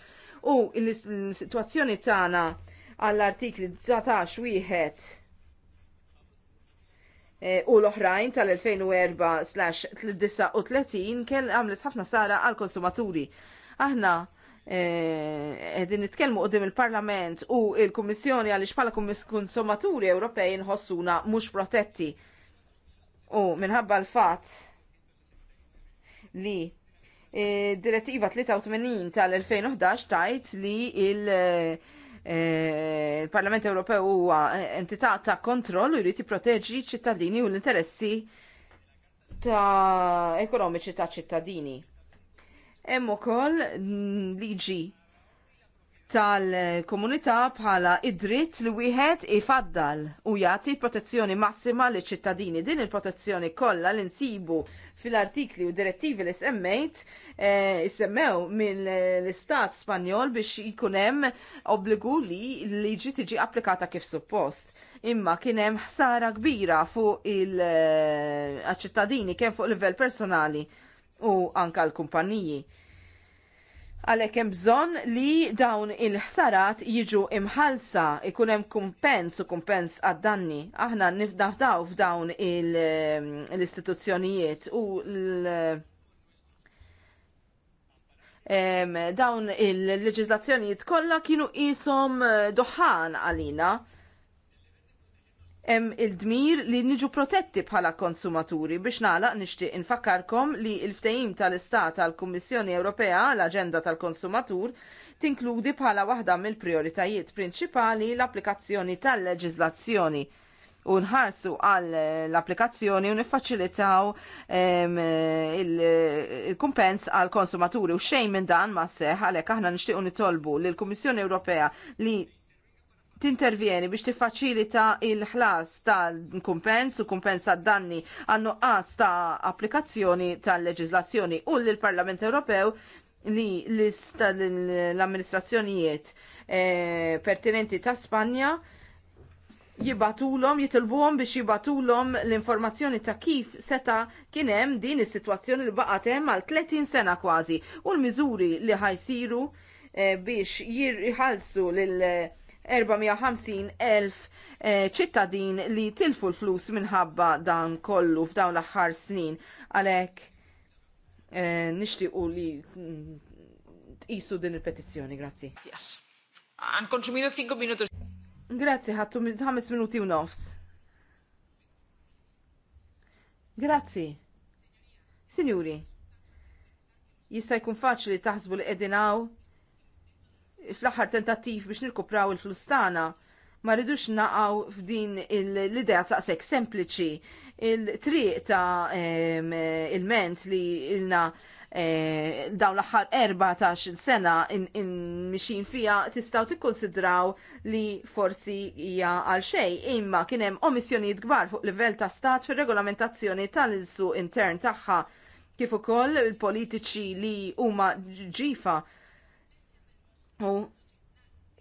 U l-sitwazzjoni tagħna għall-artikli 19 wieħed Eh, u l-oħrajn tal-2004-39 kell għamlet ħafna sara għal-konsumaturi. Aħna eh, għedin nitkellmu għoddim il-Parlament u il-Kummissjoni għaliex bħala konsumaturi Ewropej nħossuna mhux protetti. U minħabba l-fatt li eh, direttiva 83 tal-2011 tajt li il- Eh, Il-Parlament Ewropew huwa entità ta' kontroll u jrid jipproteġi ċittadini u l-interessi ta' ekonomiċi ta' ċittadini. Hemm ukoll liġi tal-komunità bħala id-dritt li wieħed ifaddal u jagħti protezzjoni massima li ċittadini. Din il-protezzjoni kollha li nsibu fil-artikli u direttivi li semmejt e, eh, semmew mill-Istat Spanjol biex jkun hemm obbligu li liġi tiġi applikata kif suppost. Imma kien hemm ħsara kbira fuq il-ċittadini eh, kemm fuq livell personali u anka l-kumpaniji Għalhekk hemm bżonn li dawn il-ħsarat jiġu imħalsa, ikun hemm kumpens u kumpens għad-danni. Aħna nifdafdaw f'dawn ehm, l-istituzzjonijiet u l- ehm, dawn il-leġizlazzjonijiet kollha kienu qishom eh, doħan għalina hemm il-dmir li niġu protetti bħala konsumaturi biex nagħlaq nixtieq infakkarkom li l-ftehim tal-Istat tal-Kummissjoni Ewropea l-Aġenda tal-Konsumatur tinkludi bħala waħda mill-prioritajiet prinċipali l-applikazzjoni tal-leġiżlazzjoni u nħarsu għal l-applikazzjoni u niffaċilitaw il-kumpens għal konsumaturi u xejn minn dan ma seħ għalhekk aħna nixtiequ nitolbu lill kummissjoni Ewropea li tintervjeni biex tiffaċilita il-ħlas tal-kumpens u kumpens għad-danni għannu qas ta' applikazzjoni tal-leġizlazzjoni u l-Parlament Ewropew li l-amministrazzjonijiet eh, pertinenti ta' Spanja jibatulom, jitilbuhom biex jibatulom l-informazzjoni ta' kif seta kienem din is-sitwazzjoni li hemm għal 30 sena kważi u l-miżuri li ħajsiru eh, biex jirħalsu lil 450.000 eh, ċittadin li tilfu l-flus minħabba dan kollu f'dawn l-aħħar snin. Għalhekk eh, nixtiequ li mm, tqisu din il-petizzjoni, grazzi. Yes. Għan konsumido 5 minuti. Grazzi, ħattu 5 minuti u nofs. Grazzi. Signori, jista' jkun faċli taħsbu li qegħdin fl-aħħar tentattiv biex nirkupraw il-flustana ma rridux naqaw f'din l-idea taqsek sempliċi il-triq ta' il-ment li ilna eh, dawn l-aħħar 14 sena in mixin fija tistaw tikkonsidraw li forsi hija għal xej imma kien hemm omissjonijiet kbar fuq livell ta' stat fir-regolamentazzjoni tal-insu intern tagħha kif ukoll il-politiċi li huma ġifa U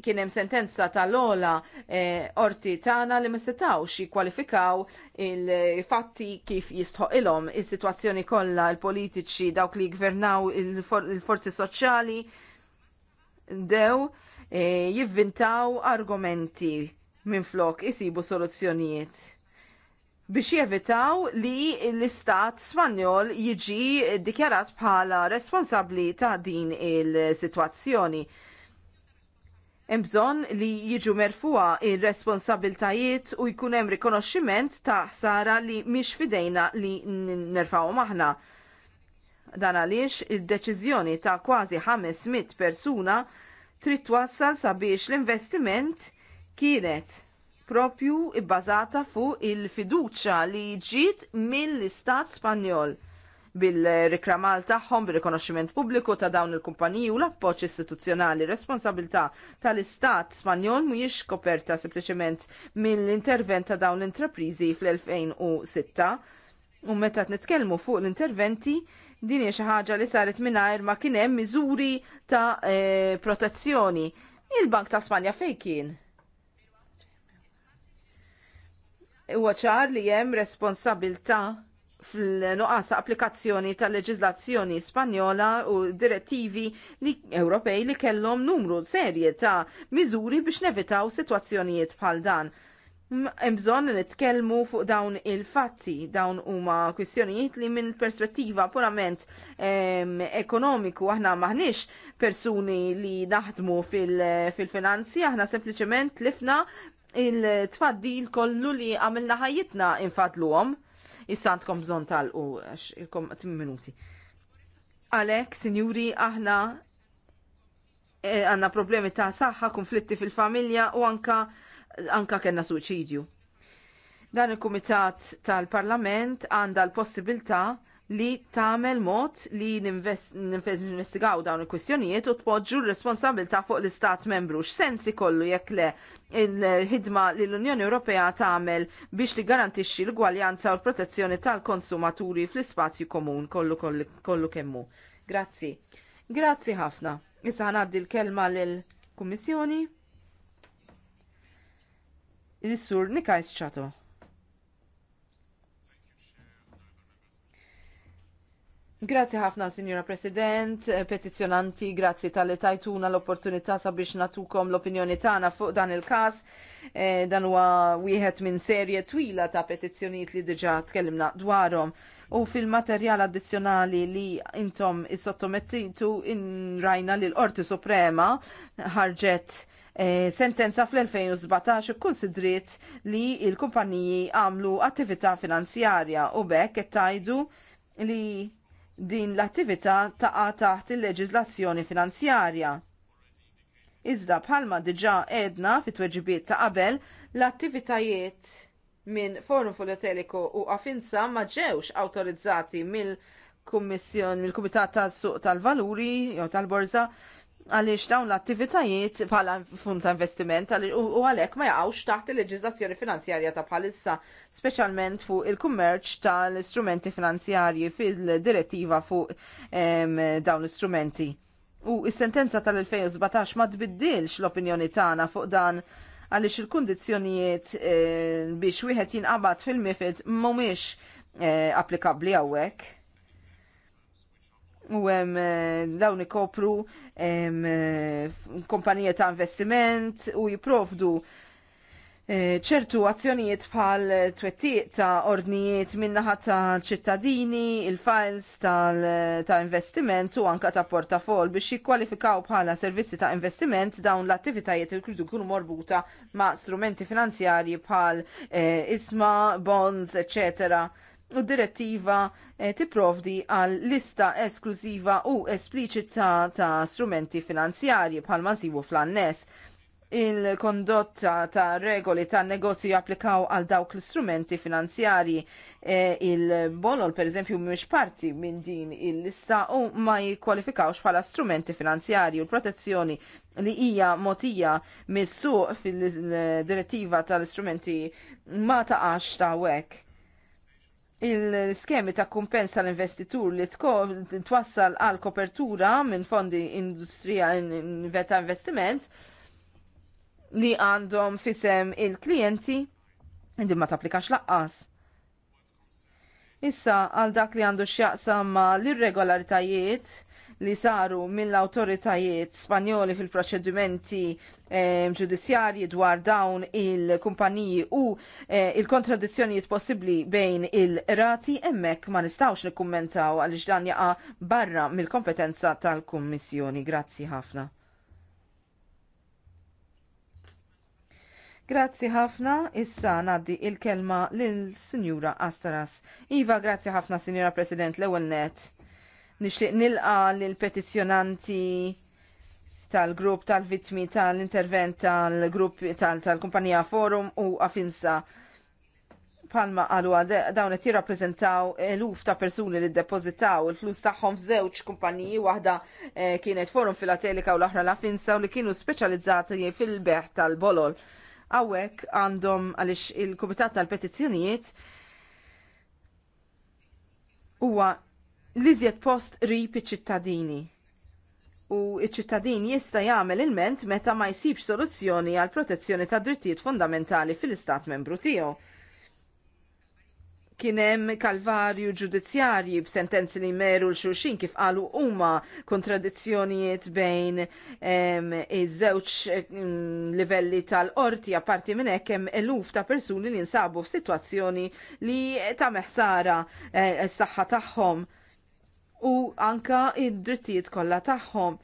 kien hemm sentenza tal-ola e, orti tagħna li ma setawx jikkwalifikaw il-fatti kif jistħo ilom is-sitwazzjoni kollha l-politiċi dawk li gvernaw il-forzi il soċjali dew e, jivvintaw argumenti minflok jisibu soluzzjonijiet biex jevitaw li l-istat Spanjol jiġi dikjarat bħala responsabbli ta' din il-sitwazzjoni hemm bżonn li jiġu merfuha ir-responsabiltajiet u jkun hemm rikonoxximent ta' ħsara li mhix fidejna li nerfgħu aħna. Dan għaliex id-deċiżjoni ta' kważi 500 persuna trid twassal sabiex l-investiment kienet propju bbażata fuq il-fiduċja li ġiet mill-Istat Spanjol bil-rikramal tagħhom bil rikonoxximent pubbliku ta' dawn il-kumpaniji u l-appoġġ istituzzjonali responsabilità tal-Istat Spanjol mhijiex koperta sempliċement mill-intervent ta' dawn l-intraprizi fl-2006. U meta nitkellmu fuq l-interventi, din hija xi ħaġa li saret mingħajr ma kien hemm miżuri ta' e, protezzjoni. Il-Bank ta' Spanja fejn kien? Huwa ċar li hemm responsabilità fil-nuqqas ta' applikazzjoni tal leġiżlazzjoni Spanjola u direttivi li Ewropej li kellhom numru serje ta' miżuri biex nevitaw sitwazzjonijiet bħal dan. Mbżon bżonn nitkellmu fuq dawn il-fatti, dawn huma kwistjonijiet li minn perspettiva purament ekonomiku aħna maħniex persuni li naħdmu fil-finanzi, fil aħna sempliċement lifna il-tfaddil kollu li għamilna ħajjitna infadluhom issa għandkom bżonn talqu għax ilkom 8 minuti. Għalhekk, sinjuri, aħna e, għandna problemi ta' saħħa, konflitti fil-familja u anka anka kena suċidju. Dan il-Kumitat tal-Parlament għanda l-possibilta' li tagħmel mod li ninvestigaw dawn il-kwistjonijiet u tpoġġu r-responsabilità fuq l-Istat membru. X'sens ikollu jekk le il-ħidma li l-Unjoni Ewropea tagħmel biex tigarantixxi l-gwaljanza u l-protezzjoni tal-konsumaturi fl-ispazju komun kollu kollu kemmu. Grazzi. Grazzi ħafna. Issa ħanaddi l-kelma lill-Kummissjoni. Il-Sur Nikajs Ċato. Grazzi ħafna, Signora President, eh, petizjonanti, grazie tal-li tajtuna l-opportunità sabiex natukom l-opinjoni tagħna fuq dan il-każ. E, dan huwa wieħed minn serje twila ta' petizzjonijiet li diġà tkellimna dwarhom. U fil-materjal addizzjonali li intom is-sottomettitu in rajna li l-Qorti Suprema ħarġet E, sentenza fl-2017 ikkonsidriet li l kumpaniji għamlu attività finanzjarja u bekk qed tajdu li din l-attività taqa taħt il-leġizlazzjoni finanzjarja. Iżda bħalma diġa edna fit weġibiet ta' qabel l-attivitajiet minn Forum Folioteliko u Afinsa ma ġewx autorizzati mill-Kummissjon, mill-Kumitat tal-Suq tal-Valuri jew tal-Borza għaliex dawn l-attivitajiet bħala fund ta' investiment u għalhekk ma jaqgħux taħt il leġizlazzjoni finanzjarja ta' bħalissa, speċjalment fuq il-kummerċ tal-istrumenti finanzjarji fil-direttiva fuq dawn l-istrumenti. U s sentenza tal-2017 ma tbiddilx l-opinjoni tagħna fuq dan għaliex il-kundizzjonijiet eh, biex wieħed jinqabad fil-mifid mhumiex eh, applikabbli hawnhekk u hemm eh, dawn ikopru eh, kumpanija ta' investiment u jipprovdu eh, ċertu azzjonijiet bħal twettiq ta' ordnijiet minnaħa ta' ċittadini, il-files ta' investiment u anka ta' portafol biex jikkwalifikaw bħala servizzi ta' investiment dawn l-attivitajiet il-kridu kunu morbuta ma' strumenti finanzjarji bħal isma, bonds, eccetera u direttiva eh, tipprovdi għal lista esklużiva u espliċita ta' strumenti finanzjarji bħalma nsibu fl-annes. Il-kondotta ta' regoli ta' negozju japplikaw għal dawk l-istrumenti finanzjarji eh, il bonol per eżempju mhux parti minn din il-lista u ma jikkwalifikawx bħala strumenti finanzjarji u protezzjoni li hija motija mis-suq fil-direttiva tal-istrumenti ma għax ta' wek il-skemi ta' kumpensa l-investitur li twassal għal kopertura minn fondi industrija veta investiment li għandhom fisem il-klienti indi ma tapplikax laqqas. Issa għal dak li għandu x'jaqsam ma l-irregolaritajiet li saru mill-autoritajiet Spanjoli fil-proċedimenti eh, ġudizzjarji dwar dawn il-kumpaniji u eh, il-kontradizzjonijiet possibbli bejn il-rati emmek ma nistawx nikkummentaw għaliex dan jaqa' barra mill-kompetenza tal-Kummissjoni. Grazzi ħafna. Grazzi ħafna, issa naddi il-kelma lil sinjura Astaras. Iva, grazzi ħafna, Sinjura President, l ewwel net. Nixtieq nilqa lill petizzjonanti tal-grupp tal-vittmi tal-intervent tal-grupp tal-kumpanija -tal Forum u Afinsa palma għalwa dawn qed jirrappreżentaw eluf ta' persuni li ddepożitaw il-flus tagħhom f'żewġ kumpaniji waħda eh, kienet Forum Filatelika u l-oħra la u li kienu speċjalizzati fil-beħ tal-bolol. Hawnhekk għandhom għaliex il-Kumitat tal-Petizzjonijiet huwa liżjed post rip iċ-ċittadini. U iċ-ċittadin jista' jagħmel il-ment meta ma jsibx soluzzjoni għal protezzjoni tad drittijiet fundamentali fil-istat membru tiegħu. Kien hemm kalvarju ġudizzjarji b'sentenzi li meru l xulxin kif qalu huma kontradizzjonijiet bejn iż-żewġ livelli tal-qorti apparti minn hekk hemm eluf ta' persuni li nsabu f'sitwazzjoni li ta' meħsara eh, s-saħħa tagħhom u anka id-drittijiet kollha tagħhom.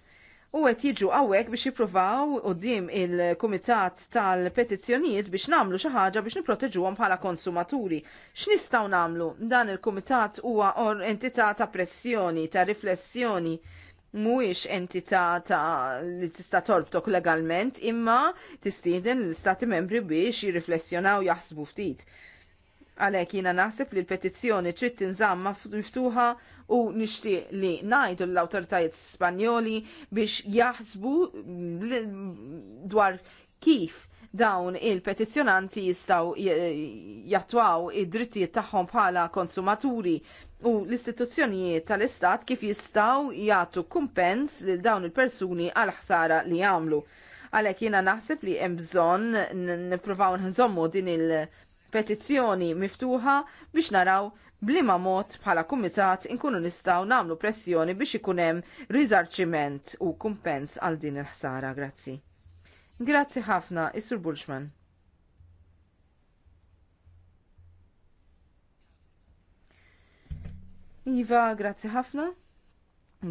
U qed jiġu hawnhekk biex jippruvaw quddiem il-Kumitat tal-Petizzjonijiet biex nagħmlu xi ħaġa biex nipproteġuhom bħala konsumaturi. X'nistgħu nagħmlu? Dan il-Kumitat huwa entità ta' pressjoni, ta' riflessjoni mhuwiex entità ta' li tista' torbtok legalment imma tistieden l istati membri biex jirriflessjonaw jaħsbu ftit. Għalhekk jiena naħseb li l-petizzjoni trid tinżamm miftuħa u nixtieq li ngħidu l-awtoritajiet Spanjoli biex jaħsbu dwar kif dawn il-petizzjonanti jistgħu jattwaw id-drittijiet tagħhom bħala konsumaturi u l-istituzzjonijiet tal-istat kif jistgħu jagħtu kumpens lil dawn il-persuni għal ħsara li jagħmlu. Għalhekk jiena naħseb li hemm bżonn nippruvaw nżommu din il- petizzjoni miftuħa biex naraw blima mod bħala kumitat inkunu nistaw namlu pressjoni biex ikunem riżarċiment u kumpens għal din il-ħsara. Grazzi. Grazzi ħafna, Isur Bulxman. Iva, grazzi ħafna.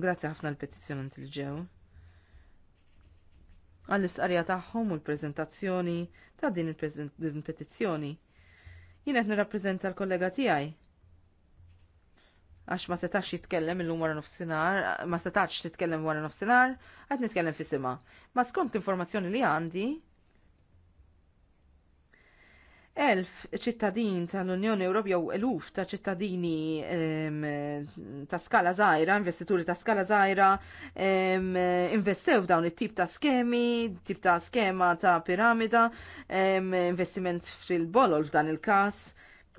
Grazzi ħafna l-petizjonanti li ġew għall-istqarja tagħhom u l-preżentazzjoni ta' din il-petizzjoni. Jien qed nirrappreżenta l-kollega tiegħi. Għax ma setax jitkellem illum wara nofsinar, ma setax titkellem wara nofsinar, qed nitkellem fi sima. Ma skont informazzjoni li għandi, elf ċittadin tal-Unjoni Ewropea u eluf ta' ċittadini ta' skala zaħira, investituri ta' skala zaħira, investew f'dawn it-tip ta' skemi, tip ta' skema ta' piramida, investiment fil-bolol f'dan il-kas.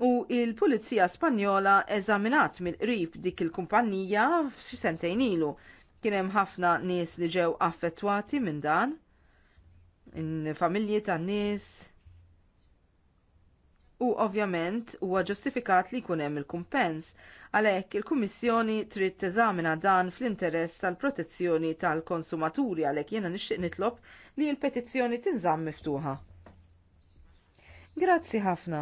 U il-Pulizija Spanjola eżaminat mill-qrib dik il-kumpanija f'xi sentejn ilu. Kien hemm ħafna nies li ġew affettwati minn dan, in familji tan nies u ovvjament huwa ġustifikat li jkun hemm il-kumpens. Għalhekk il-Kummissjoni trid teżamina dan fl-interess tal-protezzjoni tal-konsumaturi għalhekk jiena nixtieq nitlob li l-petizzjoni tinżamm miftuħa. Grazzi ħafna.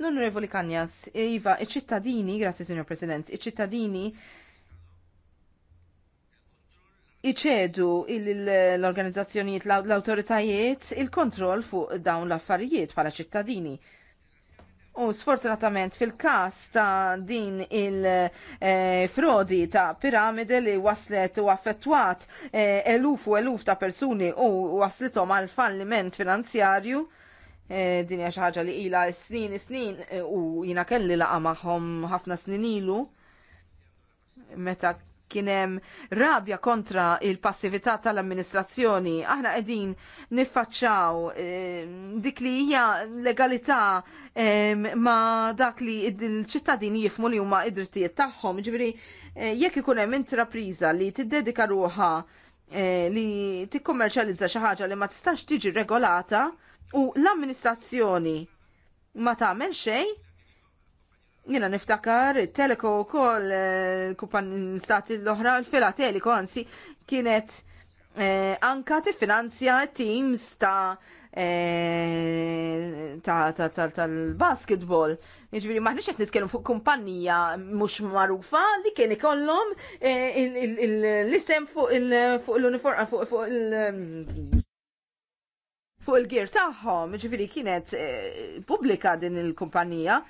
L-Onorevoli Kanjas, Iva, iċ-ċittadini, grazie Signor President, iċ-ċittadini iċedu l-organizzazzjonijiet l-autoritajiet il-kontroll fuq dawn l-affarijiet bħala ċittadini. U sfortunatament fil-kas ta' din il-frodi eh, ta' piramide li waslet u affettwat eh, eluf u eluf ta' persuni u waslitom għal falliment finanzjarju, eh, din hija xi ħaġa li ila snin snin u jina kelli laqa magħhom ħafna snin ilu meta kien hemm rabja kontra il-passività tal-amministrazzjoni. Aħna qegħdin niffaċċaw eh, dik li hija legalità eh, ma dak li l-ċittadini jifmu li huma id-drittijiet tagħhom. Ġifieri eh, jekk ikun hemm intrapriża li tiddedika ruha li tikkummerċjalizza xi ħaġa li ma tistax tiġi regolata u l-amministrazzjoni ma tagħmel xejn, Jena niftakar, it-teleko u koll, eh, kupan stati l-oħra, l-fila teleko għansi kienet eh, anka tiffinanzja teams ta' eh, tal-basketball. Iġviri, maħni xeħt nitkellem fuq kumpanija mux marufa li kien ikollhom eh, l-isem fuq l-uniform, fuq il- fuq ah, il-gir taħħom, ġifiri kienet pubblika din il-kumpanija,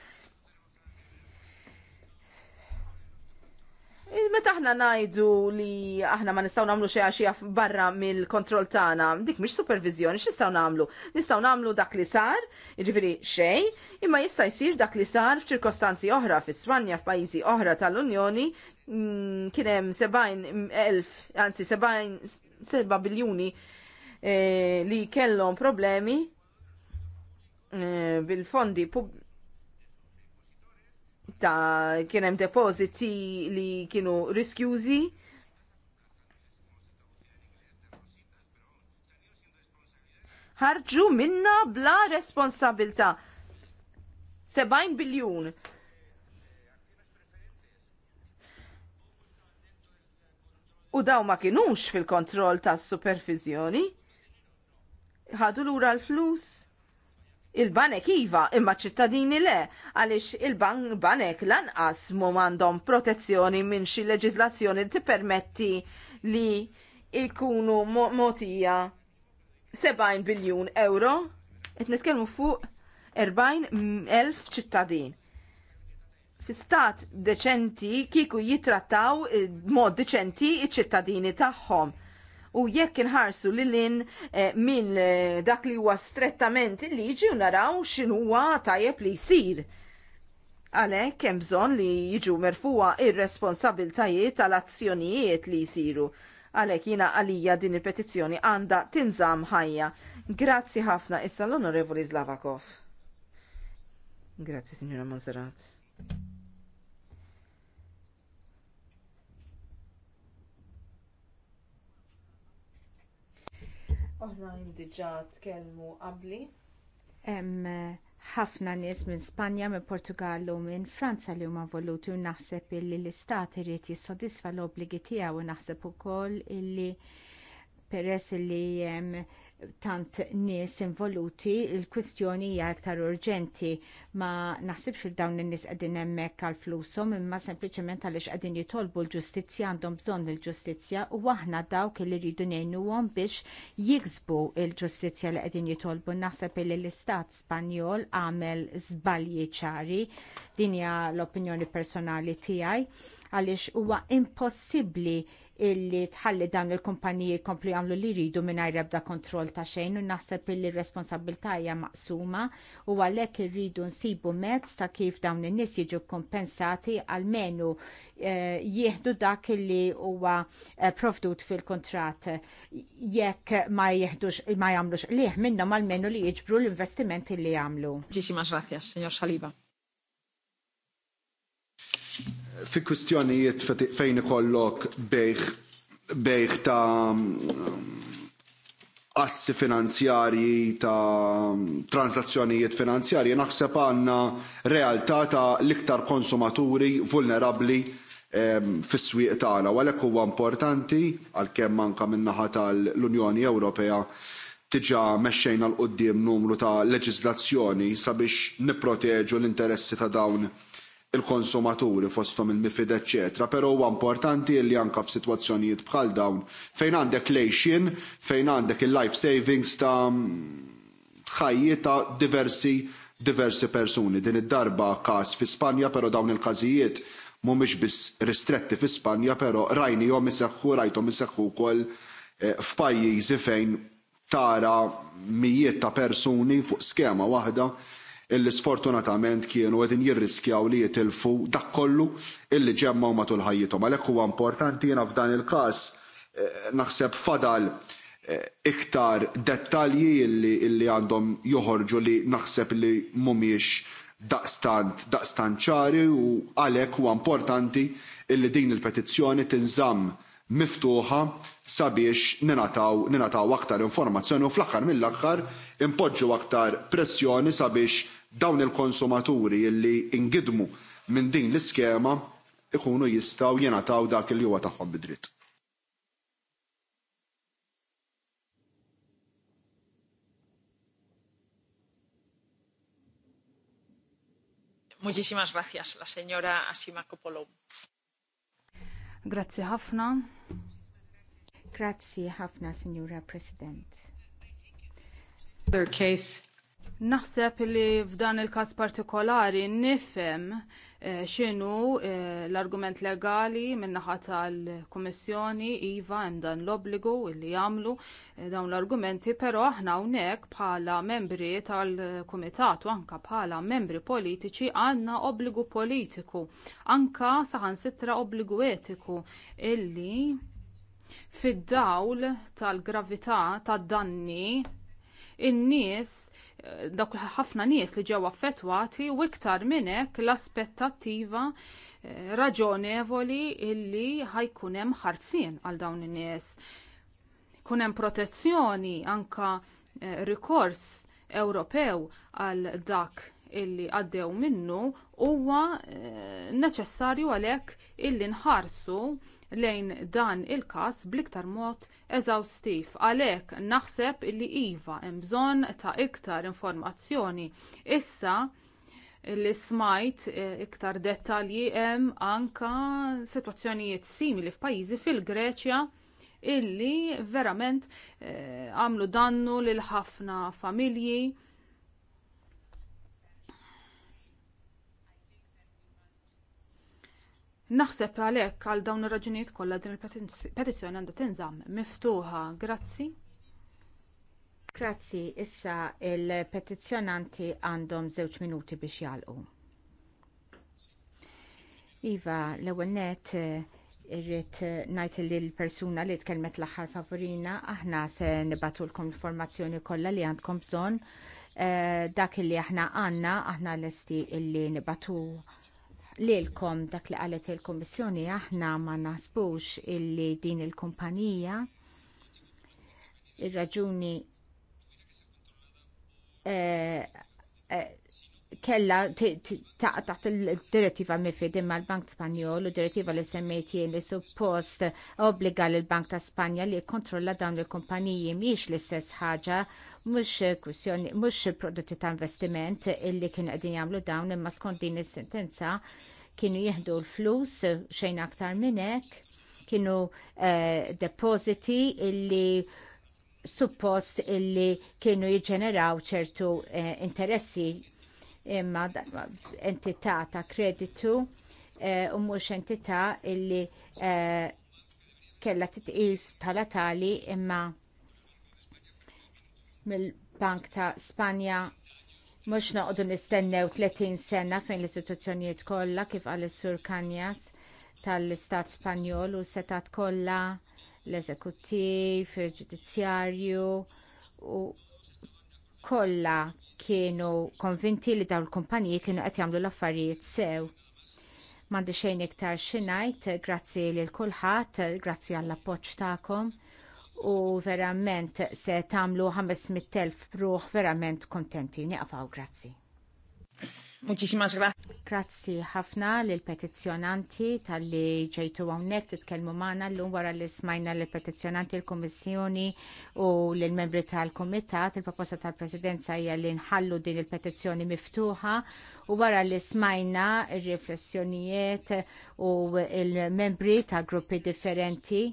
Eh, meta aħna ngħidu li aħna ma nistgħu nagħmlu xi għaxija barra mill-kontroll tagħna, dik mhix supervizjoni, x'istgħu nagħmlu? Nistgħu nagħmlu dak li sar, jiġifieri xejn, imma jista' jsir dak li sar f'ċirkostanzi oħra fis Spanja f'pajjiżi oħra tal-Unjoni mm, kien hemm 70,000 anzi 7 biljuni eh, li kellhom problemi eh, bil-fondi pubbliċi ta' kien hemm depożiti li kienu riskjużi. Ħarġu minna bla responsabilta. 70 biljun. U daw ma kienux fil-kontroll tas supervizjoni Ħadu lura l-flus il-banek iva, imma ċittadini le, għalix il-banek lanqas mu għandhom protezzjoni minn xi leġizlazzjoni li permetti li ikunu motija 70 biljun euro, qed nitkellmu fuq 40,000 ċittadin. Fi stat deċenti kiku jitrattaw eh, mod deċenti iċ-ċittadini tagħhom u jekk inħarsu li lin eh, minn eh, dak li huwa strettament il-liġi u naraw x'inhuwa tajjeb li jsir. Għalhekk hemm bżonn li jiġu merfuwa ir-responsabiltajiet tal-azzjonijiet li jsiru. Għalhekk jiena għalija din il-petizzjoni għandha tinżam ħajja. Grazzi ħafna issa l-Onorevoli Zlavakov. Grazzi, Signora Monserrat. Aħna diġà tkellmu qabli. Hemm eh, ħafna nies minn Spanja, minn Portugallu, minn Franza li huma voluti u naħseb illi l-istat irid jissodisfa l obbligi tiegħu u naħseb ukoll illi peress li hemm tant nies involuti, il-kwistjoni hija aktar urġenti ma naħsibx li dawn in-nies qegħdin hemmhekk għal flushom imma sempliċement għaliex qegħdin jitolbu l-ġustizzja għandhom bżonn il-ġustizzja u aħna dawk li rridu ngħinuhom biex jiksbu l-ġustizzja li qegħdin jitolbu. Naħseb li l-Istat Spanjol għamel żbalji ċari din hija l-opinjoni personali tiegħi għaliex huwa impossibbli illi tħalli dawn il-kumpaniji komplu jagħmlu li jridu mingħajr ebda kontrol ta' xejn u naħseb illi responsabilità hija maqsuma u għalhekk irridu nsibu mezz ta' kif dawn in-nies jiġu kompensati għalmenu eh, jieħdu dak illi huwa eh, provdut fil kontrat jekk ma jieħdux ma jagħmlux liħ minnhom għalmenu li jiġbru l-investimenti li jagħmlu. Ġiġi maġrafjas, signor Saliba fi kwistjonijiet fejn ikollok bejħ bejħ ta' mm, assi finanzjarji ta' mm, transazzjonijiet finanzjarji naħseb għandna realtà ta' l-iktar konsumaturi vulnerabbli fis-swieq tagħna u għalhekk huwa importanti għalkemm anke min-naħa tal-Unjoni Ewropea diġà mexxejna l qudiem numru ta' leġiżlazzjoni sabiex nipproteġu l-interessi ta' dawn il-konsumaturi fosthom il-mifid eċetera, però huwa importanti li anke f'sitwazzjonijiet bħal dawn fejn għandek lejxin, fejn għandek il-life savings ta' ħajji ta' diversi diversi persuni. Din id-darba każ fi Spanja, però dawn il-każijiet mhumiex biss ristretti fi Spanja, però rajniehom iseħħu rajthom iseħħu wkoll eh, f'pajjiżi fejn tara mijiet ta' persuni fuq skema waħda illi sfortunatament kienu qegħdin jirriskjaw li jitilfu dak kollu illi ġemmaw matul ħajjithom. Għalhekk huwa importanti jiena f'dan il-każ eh, naħseb fadal eh, iktar dettalji illi għandhom joħorġu li naħseb li mhumiex daqstant daqstant ċari u għalhekk huwa importanti illi din il-petizzjoni tinżamm miftuħa sabiex ninataw ninataw aktar informazzjoni u fl-aħħar mill-aħħar impoġġu aktar pressjoni sabiex dawn il-konsumaturi illi ingidmu minn din l-iskema ikunu jistaw jena taw dak li huwa tagħhom bidritt. Muchísimas gracias, la señora Asima Kopolov. Grazie ħafna. Grazie ħafna, Signora President. Their case Naħseb li f'dan il-każ partikolari nifhem xinu eh, x'inhu eh, l-argument legali min-naħa tal-Kummissjoni iva hemm dan l-obbligu li jagħmlu eh, dawn l-argumenti, però aħna hawnhekk bħala membri tal-Kumitat u anke bħala membri politiċi għandna obbligu politiku, anka saħansitra obbligu etiku illi fid-dawl tal-gravità tad-danni in-nies dak ħafna nies li ġew affettwati u iktar minn hekk l-aspettattiva eh, raġonevoli illi ħajkun hemm ħarsien għal dawn in-nies. Kun hemm protezzjoni anka eh, rikors Ewropew għal dak illi għaddew minnu huwa eh, neċessarju għalhekk illi nħarsu lejn dan il-każ bl-iktar mod eżawstiv. Għalhekk naħseb li iva hemm bżonn ta' iktar informazzjoni. Issa li smajt eh, iktar dettalji hemm anke sitwazzjonijiet simili f'pajjiżi fil-Greċja illi verament eh, għamlu dannu lil ħafna familji Naħseb għalhekk għal dawn ir-raġunijiet kollha din il-petizzjoni għandha tinżamm miftuħa. Grazzi. Grazzi, issa il-petizzjonanti għandhom żewġ minuti biex jalqu. Iva, l-ewwel net eh, irrid ngħid li l-persuna li tkellmet l aħħar favorina, aħna se nibatulkom informazzjoni kollha li għandkom bżonn. Eh, dak li aħna għanna, aħna l-esti illi nibatu lilkom dak li qalet il kummissjoni aħna ma naħsbux illi din il-kumpanija ir-raġuni eh, eh, kella taħt il-direttiva MIFID imma l-Bank Spanjol u direttiva li semmejt jien li suppost obbliga l-Bank ta' Spanja li kontrolla dawn il-kumpaniji miex l-istess ħaġa mhux kwistjoni mhux prodotti ta' investiment illi kienu għedin jagħmlu dawn imma skont din is-sentenza kienu jieħdu l-flus xejn aktar minn hekk kienu uh, depositi illi suppost illi kienu jiġġeneraw ċertu uh, interessi imma entità ta' kreditu eh, u um mhux entità illi uh, kella titqis bħala tali imma mill-Bank ta' Spanja mhux noqogħdu nistennew 30 sena fejn l-istituzzjonijiet kollha kif qal is-Sur Kanjas tal-Istat Spanjol u setat kollha l-eżekuttiv, il-ġudizzjarju u kollha kienu konvinti li dawn il-kumpaniji kienu qed jagħmlu l-affarijiet sew mandi xejn iktar ngħid, grazzi lil kulħadd, grazzi għall appoġġ tagħkom u verament se tagħmlu 500.000 ruħ verament kontenti. niqfaw grazzi. Muċiċimax grazzi. Grazzi ħafna l-petizjonanti tal-li ġejtu għawnek titkelmu maħna l-lum wara li smajna l-petizjonanti l-Komissjoni u l-membri tal-Komitat. Il-proposta tal-Presidenza hija li nħallu din il-petizjoni miftuħa u wara li smajna il-riflessjonijiet u l membri ta' gruppi differenti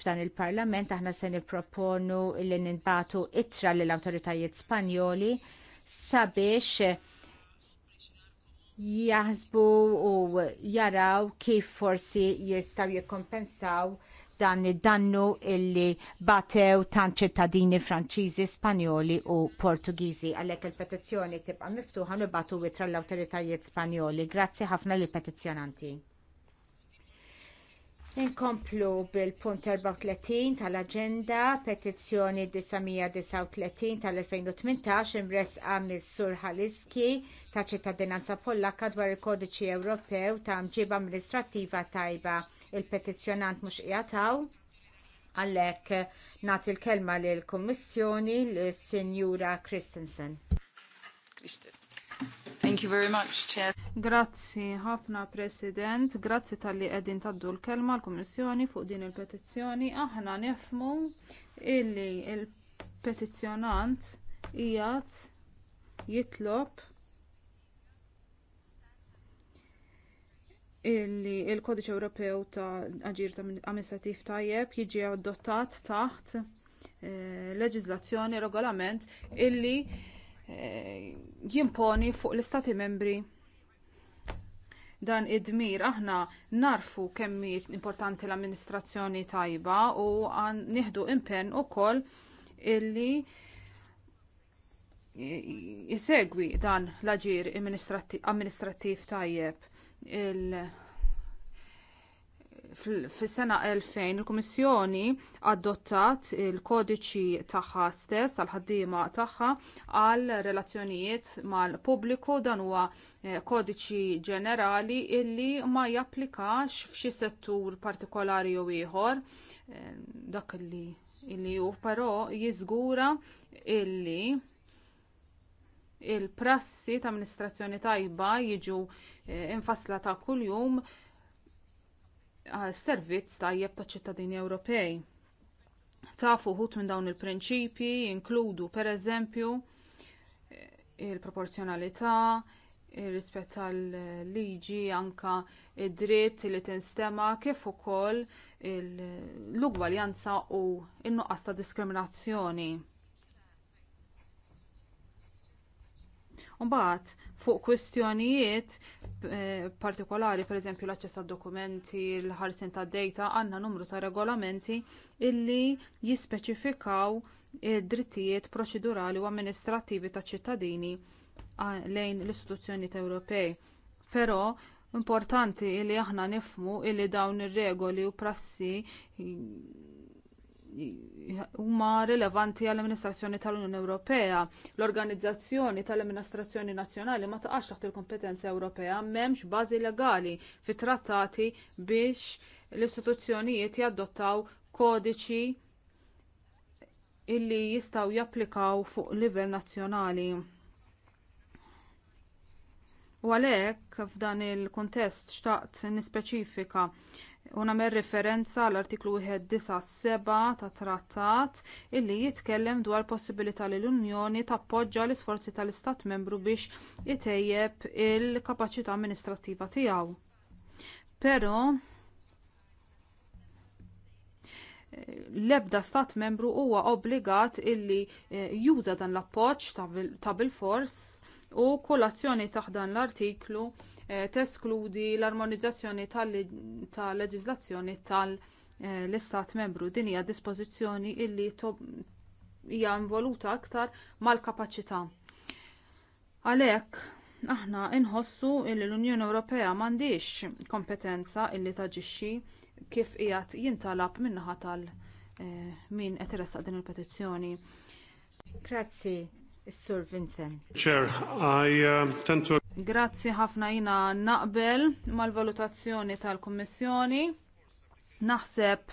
F'dan il-Parlament aħna se nipproponu li nintbatu ittra lill awtoritajiet Spanjoli sabiex jaħsbu u jaraw kif forsi jistgħu jikkompensaw dan id-dannu illi batew tant ċittadini Franċiżi, Spanjoli u Portugiżi. Għalhekk il-petizzjoni tibqa' miftuħa nibatu witra l-awtoritajiet Spanjoli. Grazzi ħafna lill petizzjonanti Inkomplu bil-punt 34 tal aġenda petizzjoni 939 tal-2018 imresqa għamil sur Ħaliski ta' ċittadinanza Pollaka dwar il-Kodiċi Ewropew ta' mġiba Amministrativa tajba. Il-petizzjonant mhux jataw għalhekk nagħti l kelma lill kummissjoni l sinjura Christensen. Thank you very much, Chair. Grazzi ħafna President, grazzi tal-li qegħdin taddu l-kelma l-Kummissjoni fuq din il-petizzjoni. Aħna nefmu illi il-petizzjonant ijat jitlob illi il-Kodiċ Ewropew ta' Aġir ta' Amministrativ tajjeb jiġi adottat taħt eh, leġiżlazzjoni regolament illi Eh, jimponi fuq l-istati membri dan id-dmir aħna narfu kemmi importanti l-amministrazzjoni tajba u għan nieħdu impenn ukoll illi jisegwi dan l-aġir amministrattiv tajjeb il- fis-sena 2000 il-Kummissjoni adottat il-kodiċi tagħha stess għal ħaddiema tagħha għal relazzjonijiet mal-pubbliku dan huwa eh, kodiċi ġenerali illi ma japplikax f'xi settur partikolari jew ieħor eh, dak li illi hu però jiżgura illi il-prassi ta' amministrazzjoni tajba jiġu eh, infassla ta' kuljum servizz tajjeb taċ ċittadini Ewropej. Tafu uħut minn dawn il-prinċipji inkludu pereżempju il-proporzjonalità, ir-rispett tal-liġi anke id-dritt li tinstema kif ukoll l-ugwaljanza u n-nuqqas ta' diskriminazzjoni. Mbagħad fuq kwistjonijiet eh, partikolari, eżempju l-aċċess għad dokumenti, l-ħarsin tad data, għandna numru ta' regolamenti illi jispeċifikaw id-drittijiet eh, proċedurali u amministrattivi taċ ċittadini lejn l-istituzzjoni Ewropej. Però importanti li aħna nifhmu li dawn ir-regoli u prassi huma rilevanti għall-Amministrazzjoni tal-Unjoni Ewropea. L-Organizzazzjoni tal-Amministrazzjoni Nazzjonali ma taqax taħt il-kompetenza Ewropea m'hemmx bażi legali fit-trattati biex l-istituzzjonijiet jadottaw kodiċi illi jistgħu japplikaw fuq livell nazzjonali. U għalhekk f'dan il-kuntest xtaqt nispeċifika u nagħmel referenza għall artiklu 197 ta' trattat illi jitkellem dwar possibilità li l-Unjoni tappoġġa l-isforzi tal-Istat membru biex itejjeb il-kapaċità amministrattiva tiegħu. Però l-ebda stat membru huwa obbligat illi eh, juża dan l-appoġġ ta' bilfors u kolazzjoni taħt dan l-artiklu Eh, teskludi l-armonizzazzjoni tal-leġiżlazzjoni tal-istat eh, membru. Din hija dispożizzjoni illi hija involuta aktar mal-kapaċità. Għalhekk, aħna inħossu li l-Unjoni Ewropea m'għandix kompetenza illi taġixxi kif qiegħed jintalab min-naħa tal eh, min qed iressaq din il-petizzjoni. Grazzi, Sur Vincent. Chair, I uh, tend to Grazzi ħafna jina naqbel mal-valutazzjoni tal-Kommissjoni. Naħseb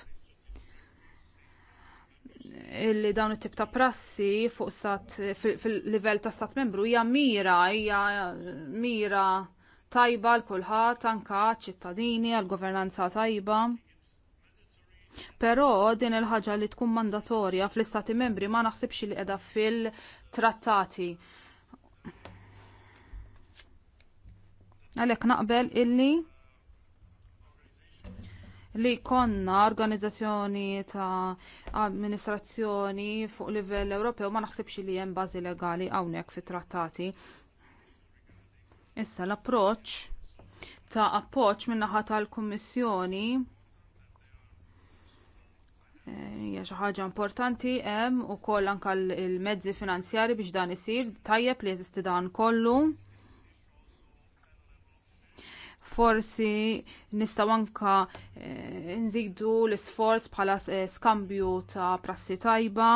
illi dawn it-tip ta' prassi fuq stat fil-livell ta' stat membru hija mira, hija mira tajba l kulħadd anka ċittadini għal governanza tajba. Però din il-ħaġa li tkun mandatorja fl-istati membri ma naħsibx li qiegħda fil-trattati. Għalhekk naqbel illi li konna organizzazzjoni ta' amministrazzjoni fuq livell Ewropew ma naħsibx li hemm bażi legali hawnhekk fit-trattati. Issa l-approċċ ta' appoġġ min-naħa tal-Kummissjoni eh, hija xi ħaġa importanti hemm ukoll anke l-mezzi finanzjarji biex dan isir tajjeb li jeżisti dan kollu forsi nistgħu anke eh, nżidu l-isforz bħala eh, skambju ta' prassi tajba.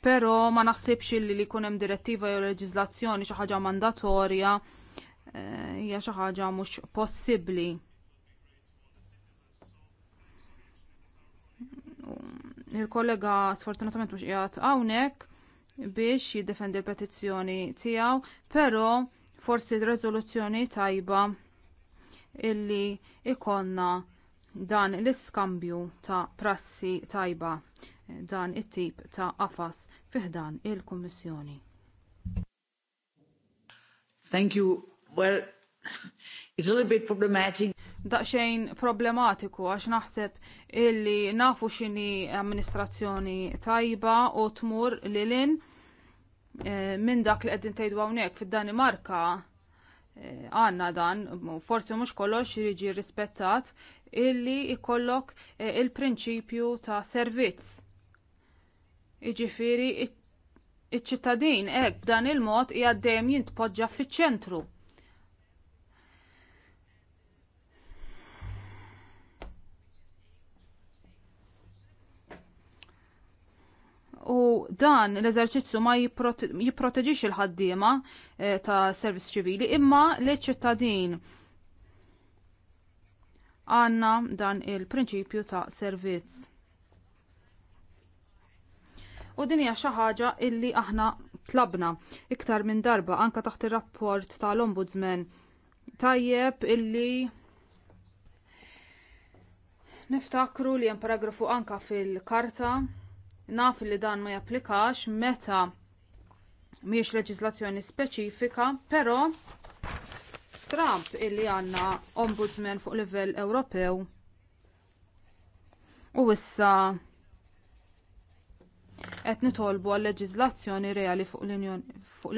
Però ma naħsibx li li jkun hemm direttiva jew leġiżlazzjoni xi ħaġa mandatorja eh, hija xi ħaġa mhux possibbli. Il-kollega sfortunatament mhux qiegħed hawnhekk, biex jiddefendi l-petizzjoni tiegħu, però forsi r-reżoluzzjoni tajba illi ikonna dan l-iskambju ta' prassi tajba dan it-tip ta' qafas fiħdan il-Kummissjoni. Thank you. Well, it's a little bit problematic. Daqxejn problematiku għax naħseb illi nafu xini amministrazzjoni tajba u tmur lilin Eh, minn dak li qegħdin tajdu hawnhekk fid-Danimarka eh, għanna dan, forsi mhux kollox jiġi rispettat, illi jkollok eh, il-prinċipju ta' servizz. Jiġifieri iċ-ċittadin hekk b'dan il-mod hija dejjem jintpoġġa fiċ-ċentru u dan l-eżerċizzju ma jipproteġix il-ħaddiema eh, ta' servizz ċivili imma li ċittadin għanna dan il-prinċipju ta' servizz. U din hija xi ħaġa illi aħna tlabna iktar minn darba anka taħt ir-rapport tal-Ombudsman tajjeb illi niftakru li hemm paragrafu anka fil-karta Naf li dan ma japplikax meta miex leġislazzjoni speċifika, però stramp illi għandna ombudsman fuq livell Ewropew. U issa qed nitolbu għal leġiżlazzjoni reali fuq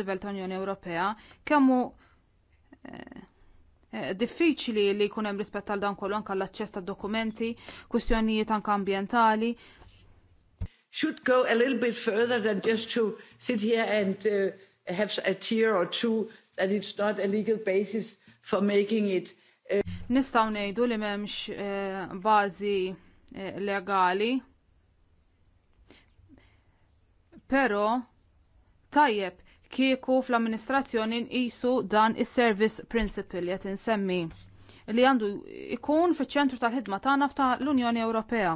livell ta' Unjoni Ewropea kemm hu eh, eh, diffiċli li jkun hemm rispett għal dan kollu anke l-aċċess tad dokumenti, kwistjonijiet anke ambjentali, should go a little bit further than just to sit here and uh, have a tear or two that it's not a legal basis for making it. Uh, Nistaw nejdu li memx uh, bazi uh, legali, pero tajjeb kieku fl-amministrazzjoni nqisu dan is-service principle jatin insemmi li għandu ikun fiċ-ċentru tal-ħidma tagħna l-Unjoni Ewropea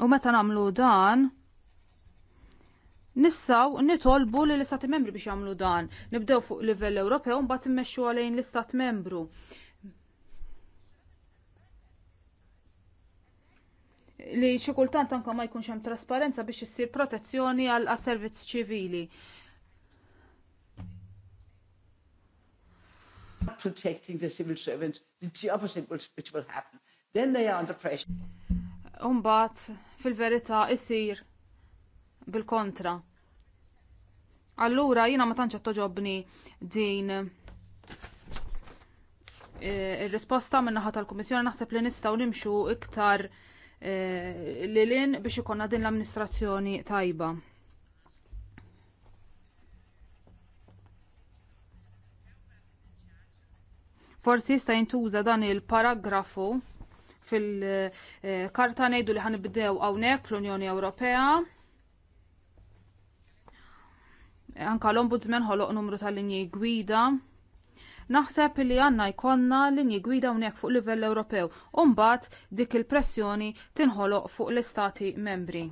U meta nagħmlu dan, nissaw nitolbu li l-Istati Membri biex jagħmlu dan. Nibdew fuq livell Ewropew u mbagħad immexxu għalejn l-Istat Membru. li xi kultant anke ma jkunx hemm trasparenza biex issir protezzjoni għal servizz ċivili. protecting the civil servants, it's the opposite which will happen. Then they are under pressure umbat fil-verità isir bil-kontra. Allura jina ma tantx toġobni din eh, ir-risposta minn naħa tal-Kummissjoni naħseb li nistgħu nimxu iktar eh, lilin biex ikonna din l-amministrazzjoni tajba. Forsi jista' jintuża dan il-paragrafu fil-karta ngħidu li ħanibdew hawnhekk fl-Unjoni Ewropea. Anka l-Ombudsman ħoloq numru tal-linji gwida. Naħseb li għanna jkonna linji gwida unek fuq livell Ewropew, umbat dik il-pressjoni tinħoloq fuq l-istati membri.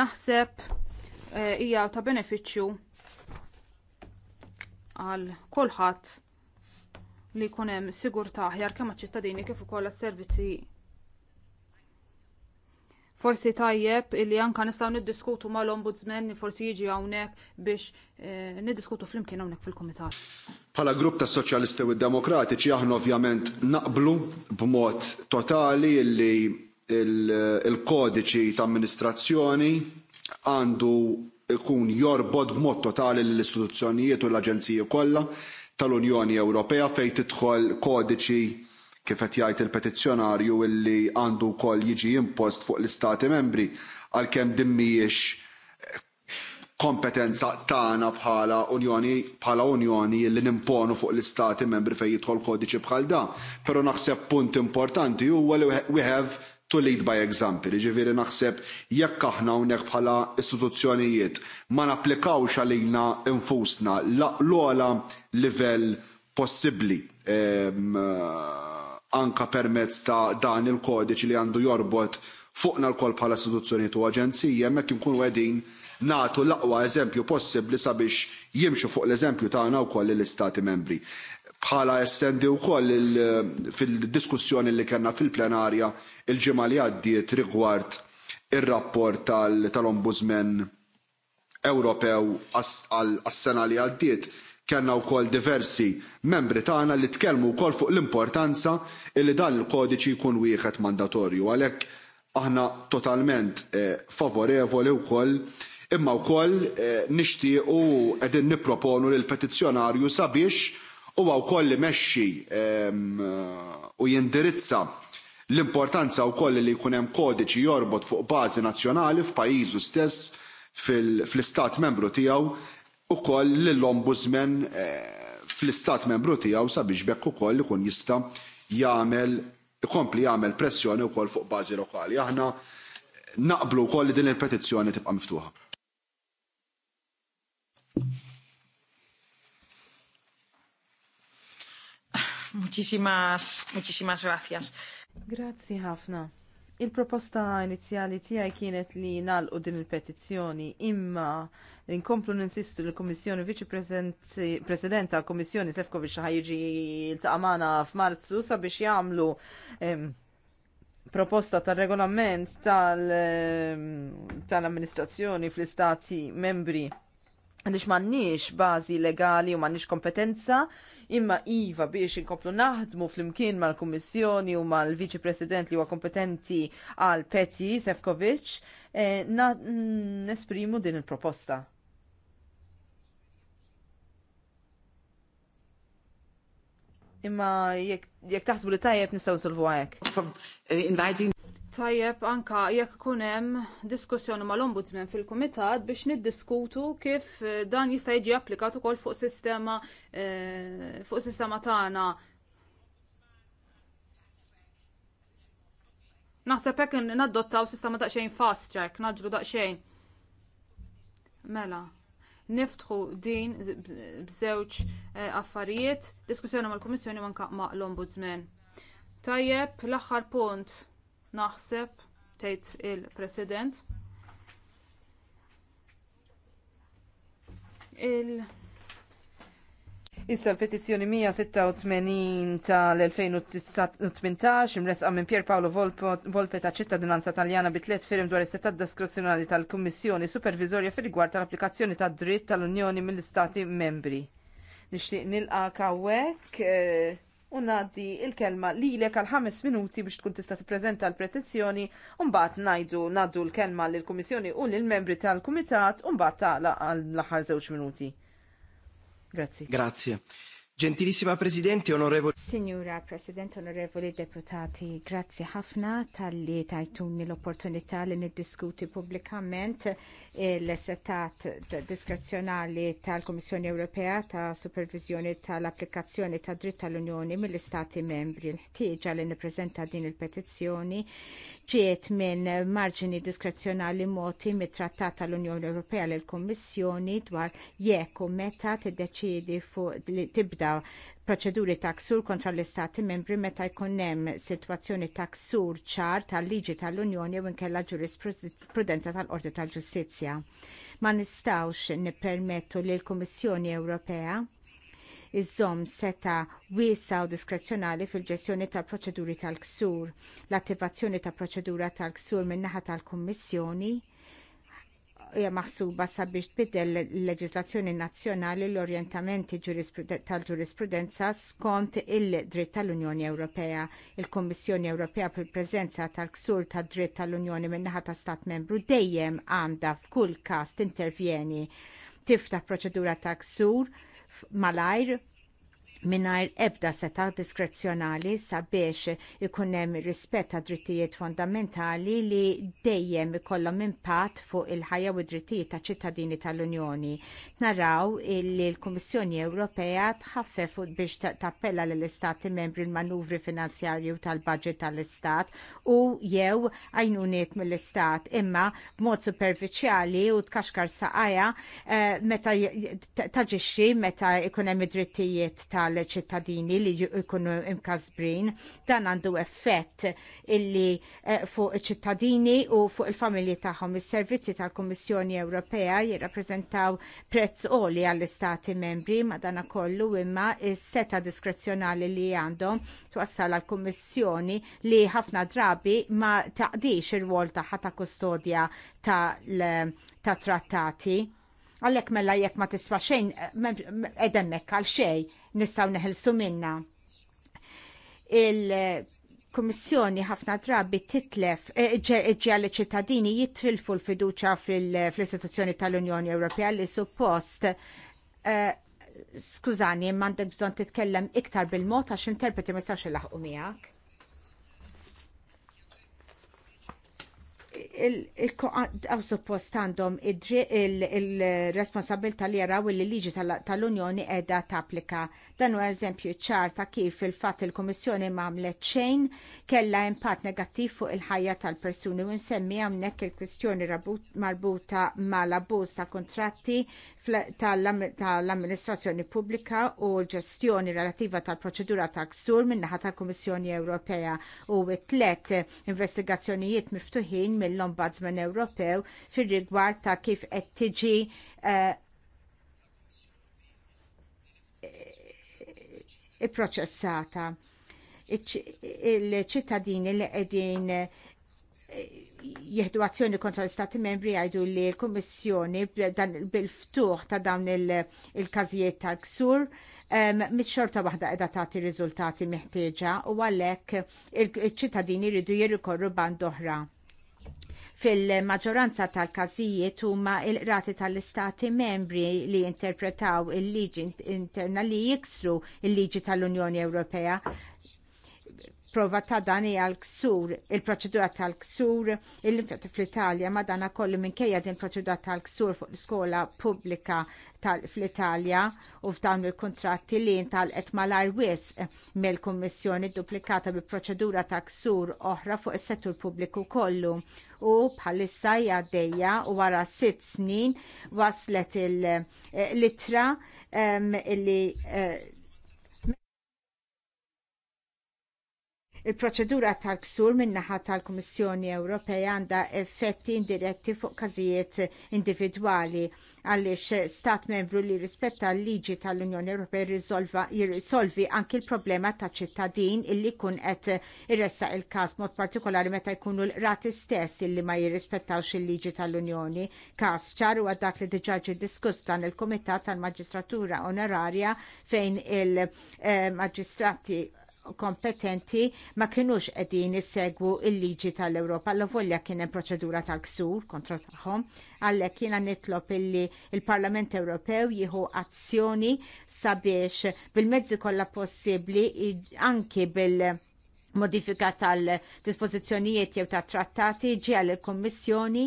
Naħseb eh, hija ta' beneficju għal kulħadd li jkun hemm sigurtà aħjar kemm għaċ-ċittadini kif ukoll għas-servizzi. Forsi tajjeb li anke nistgħu niddiskutu mal-Ombudsman li forsi jiġi hawnhekk biex eh, niddiskutu flimkien hawnhekk fil-Kumitat. Bħala grupp tas Soċjalisti u Demokratiċi aħna ovvjament naqblu b'mod totali illi il-kodiċi ta' amministrazzjoni għandu ikun jorbod b'mod totali l-istituzzjonijiet u l-aġenziji kollha tal-Unjoni Ewropea fejn tidħol kodiċi kif qed jgħid il-petizzjonarju illi għandu wkoll jiġi impost fuq l-istati membri għalkemm din mhijiex kompetenza tagħna bħala Unjoni bħala Unjoni li nimponu fuq l-istati membri fejn jidħol kodiċi bħal dan. Però naħseb punt importanti huwa li we have to lead by example. Iġifiri naħseb jekk aħna hawnhekk bħala istituzzjonijiet ma napplikawx għalina infusna l-ogħla livell possibbli ehm, eh, anka permezz ta' dan il-kodiċ li għandu jorbot fuqna l-kol bħala istituzzjonijiet u aġenzija, hemmhekk inkunu qegħdin nagħtu l-aqwa eżempju possibbli sabiex jimxu fuq l-eżempju tagħna wkoll lill-istati membri bħala essendi wkoll fil-diskussjoni li kellna fil-plenarja il-ġimgħa li għaddiet rigward ir-rapport tal-Ombudsman Ewropew għas-sena li għaddiet kellna wkoll diversi membri tagħna li tkellmu wkoll fuq l-importanza li dan il-kodiċi jkun wieħed mandatorju għalhekk aħna totalment eh, favorevoli wkoll imma wkoll eh, nixtiequ qegħdin nipproponu lill petizzjonarju sabiex huwa wkoll imexxi ehm, eh, u jindirizza l-importanza wkoll li jkun hemm kodiċi jorbot fuq bażi nazzjonali f'pajjiżu stess fl-istat membru tiegħu ukoll lill-ombudsman eh, fl-istat membru tiegħu sabiex bekk ukoll ikun jista' jagħmel ikompli jagħmel pressjoni wkoll fuq bażi lokali. Aħna naqblu wkoll li din il-petizzjoni tibqa' miftuħa. Muchísimas, muchísimas gracias. Grazzi ħafna. Il-proposta inizjali tiegħi kienet li nalqu din il-petizzjoni imma inkomplu ninsistu li l-Kummissjoni Viċi President tal-Kummissjoni Sefkovic ħajġi l-taqamana f'Marzu sabiex jagħmlu proposta tal regolament tal-amministrazzjoni tal amministrazzjoni fl istati membri għaliex m'għandniex bażi legali u m'għandniex kompetenza imma iva biex inkomplu naħdmu fl-imkien mal-Kummissjoni u mal-Viċi President li huwa kompetenti għal Peti Sefkovic, eh, nesprimu din il-proposta. Imma jekk taħsbu li tajjeb nistgħu nsolvu għajek. Eh, tajjeb anka jekk ikun hemm diskussjoni mal-ombudsman fil-kumitat biex niddiskutu kif eh, dan jista' jiġi applikat ukoll fuq sistema eh, fuq sistema tagħna. Naħseb hekk naddottaw sistema daqsxejn fast track, naġru daqsxejn. Mela, niftħu din b'żewġ eh, affarijiet, diskussjoni mal-Kummissjoni manka ma' l-Ombudsman. Tajjeb, l-aħħar punt Naħseb, tgħid il-President, il Issa l-petizzjoni 186 tal-2018 imresqa minn Pier Paolo Volpe ta' ċittadinanza taljana bi tliet firm dwar is setta diskrezzjonali tal-Kummissjoni Supervisorja fir-rigward tal-applikazzjoni tad dritt tal-Unjoni mill-Istati membri. Nixtieq nilqa' hawnhekk eh, u naddi il-kelma lilek għal ħames minuti biex tkun tista' tippreżenta l-petizzjoni u mbagħad ngħidu naddu l-kelma lill-Kummissjoni u lill-membri tal-Kumitat u mbagħad taqla għall aħħar żewġ minuti. Grazzi. Grazie. Grazie. Gentilissima Presidente, onorevoli... Signora Presidente, onorevoli deputati, grazie ħafna tal-li tajtuni l-opportunità li niddiskuti pubblikament l-setat diskrezjonali tal-Komissjoni Ewropea ta' supervizjoni tal-applikazzjoni ta' dritt tal-Unjoni mill-Istati membri. Ħtieġa li niprezenta din il-petizzjoni ġiet minn marġini diskrezzjonali moti mit-trattat tal-Unjoni Ewropea lill kummissjoni dwar jekk u meta tiddeċiedi fuq li tibda proċeduri ta' ksur kontra l-Istati membri meta jkun hemm sitwazzjoni ta' ksur ċar tal-liġi tal-Unjoni u nkella ġurisprudenza tal-Qorti tal-Ġustizzja. Ma nistgħux nippermettu li l-Kummissjoni Ewropea iżżomm seta wiesa u diskrezzjonali fil-ġestjoni tal-proċeduri tal-ksur, l-attivazzjoni ta' proċedura tal-ksur min-naħa tal-Kummissjoni hija maħsuba sabiex tbiddel l-leġislazzjoni nazzjonali l-orjentamenti tal-ġurisprudenza skont il-dritt tal-Unjoni Ewropea. Il-Kommissjoni Ewropea fil preżenza tal-ksur tad-dritt tal-Unjoni min-naħa ta' Stat membru dejjem għandha f'kull każ tintervjeni tiftaħ proċedura ta' ksur malajr mingħajr ebda seta diskrezzjonali sabiex ikun hemm rispett ta' drittijiet fondamentali li dejjem ikollhom impatt fuq il-ħajja u d-drittijiet ta' ċittadini tal-Unjoni. Naraw li l-Kummissjoni Ewropea tħaffef biex tappella lill istati membri l-manuvri finanzjarju tal-budget tal-Istat u jew għajnuniet mill-Istat imma b'mod superfiċjali u tkaxkar saqajja eh, meta taġixxi meta ikun hemm id-drittijiet tal għal ċittadini li jkunu imkasbrin dan għandu effett illi eh, fuq ċittadini u fuq il-familji tagħhom is-servizzi tal-Kummissjoni Ewropea jirrappreżentaw prezz għoli għall-istati membri dan kollu imma is-seta diskrezzjonali li għandhom twassal għall-Kummissjoni li ħafna drabi ma taqdix ir-rwol tagħha ta' kustodja ta' trattati Għalhekk mela jekk ma tiswa xejn eh, edemmek għal xej nistgħu neħilsu minna. Il kummissjoni ħafna drabi titlef eh, għalli ċittadini jitrilfu l-fiduċa fl-istituzzjoni tal-Unjoni Ewropea li suppost eh, skużani, mandek bżon titkellem iktar bil-mod għax ma jistawx il laħqumijak. miegħek. għaw suppost għandhom il-responsabilta li jaraw il liġi tal-Unjoni edha tapplika. Dan u eżempju ċarta kif il-fat il-Komissjoni mamlet xejn kella impatt negattiv fuq il-ħajja tal-persuni u nsemmi għamnek il-kwistjoni marbuta mal-abbuż ta' kontratti tal-amministrazzjoni pubblika u l-ġestjoni relativa tal-proċedura ta' ksur minnaħa tal-Komissjoni Ewropea u t-tlet investigazzjonijiet miftuħin mill l-Ombudsman Ewropew fir-rigward ta' kif qed tiġi eh, ipproċessata il-ċittadini li qegħdin eh, jieħdu azzjoni kontra l-Stati membri għajdu li l-Kommissjoni bil-ftuħ ta' dawn il-każijiet tal-ksur mit xorta waħda qiegħda tagħti riżultati meħtieġa u għalhekk il-ċittadini jridu jirrikorru band oħra. Fil-maġġoranza tal-każijiet huma il-rati tal-istati membri li interpretaw il-liġi interna li jiksru il-liġi tal-Unjoni Ewropea prova ta' dan hija l-ksur, il-proċedura tal-ksur, il-infetti fl-Italja ma dana kollu minkejja din proċedura tal-ksur fuq l-iskola pubblika fl-Italja u f'dawn il-kontratti li tal-et malar wis mill-Kummissjoni duplikata bi proċedura ta' ksur oħra fuq is-settur pubbliku kollu u bħalissa hija dejja u wara sitt snin waslet il-litra eh, li eh, Il-proċedura tal-ksur min-naħa tal-Kummissjoni Ewropea għandha effetti indiretti fuq każijiet individwali għaliex stat membru li rispetta l-liġi tal-Unjoni Ewropea jirrisolvi anki l-problema ta' ċittadin illi jkun qed irressa il-każ mod partikolari meta jkunu l-rati stess illi ma jirrispettawx il-liġi tal-Unjoni. Każ ċar huwa dak li diġà ġie diskuss dan il-Kumitat tal-Maġistratura Onorarja fejn il-Maġistrati eh, kompetenti ma kinux qegħdin issegwu il-liġi tal-Ewropa l volja kien hemm proċedura tal-ksur kontra tagħhom għalhekk jiena nitlob illi il-Parlament Ewropew jieħu azzjoni sabiex bil-mezzi kollha possibbli anki bil- modifika tal dispozizjonijiet jew tat trattati ġie għall kummissjoni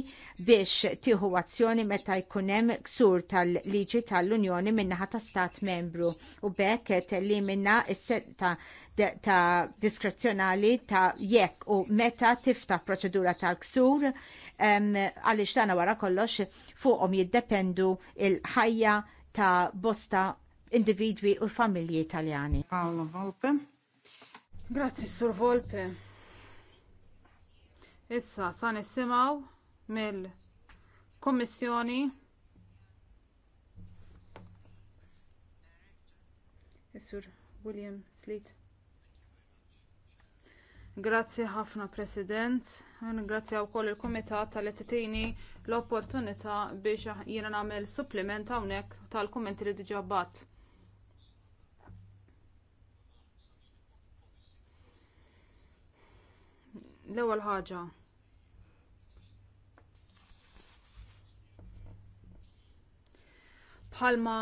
biex tieħu azzjoni meta jkun hemm ksur tal-liġi tal-Unjoni min-naħa ta' Stat membru u bekk minna s-setta ta' diskrezzjonali ta' jekk u meta tiftaħ proċedura tal-ksur għaliex dan wara kollox fuqhom jiddependu l ħajja ta' bosta individwi u familji Italjani. Paolo Volpe. Grazzi, Sur Volpe. Issa, sa' nisimaw mill-Kommissjoni Sur William Sleet. Grazzi ħafna President, grazzi għaw koll il-Komitat tal-ettitini l-opportunita biex jiena namel supplement hawnhekk tal-kommenti li diġabbat. L-ewwel ħaġa. Bħalma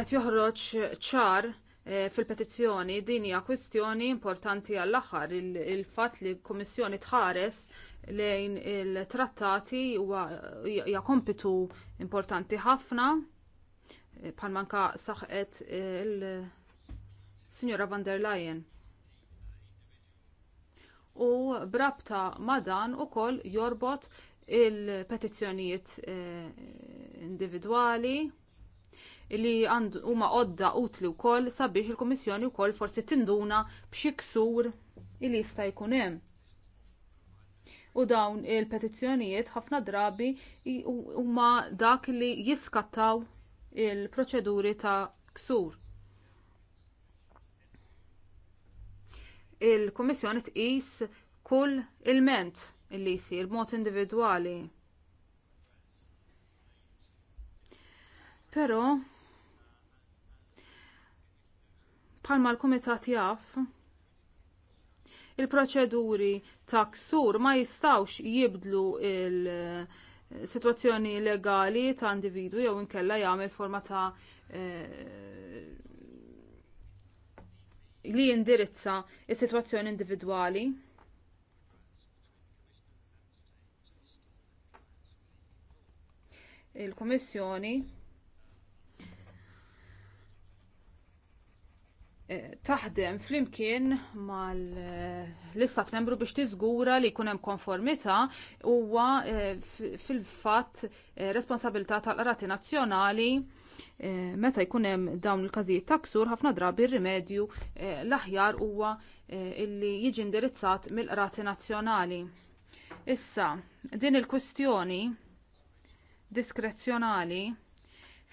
qed joħroġ ċar eh, fil-petizzjoni din hija kwistjoni importanti għall-aħħar il-fatt li l-Kummissjoni tħares lejn il-trattati hija kompitu importanti ħafna eh, bħal manka saħqet eh, il-Sinjora van der Leyen u brabta ma' dan ukoll jorbot il-petizzjonijiet eh, individwali li huma għodda utli wkoll sabiex il-Kummissjoni wkoll forsi tinduna b'xi ksur li jista' jkun hemm. U dawn il-petizzjonijiet ħafna drabi huma dak li jiskattaw il-proċeduri ta' ksur. il-Kummissjoni tqis kull ilment illi jsir b'mod individwali. Però bħalma l-Kumitat jaf il-proċeduri ta' ksur ma jistawx jibdlu il- situazzjoni legali ta' individwi jew inkella jagħmel forma ta' eh, li jindirizza is-sitwazzjoni individwali. il komissjoni taħdem flimkien mal-istat membru biex tiżgura li jkun hemm konformità huwa eh, fil-fatt eh, responsabilità tal-qrati nazzjonali eh, meta jkun hemm dawn il-każijiet taksur ħafna drabi r-rimedju l-aħjar huwa li jiġi indirizzat mill-qrati nazzjonali. Issa, din il-kwistjoni diskrezzjonali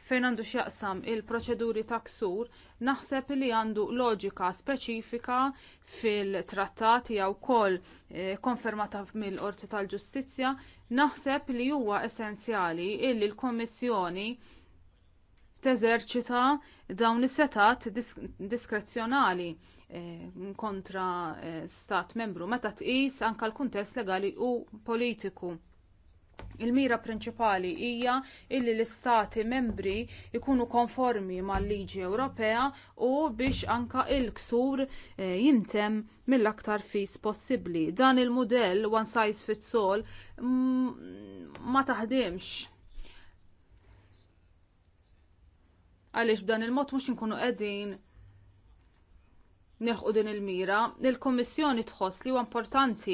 fejn għandu x'jaqsam il-proċeduri ta' ksur, naħseb li għandu loġika speċifika fil-trattati jew kol eh, konfermata mill-Qorti tal-Ġustizzja, naħseb li huwa essenzjali illi l-Kommissjoni teżerċita dawn is-setat diskrezzjonali eh, kontra eh, stat membru meta tqis anke l-kuntest legali u politiku Il-mira prinċipali hija illi l-istati membri ikunu konformi mal-liġi Ewropea u biex anka il-ksur eh, jimtem mill-aktar fis possibbli. Dan il-modell one size fits all mm, ma taħdimx għaliex b'dan il-mod mhux inkunu qegħdin neħu din il-mira, il-Kommissjoni tħoss li huwa importanti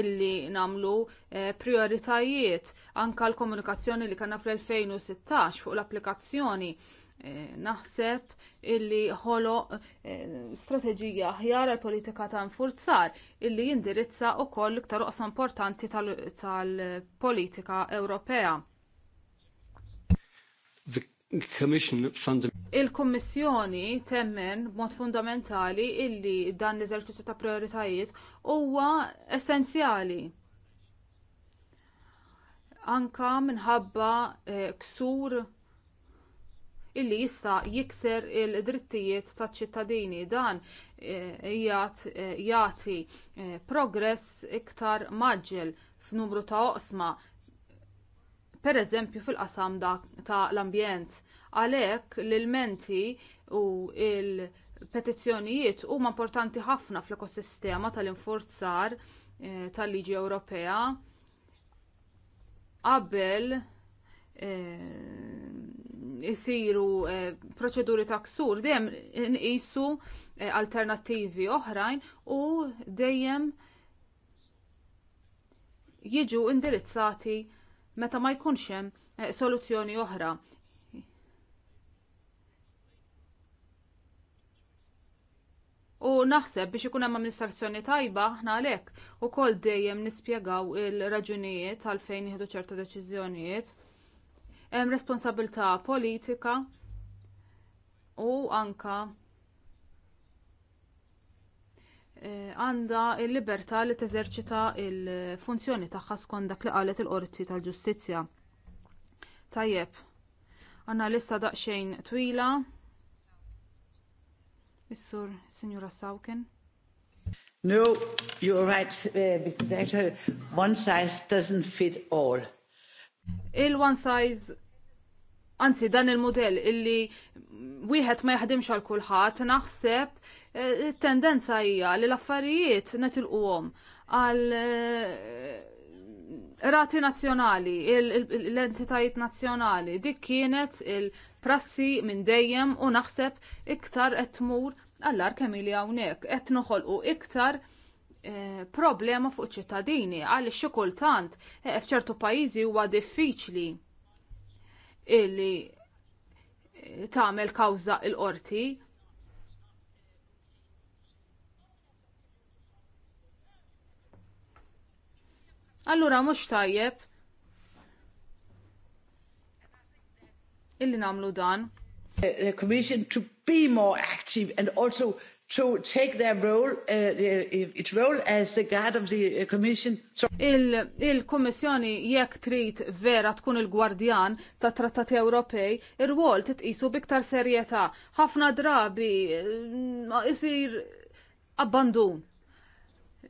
illi namlu eh, prioritajiet anka l-komunikazzjoni li kanna fl-2016 fuq l-applikazzjoni eh, naħseb illi ħolo eh, strateġija aħjar għal politika ta' nfurzar illi jindirizza u koll iktar oqsa importanti tal-politika Ewropea. Il-Kommissjoni temmen b'mod fundamentali illi dan l-eżerċizzju ta' prioritajiet huwa essenzjali. Anka minħabba eh, ksur illi jista' jikser il-drittijiet taċ ċittadini dan eh, eh, jagħti progress iktar maġġel f'numru ta' oqsma pereżempju fil-qasam ta' l-ambjent. Għalhekk l-ilmenti u l petizzjonijiet huma importanti ħafna fl-ekosistema tal-infurzar eh, tal-liġi Ewropea qabel eh, isiru eh, proċeduri ta' ksur dejjem nqisu alternattivi oħrajn u dejjem jiġu indirizzati meta ma jkunx hemm eh, soluzzjoni oħra. U naħseb biex ikun hemm amministrazzjoni tajba aħna għalhekk ukoll dejjem nispjegaw il-raġunijiet għalfejn jieħdu ċerta deċiżjonijiet. Hemm responsabilità politika u anka għandha l-libertà li teżerċita l funzjoni tagħha skont dak li qalet il-qorti tal-ġustizzja. Tajjeb, għandna lista daqsxejn twila. Is-sur, Sinjura Sawkin. No, you're right, uh, one size doesn't fit all. Il-one size Anzi, dan il-modell illi wieħed ma jaħdimx għal kulħadd naħseb Eh, tendenza hija li l-affarijiet netilquhom għal eh, rati nazzjonali, l-entitajiet nazzjonali, dik kienet il-prassi minn dejjem u naħseb iktar qed tmur għallar kemm ili hawnhekk qed noħolqu iktar eh, problema fuq ċittadini għal xi kultant f'ċertu pajjiżi huwa diffiċli illi tagħmel kawża l-qorti Allura mux tajjeb illi namlu dan. The Commission to be more active and also to take their role, uh, its role as the guard of the uh, commission. So... Il-Kommissjoni il jekk trid vera tkun il-gwardjan ta' trattati Ewropej, ir wol titqisu biktar serjetà. Ħafna drabi eh, isir abbandun.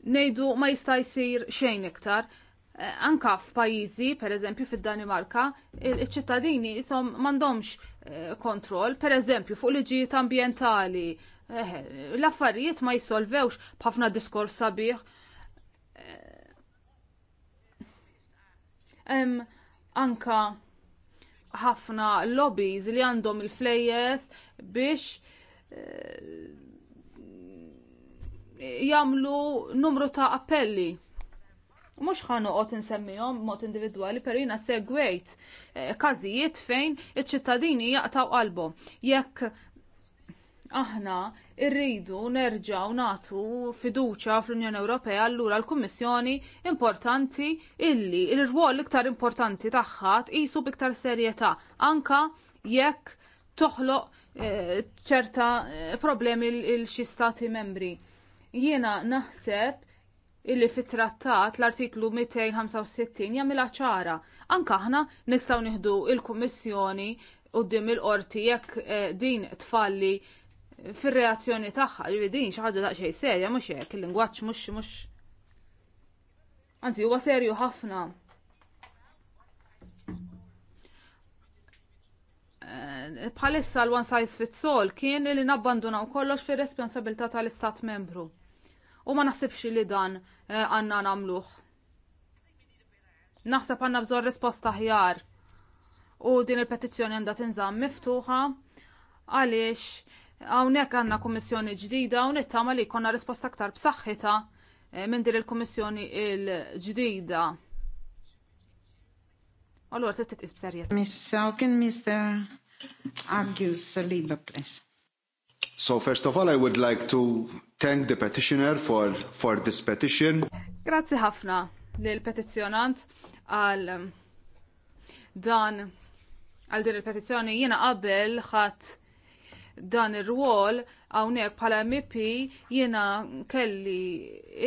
Nejdu ma jista' jsir xejn iktar. Eh, anka f'pajjiżi, pereżempju fid-Danimarka, iċ-ċittadini isom m'għandhomx eh, kontroll, pereżempju fuq liġijiet ambjentali. Eh, l-affarijiet ma jissolvewx b'ħafna diskors sabiħ. anka ħafna lobbies li għandhom il-flejjes biex jagħmlu numru ta' appelli mhux ħa noqgħod insemmihom mod individwali per jiena segwejt eh, każijiet fejn iċ-ċittadini jaqtaw qalbhom. Jekk aħna irridu nerġgħu nagħtu fiduċja fl-Unjoni Ewropea allura l-Kummissjoni importanti illi il-rwol iktar importanti tagħha tqisu biktar serjetà anka jekk toħloq eh, ċerta eh, problemi l xi stati membri. Jiena naħseb illi fit-trattat l-artiklu 265 jagħmilha ċara. Anke aħna nistgħu nieħdu il-Kummissjoni quddiem il-qorti jekk eh, din tfalli fir-reazzjoni tagħha, li din xi ħaġa daqsxejn serja mhux hekk il-lingwaġġ mhux mhux Anzi, huwa serju ħafna. Eh, bħalissa l-one size fits all kien li nabbandunaw kollox fir responsabilità tal-istat membru u ma naħsibx li dan eh, għanna namluħ. Naħseb għanna bżor risposta ħjar u din il-petizzjoni għandha tinżamm miftuħa għaliex hawnhekk għandna kommissjoni ġdida u nittama li konna risposta aktar b'saħħita eh, minn din il-kummissjoni il ġdida Allura trid titqis b'serjetà. Miss Hawkins, Mr. Agus Saliba, please. So first of all, I would like to thank the petitioner for, for this petition. Grazzi ħafna lil petizzjonant għal um, dan għal din il-petizzjoni jiena qabel ħadd dan ir-rwol hawnhekk bħala MP jiena kelli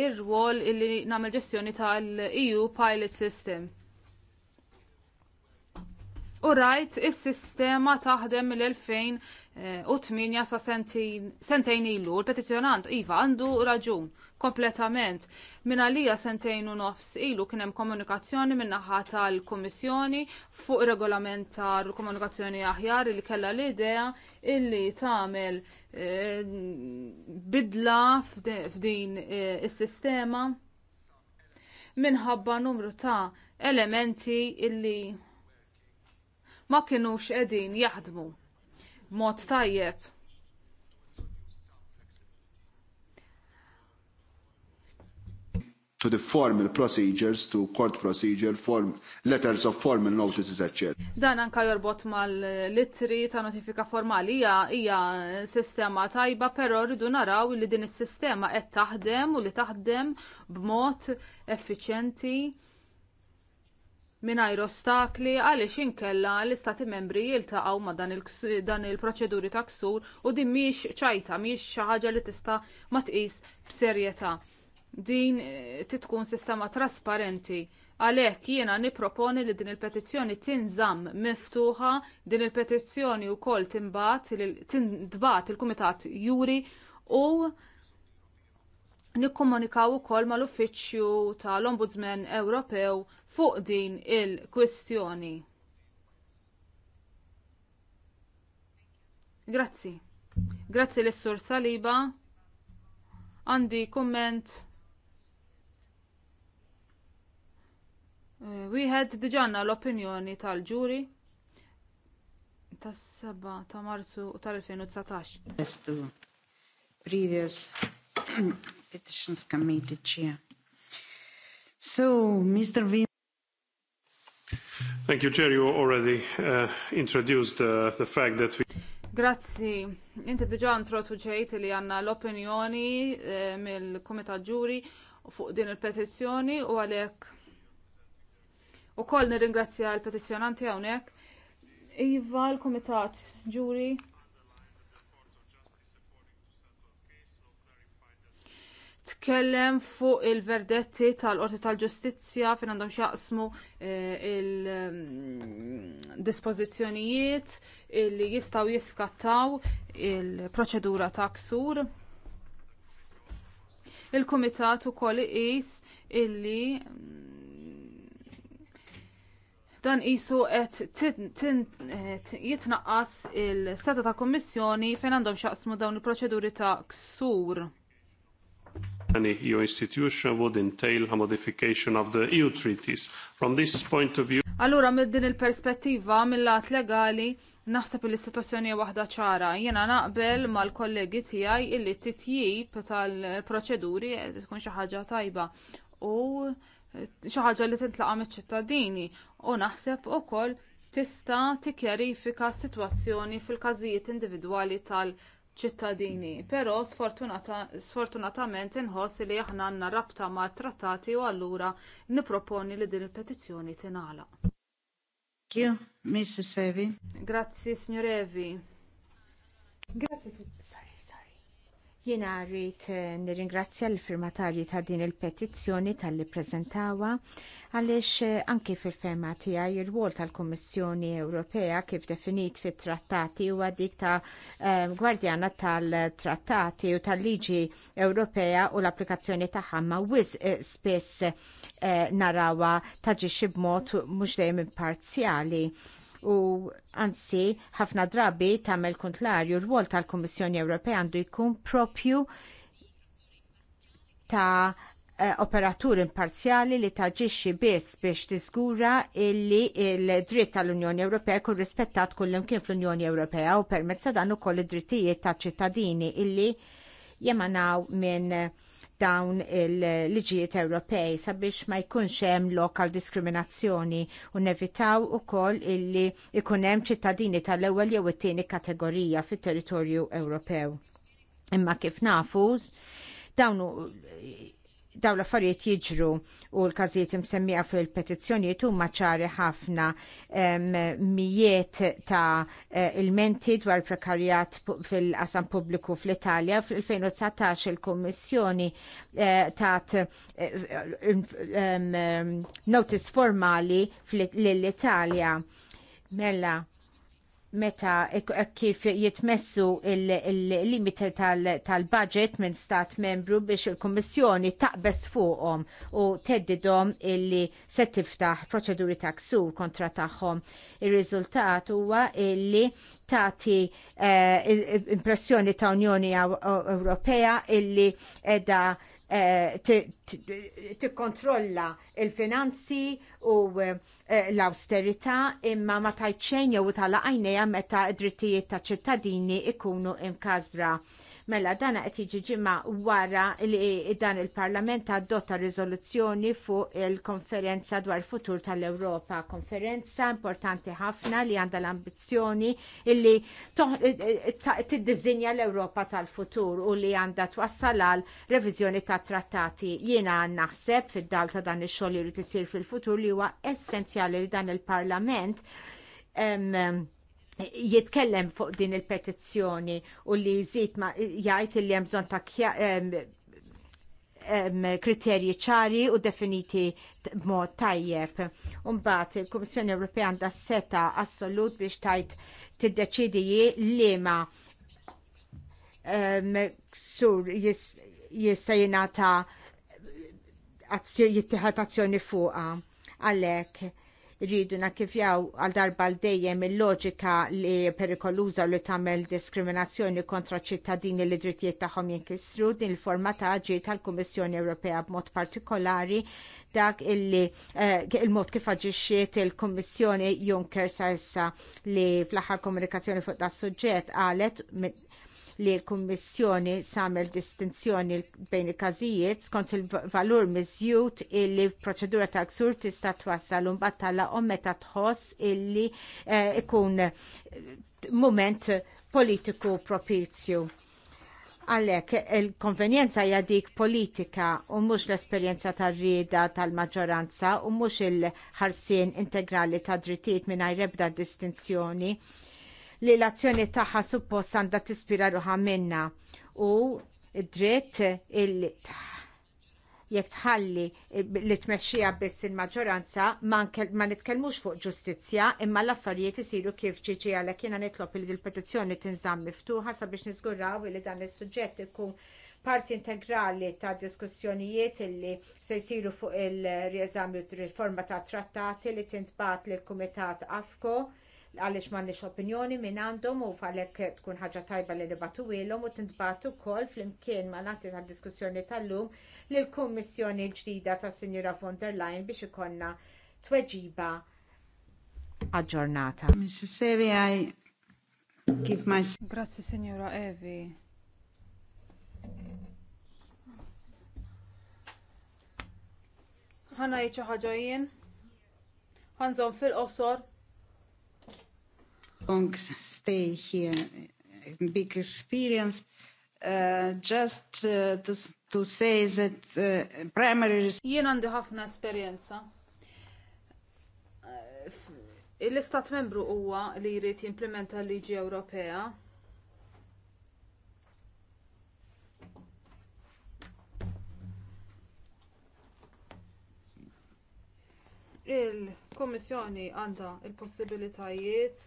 ir-rwol illi nagħmel ġestjoni tal-EU Pilot System. U rajt is-sistema taħdem mill-2008 sa sentejn ilu. Il-petizjonant Iva għandu raġun kompletament. Minna għalija sentejn u nofs ilu kien hemm komunikazzjoni minna naħa tal-Kummissjoni fuq regolamentar komunikazzjoni aħjar li kellha l-idea illi tagħmel eh, bidla f'din il eh, is-sistema minħabba numru ta' elementi illi ma kinux qegħdin jaħdmu mod tajjeb. to the formal procedures, to court procedure, form, letters of formal notices, etc. Dan anka jorbot mal-litri ta' notifika formali hija hija sistema tajba, però rridu naraw li din is-sistema qed taħdem u li taħdem b'mod effiċjenti mingħajr ostakli għaliex inkella l-istati membri jiltaqgħu ma' dan il-proċeduri ta' ksur u din mhix ċajta, mhix xi ħaġa li tista' ma tqis b'serjetà. Din eh, titkun sistema trasparenti għalhekk jiena nipproponi li din il-petizzjoni tinżamm miftuħa, din il-petizzjoni wkoll timbagħat il-Kumitat Juri u nikkomunikaw ukoll mal-Uffiċċju tal-Ombudsman Ewropew fuq din il-kwistjoni. Grazzi. Grazzi lis sur Saliba. Għandi kumment. Eh, wieħed diġanna l-opinjoni tal-ġuri tas-7 ta' Marzu tal-2019. Previous Petitions Committee Chair. So, Mr. Vin Thank you, Chair. You already uh, introduced uh, the fact that we... Grazzi. Inti diġa ġejt li għanna l-opinjoni eh, mill-Komitat Ġuri fuq din il-petizzjoni u għalek u koll nirringrazzja l-petizzjonanti għonek. Iva, l-Komitat Ġuri tkellem fuq il-verdetti tal-Qorti tal-Ġustizzja fejn għandhom xjaqsmu eh, il-dispożizzjonijiet mm, li jistgħu jiskattaw il-proċedura ta' ksur. Il-Kumitat ukoll iqis illi mm, dan qisu qed eh, jitnaqqas il-seta ta' kummissjoni fejn għandhom xaqsmu dawn il-proċeduri ta' ksur. Any EU institution would entail a modification of the EU treaties. From this point of view. Allura mid din il-perspettiva mill-lat legali naħseb li situazzjoni waħda ċara. Jena naqbel mal-kollegi tiegħi illi titjib tal-proċeduri tkun xi ħaġa tajba u xi ħaġa li tintlaqa miċ-ċittadini u naħseb ukoll tista' tikkjarifika s-sitwazzjoni fil-każijiet individwali tal-proċeduri ċittadini, però sfortunatament inħoss li aħna għandna rabta ma' trattati u allura nipproponi li din il-petizzjoni tingħalaq. Mrs. Evi. Grazzi, signor Evi. Grazzi, sorry. Jiena rrit eh, nirringrazzja l-firmatarji ta' din il-petizzjoni tal-li prezentawa għaliex eh, anki fil-ferma tijaj il wol tal-Kummissjoni Ewropea kif definit fit-trattati huwa dik ta' eh, gwardjana tal-trattati u tal-liġi Ewropea u l-applikazzjoni ta' ma wiz spess narawa taġixxi b'mod mhux dejjem imparzjali u anzi ħafna drabi tagħmel kontlarju r-rwol tal-Kummissjoni Ewropea għandu jkun propju ta' eh, operatur imparzjali li taġixxi biss biex tiżgura illi il-dritt tal-Unjoni Ewropea jkun rispettat kullimkien fl-Unjoni Ewropea u permezz dan ukoll id-drittijiet taċ ċittadini illi jemanaw minn dawn il-liġijiet Ewropej sabiex ma jkunx hemm lokal diskriminazzjoni u nevitaw ukoll illi ikun hemm ċittadini tal-ewwel jew it-tieni kategorija fit-territorju Ewropew. Imma kif nafu dawn daw l-affarijiet jiġru u l-każijiet imsemmija fil-petizzjonijiet huma ċari ħafna mijiet ta' eh, ilmenti dwar prekarjat fil-qasam pubbliku fl-Italja. Fil-2019 il-Kommissjoni eh, tat eh, notice formali fil italja mela meta kif jitmessu il-limite il limite tal budget minn stat membru biex il-Kommissjoni taqbes fuqhom u teddidhom illi se tiftaħ proċeduri ta' ksur kontra tagħhom. Ir-riżultat huwa illi tagħti eh, impressjoni ta' Unjoni Ewropea illi edha Eh, tikkontrolla il-finanzi u eh, l-austerità imma ma tajċejn u tal-għajnejja meta d-drittijiet ta' ċittadini ikunu mkasbra. Mela dana qed jiġi ġimgħa wara li dan il-Parlament adotta riżoluzzjoni fuq il-konferenza dwar il-futur tal-Ewropa, konferenza importanti ħafna li għandha l-ambizzjoni li eh, eh, tiddiżinja l-Ewropa tal-futur u li għandha twassal għal reviżjoni tat trattati. Jiena naħseb fid-dal ta' dan ix-xogħol li jrid isir fil-futur li huwa essenzjali li dan il-Parlament um, jitkellem fuq din il-petizzjoni u li jżid ma jgħid li hemm bżonn ta' kriterji ċari u definiti b'mod tajjeb. Umbagħad il-Kummissjoni Ewropea għandha seta assolut biex tajt tiddeċidi li ma sur jista' jingħata jittieħed azzjoni fuqha għalhekk rridu nakifjaw għal darba l dejjem il-loġika li perikoluża li tagħmel diskriminazzjoni kontra ċittadini li drittijiet tagħhom jinkisru din il-forma ta' ġi tal-Kummissjoni Ewropea b'mod partikolari dak illi eh, il-mod kif aġixxiet il-Kummissjoni Juncker sa issa li fl-aħħar komunikazzjoni fuq das suġġett qalet li l-Kummissjoni samel distinzjoni bejn il-każijiet skont il-valur miżjud illi proċedura ta' ksur tista' twassal u mbagħad tagħlaqhom meta tħoss illi eh, ikun eh, moment politiku propizju. Għalek, il-konvenjenza hija dik politika u mhux l-esperjenza tar-rieda tal-maġġoranza u mhux il-ħarsien integrali ta' drittijiet mingħajr ebda distinzjoni li l-azzjoni tagħha suppost għandha tispira ruħa minna u dritt il jekk tħalli li tmexxija biss il-maġġoranza ma nitkellmux fuq ġustizzja imma l-affarijiet isiru kif ġiġi għalhekk jiena nitlob li l-petizzjoni tinżamm miftuħa sabiex niżguraw li dan is-suġġett ikun parti integrali ta' diskussjonijiet li se jsiru fuq il-rieżami u riforma ta' trattati li tintbat lill kumitat AFCO għaliex m'għandniex opinjoni minn għandhom u għalek tkun ħaġa tajba li nibatu ilhom u tintbatu wkoll flimkien ma nati tad-diskussjoni tal-lum li l kummissjoni ġdida tas Sinjura von der Leyen biex ikonna tweġiba aġġornata. Mrs. Evi, I give my... Grazie, Signora Evi. ħana jieċa jien? ħanżom fil-qosor, long stay here, big experience. Uh, just uh, to, to say that uh, primary... Jien għandi ħafna esperjenza. Il-Istat uh, membru huwa li jrid jimplementa l-liġi Ewropea. il komissjoni għandha il-possibilitajiet il possibilitajiet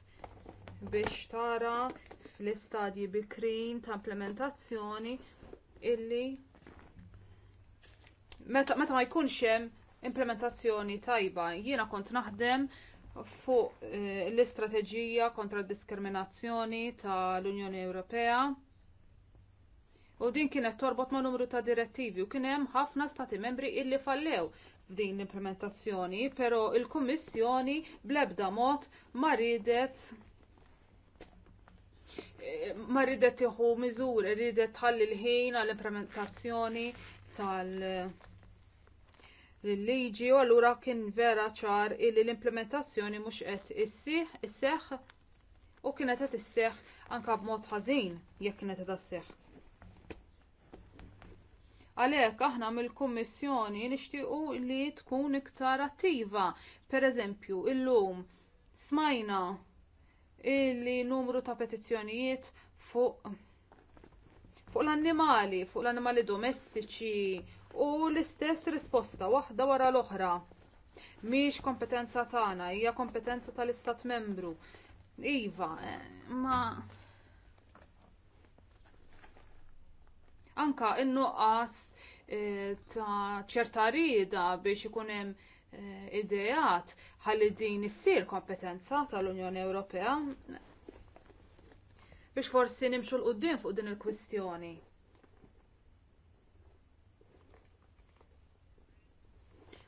biex tara fl-istadji bikrin ta' implementazzjoni illi meta, meta ma jkunx hemm implementazzjoni tajba. Jiena kont naħdem fuq eh, l-istrateġija kontra d-diskriminazzjoni tal-Unjoni Ewropea. U din kienet torbot ma' numru ta' direttivi u kien hemm ħafna stati membri illi fallew f'din l-implementazzjoni, però il-Kummissjoni bl-ebda mod ma ridet ma ridet tieħu miżur, ridet tħalli l-ħin għall-implementazzjoni tal-liġi u allura kien vera ċar illi l-implementazzjoni mhux qed isseħħ u kienet qed isseħħ anke b'mod ħażin jekk kienet qed isseħħ. Għalhekk aħna mill-Kummissjoni nixtiequ li tkun iktar attiva. Pereżempju, illum smajna illi numru ta' petizzjonijiet fuq fuq l-annimali, fuq l-annimali domestiċi u l-istess risposta waħda wara l-oħra. Mhix kompetenza tagħna, hija kompetenza tal-Istat Membru. Iva, eh, ma anka n-nuqqas eh, ta' ċerta rida biex ikun hemm ideat ħalli din issir kompetenza tal-Unjoni Ewropea biex forsi nimxu l-qoddim fuq din il-kwistjoni.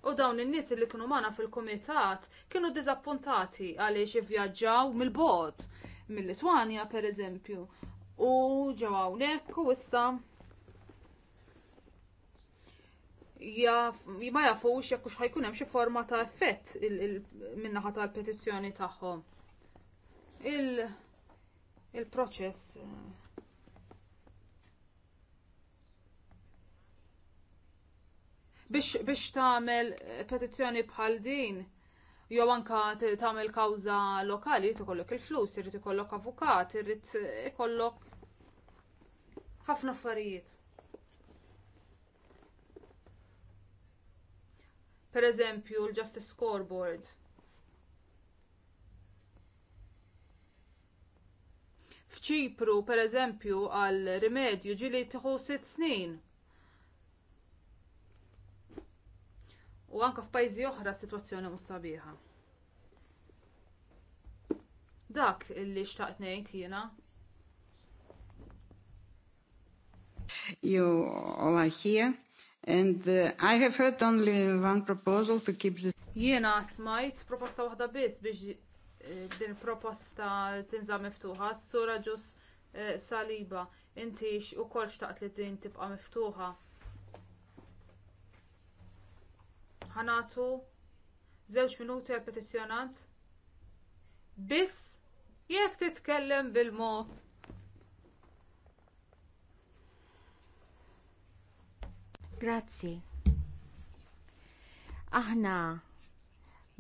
U dawn in-nies li kienu magħna fil-kumitat kienu diżappuntati għaliex ivvjaġġaw mill-bogħod mill-Litwanja pereżempju u ġew hawnhekk u issa ma jafux jekk ux ħajkun hemm xi forma ta' effett min-naħa tal-petizzjoni tagħhom. Il-proċess eh, biex biex tagħmel petizzjoni bħal din jew anka tagħmel kawża lokali irid ikollok il-flus, irid ikollok avukat, irid ikollok ħafna affarijiet. Per eżempju, l-Justice Scoreboard. F'ċipru, per eżempju, għal rimedju ġili tħu sitt snin. U anke f'pajjiżi oħra s-sitwazzjoni mhux sabiħa. Dak illi xtaqt ngħid jiena. You all are here And uh, I have heard only one proposal to keep this. Jiena smajt proposta waħda biss biex uh, din proposta tinżam miftuħa, s-sura ġus uh, saliba, inti u kol xtaqt li din tibqa miftuħa. ħanatu żewġ minuti għal petizjonant biss jekk titkellem bil-mod Grazzi. Aħna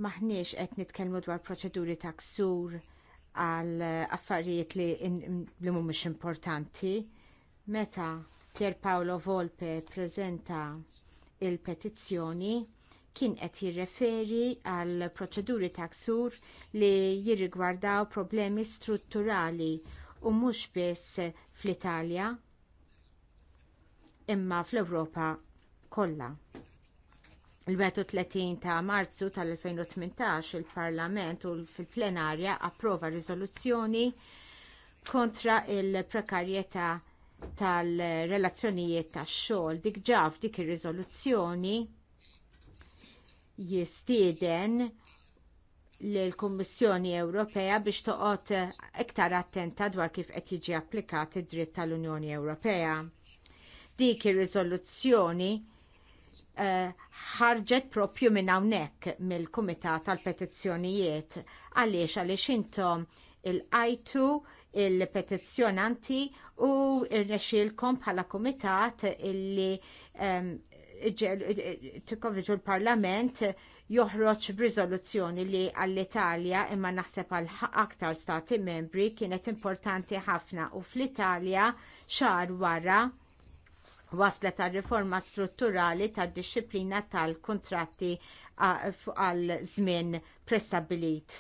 maħniex qed nitkellmu dwar proċeduri ta' ksur għal affarijiet li, li mhumiex importanti. Meta Pier Paolo Volpe ppreżenta il-petizzjoni kien qed jirreferi għal proċeduri ta' ksur li jirrigwardaw problemi strutturali u mhux biss fl-Italja imma fl-Ewropa kollha. Il-31 ta' Marzu tal-2018 il-Parlament u fil-plenarja approva riżoluzzjoni kontra il-prekarjetà tal-relazzjonijiet tax-xogħol. Dik ġaf dik ir-riżoluzzjoni jistieden lill kummissjoni Ewropea biex toqgħod iktar attenta dwar kif qed jiġi applikat id-dritt tal-Unjoni Ewropea. Dik ir-riżoluzzjoni Eh, ħarġet propju minn hawnhekk mill-Kumitat tal-Petizzjonijiet għaliex għaliex intom il-qajtu il-petizzjonanti u rnexxielkom bħala kumitat illi um, ehm, tikkonviġu l-Parlament joħroġ b'riżoluzzjoni li għall-Italja imma naħseb għal aktar stati membri kienet importanti ħafna u fl-Italja xar wara waslet għal riforma strutturali tad disċiplina tal kuntratti għal żmien prestabilit.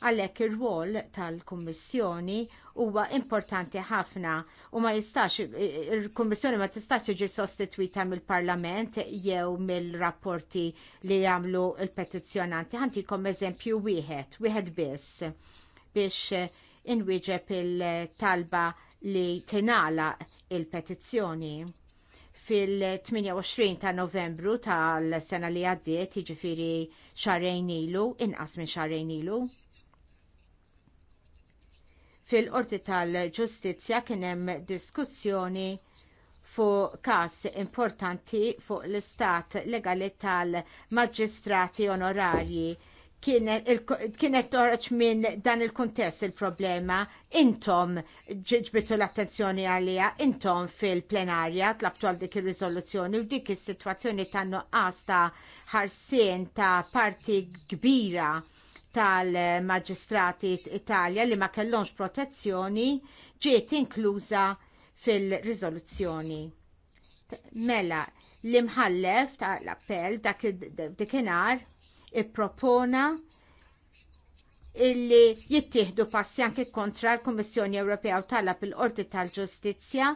Għalhekk ir-rwol tal-Kummissjoni huwa importanti ħafna u ma jistax il-Kummissjoni ma tistax tiġi sostitwita mill-Parlament jew mill-rapporti li jagħmlu l-petizzjonanti. Ħantikom eżempju wieħed, wieħed biss biex inwieġeb il-talba li tinala il-petizzjoni fil-28 ta' novembru tal-sena li għaddiet, jiġifieri xarejn ilu, inqas minn xarejn ilu. Fil-qorti tal-ġustizzja kien hemm diskussjoni fuq każ importanti fuq l-istat legali tal maġistrati onorarji kienet toħroċ minn dan il-kontest il-problema, intom ġiġbitu l-attenzjoni għalija, intom fil-plenarja tlabtu għal dik il-rizoluzzjoni u dik il-situazzjoni tannu nuqqas ta' ħarsien ta' parti kbira tal-maġistrati Italja li ma kellonx protezzjoni ġiet inkluża fil-rizoluzzjoni. Mela, l-imħallef tal-appell dak dakinar ippropona illi jittieħdu passi anke kontra l-Kummissjoni Ewropea u talab il-Qorti tal-Ġustizzja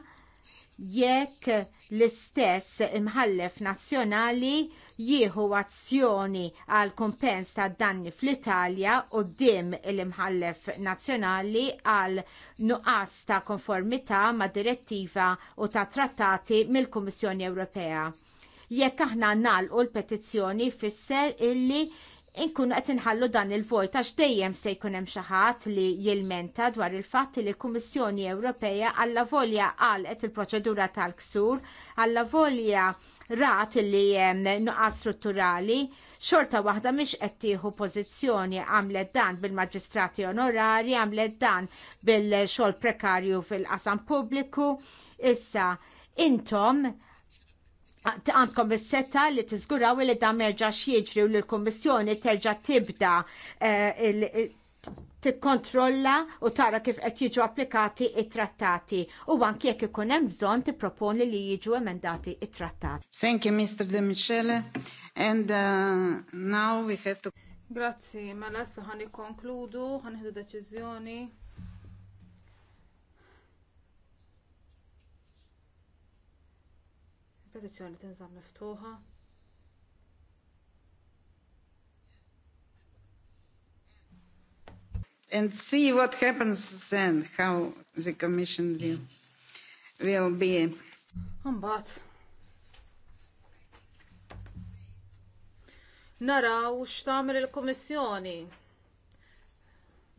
jekk l-istess imħallef nazzjonali jieħu azzjoni għal kumpens ta' danni fl-Italja u l-imħallef nazzjonali għal nuqqas ta' konformità mad direttiva u ta' trattati mill-Kummissjoni Ewropea. Jekk aħna nagħlqu l-petizzjoni fisser illi inkun qed inħallu dan il-vojt għax dejjem se jkun hemm xi ħadd li jilmenta dwar il-fatt li l-Kummissjoni Ewropea alla volja qalet il-proċedura tal-ksur, alla volja rat li hemm nuqqas strutturali, xorta waħda mhix qed tieħu pożizzjoni għamlet dan bil-maġistrati onorari, għamlet dan bil-xogħol prekarju fil-qasam pubbliku. Issa intom għandkom is-setta li tiżguraw li da merġa xieġri u li l-Kummissjoni terġa' tibda eh, tikkontrolla u tara kif qed jiġu applikati it-trattati u anke jekk ikun hemm bżonn tipproponi li jiġu emendati it-trattati. Thank you, Mr. De Michele. And uh, now we have to Grazzi, mela issa ħan ikkonkludu, deċiżjoni. Petizzjoni tinżamm miftuħa. And see what happens then, how the commission will, will be. Mbagħad. Naraw x'tagħmel il-Kummissjoni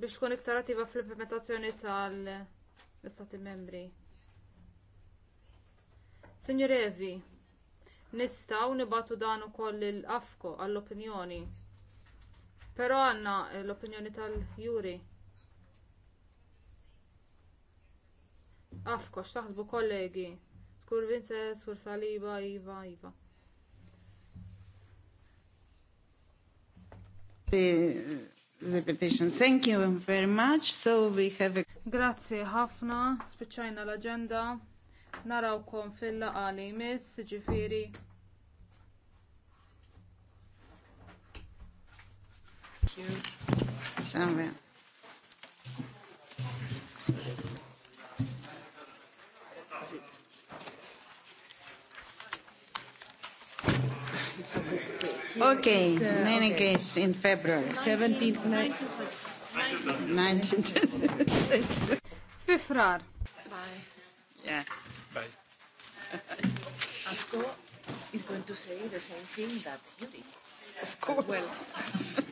biex tkun iktar attiva fl-implementazzjoni tal-Istati Membri. Signor Evi, nistaw nibatu dan ukoll l afko għall-opinjoni. Però għanna l-opinjoni tal-juri. Afko, xtaħsbu kollegi. Skur Vince, Skur Saliba, Iva, Iva. The, petition. Thank you very much. So we have a... Grazie ħafna, spiċċajna l-agenda narawkom fil-laqa li jmiss, ġifiri. Somewhere. Okay, in any case, in February. 17th, 19th. <laughs> Fifrar. Bye. Yeah. AFCO is going to say the same thing that you did. Of course. Well,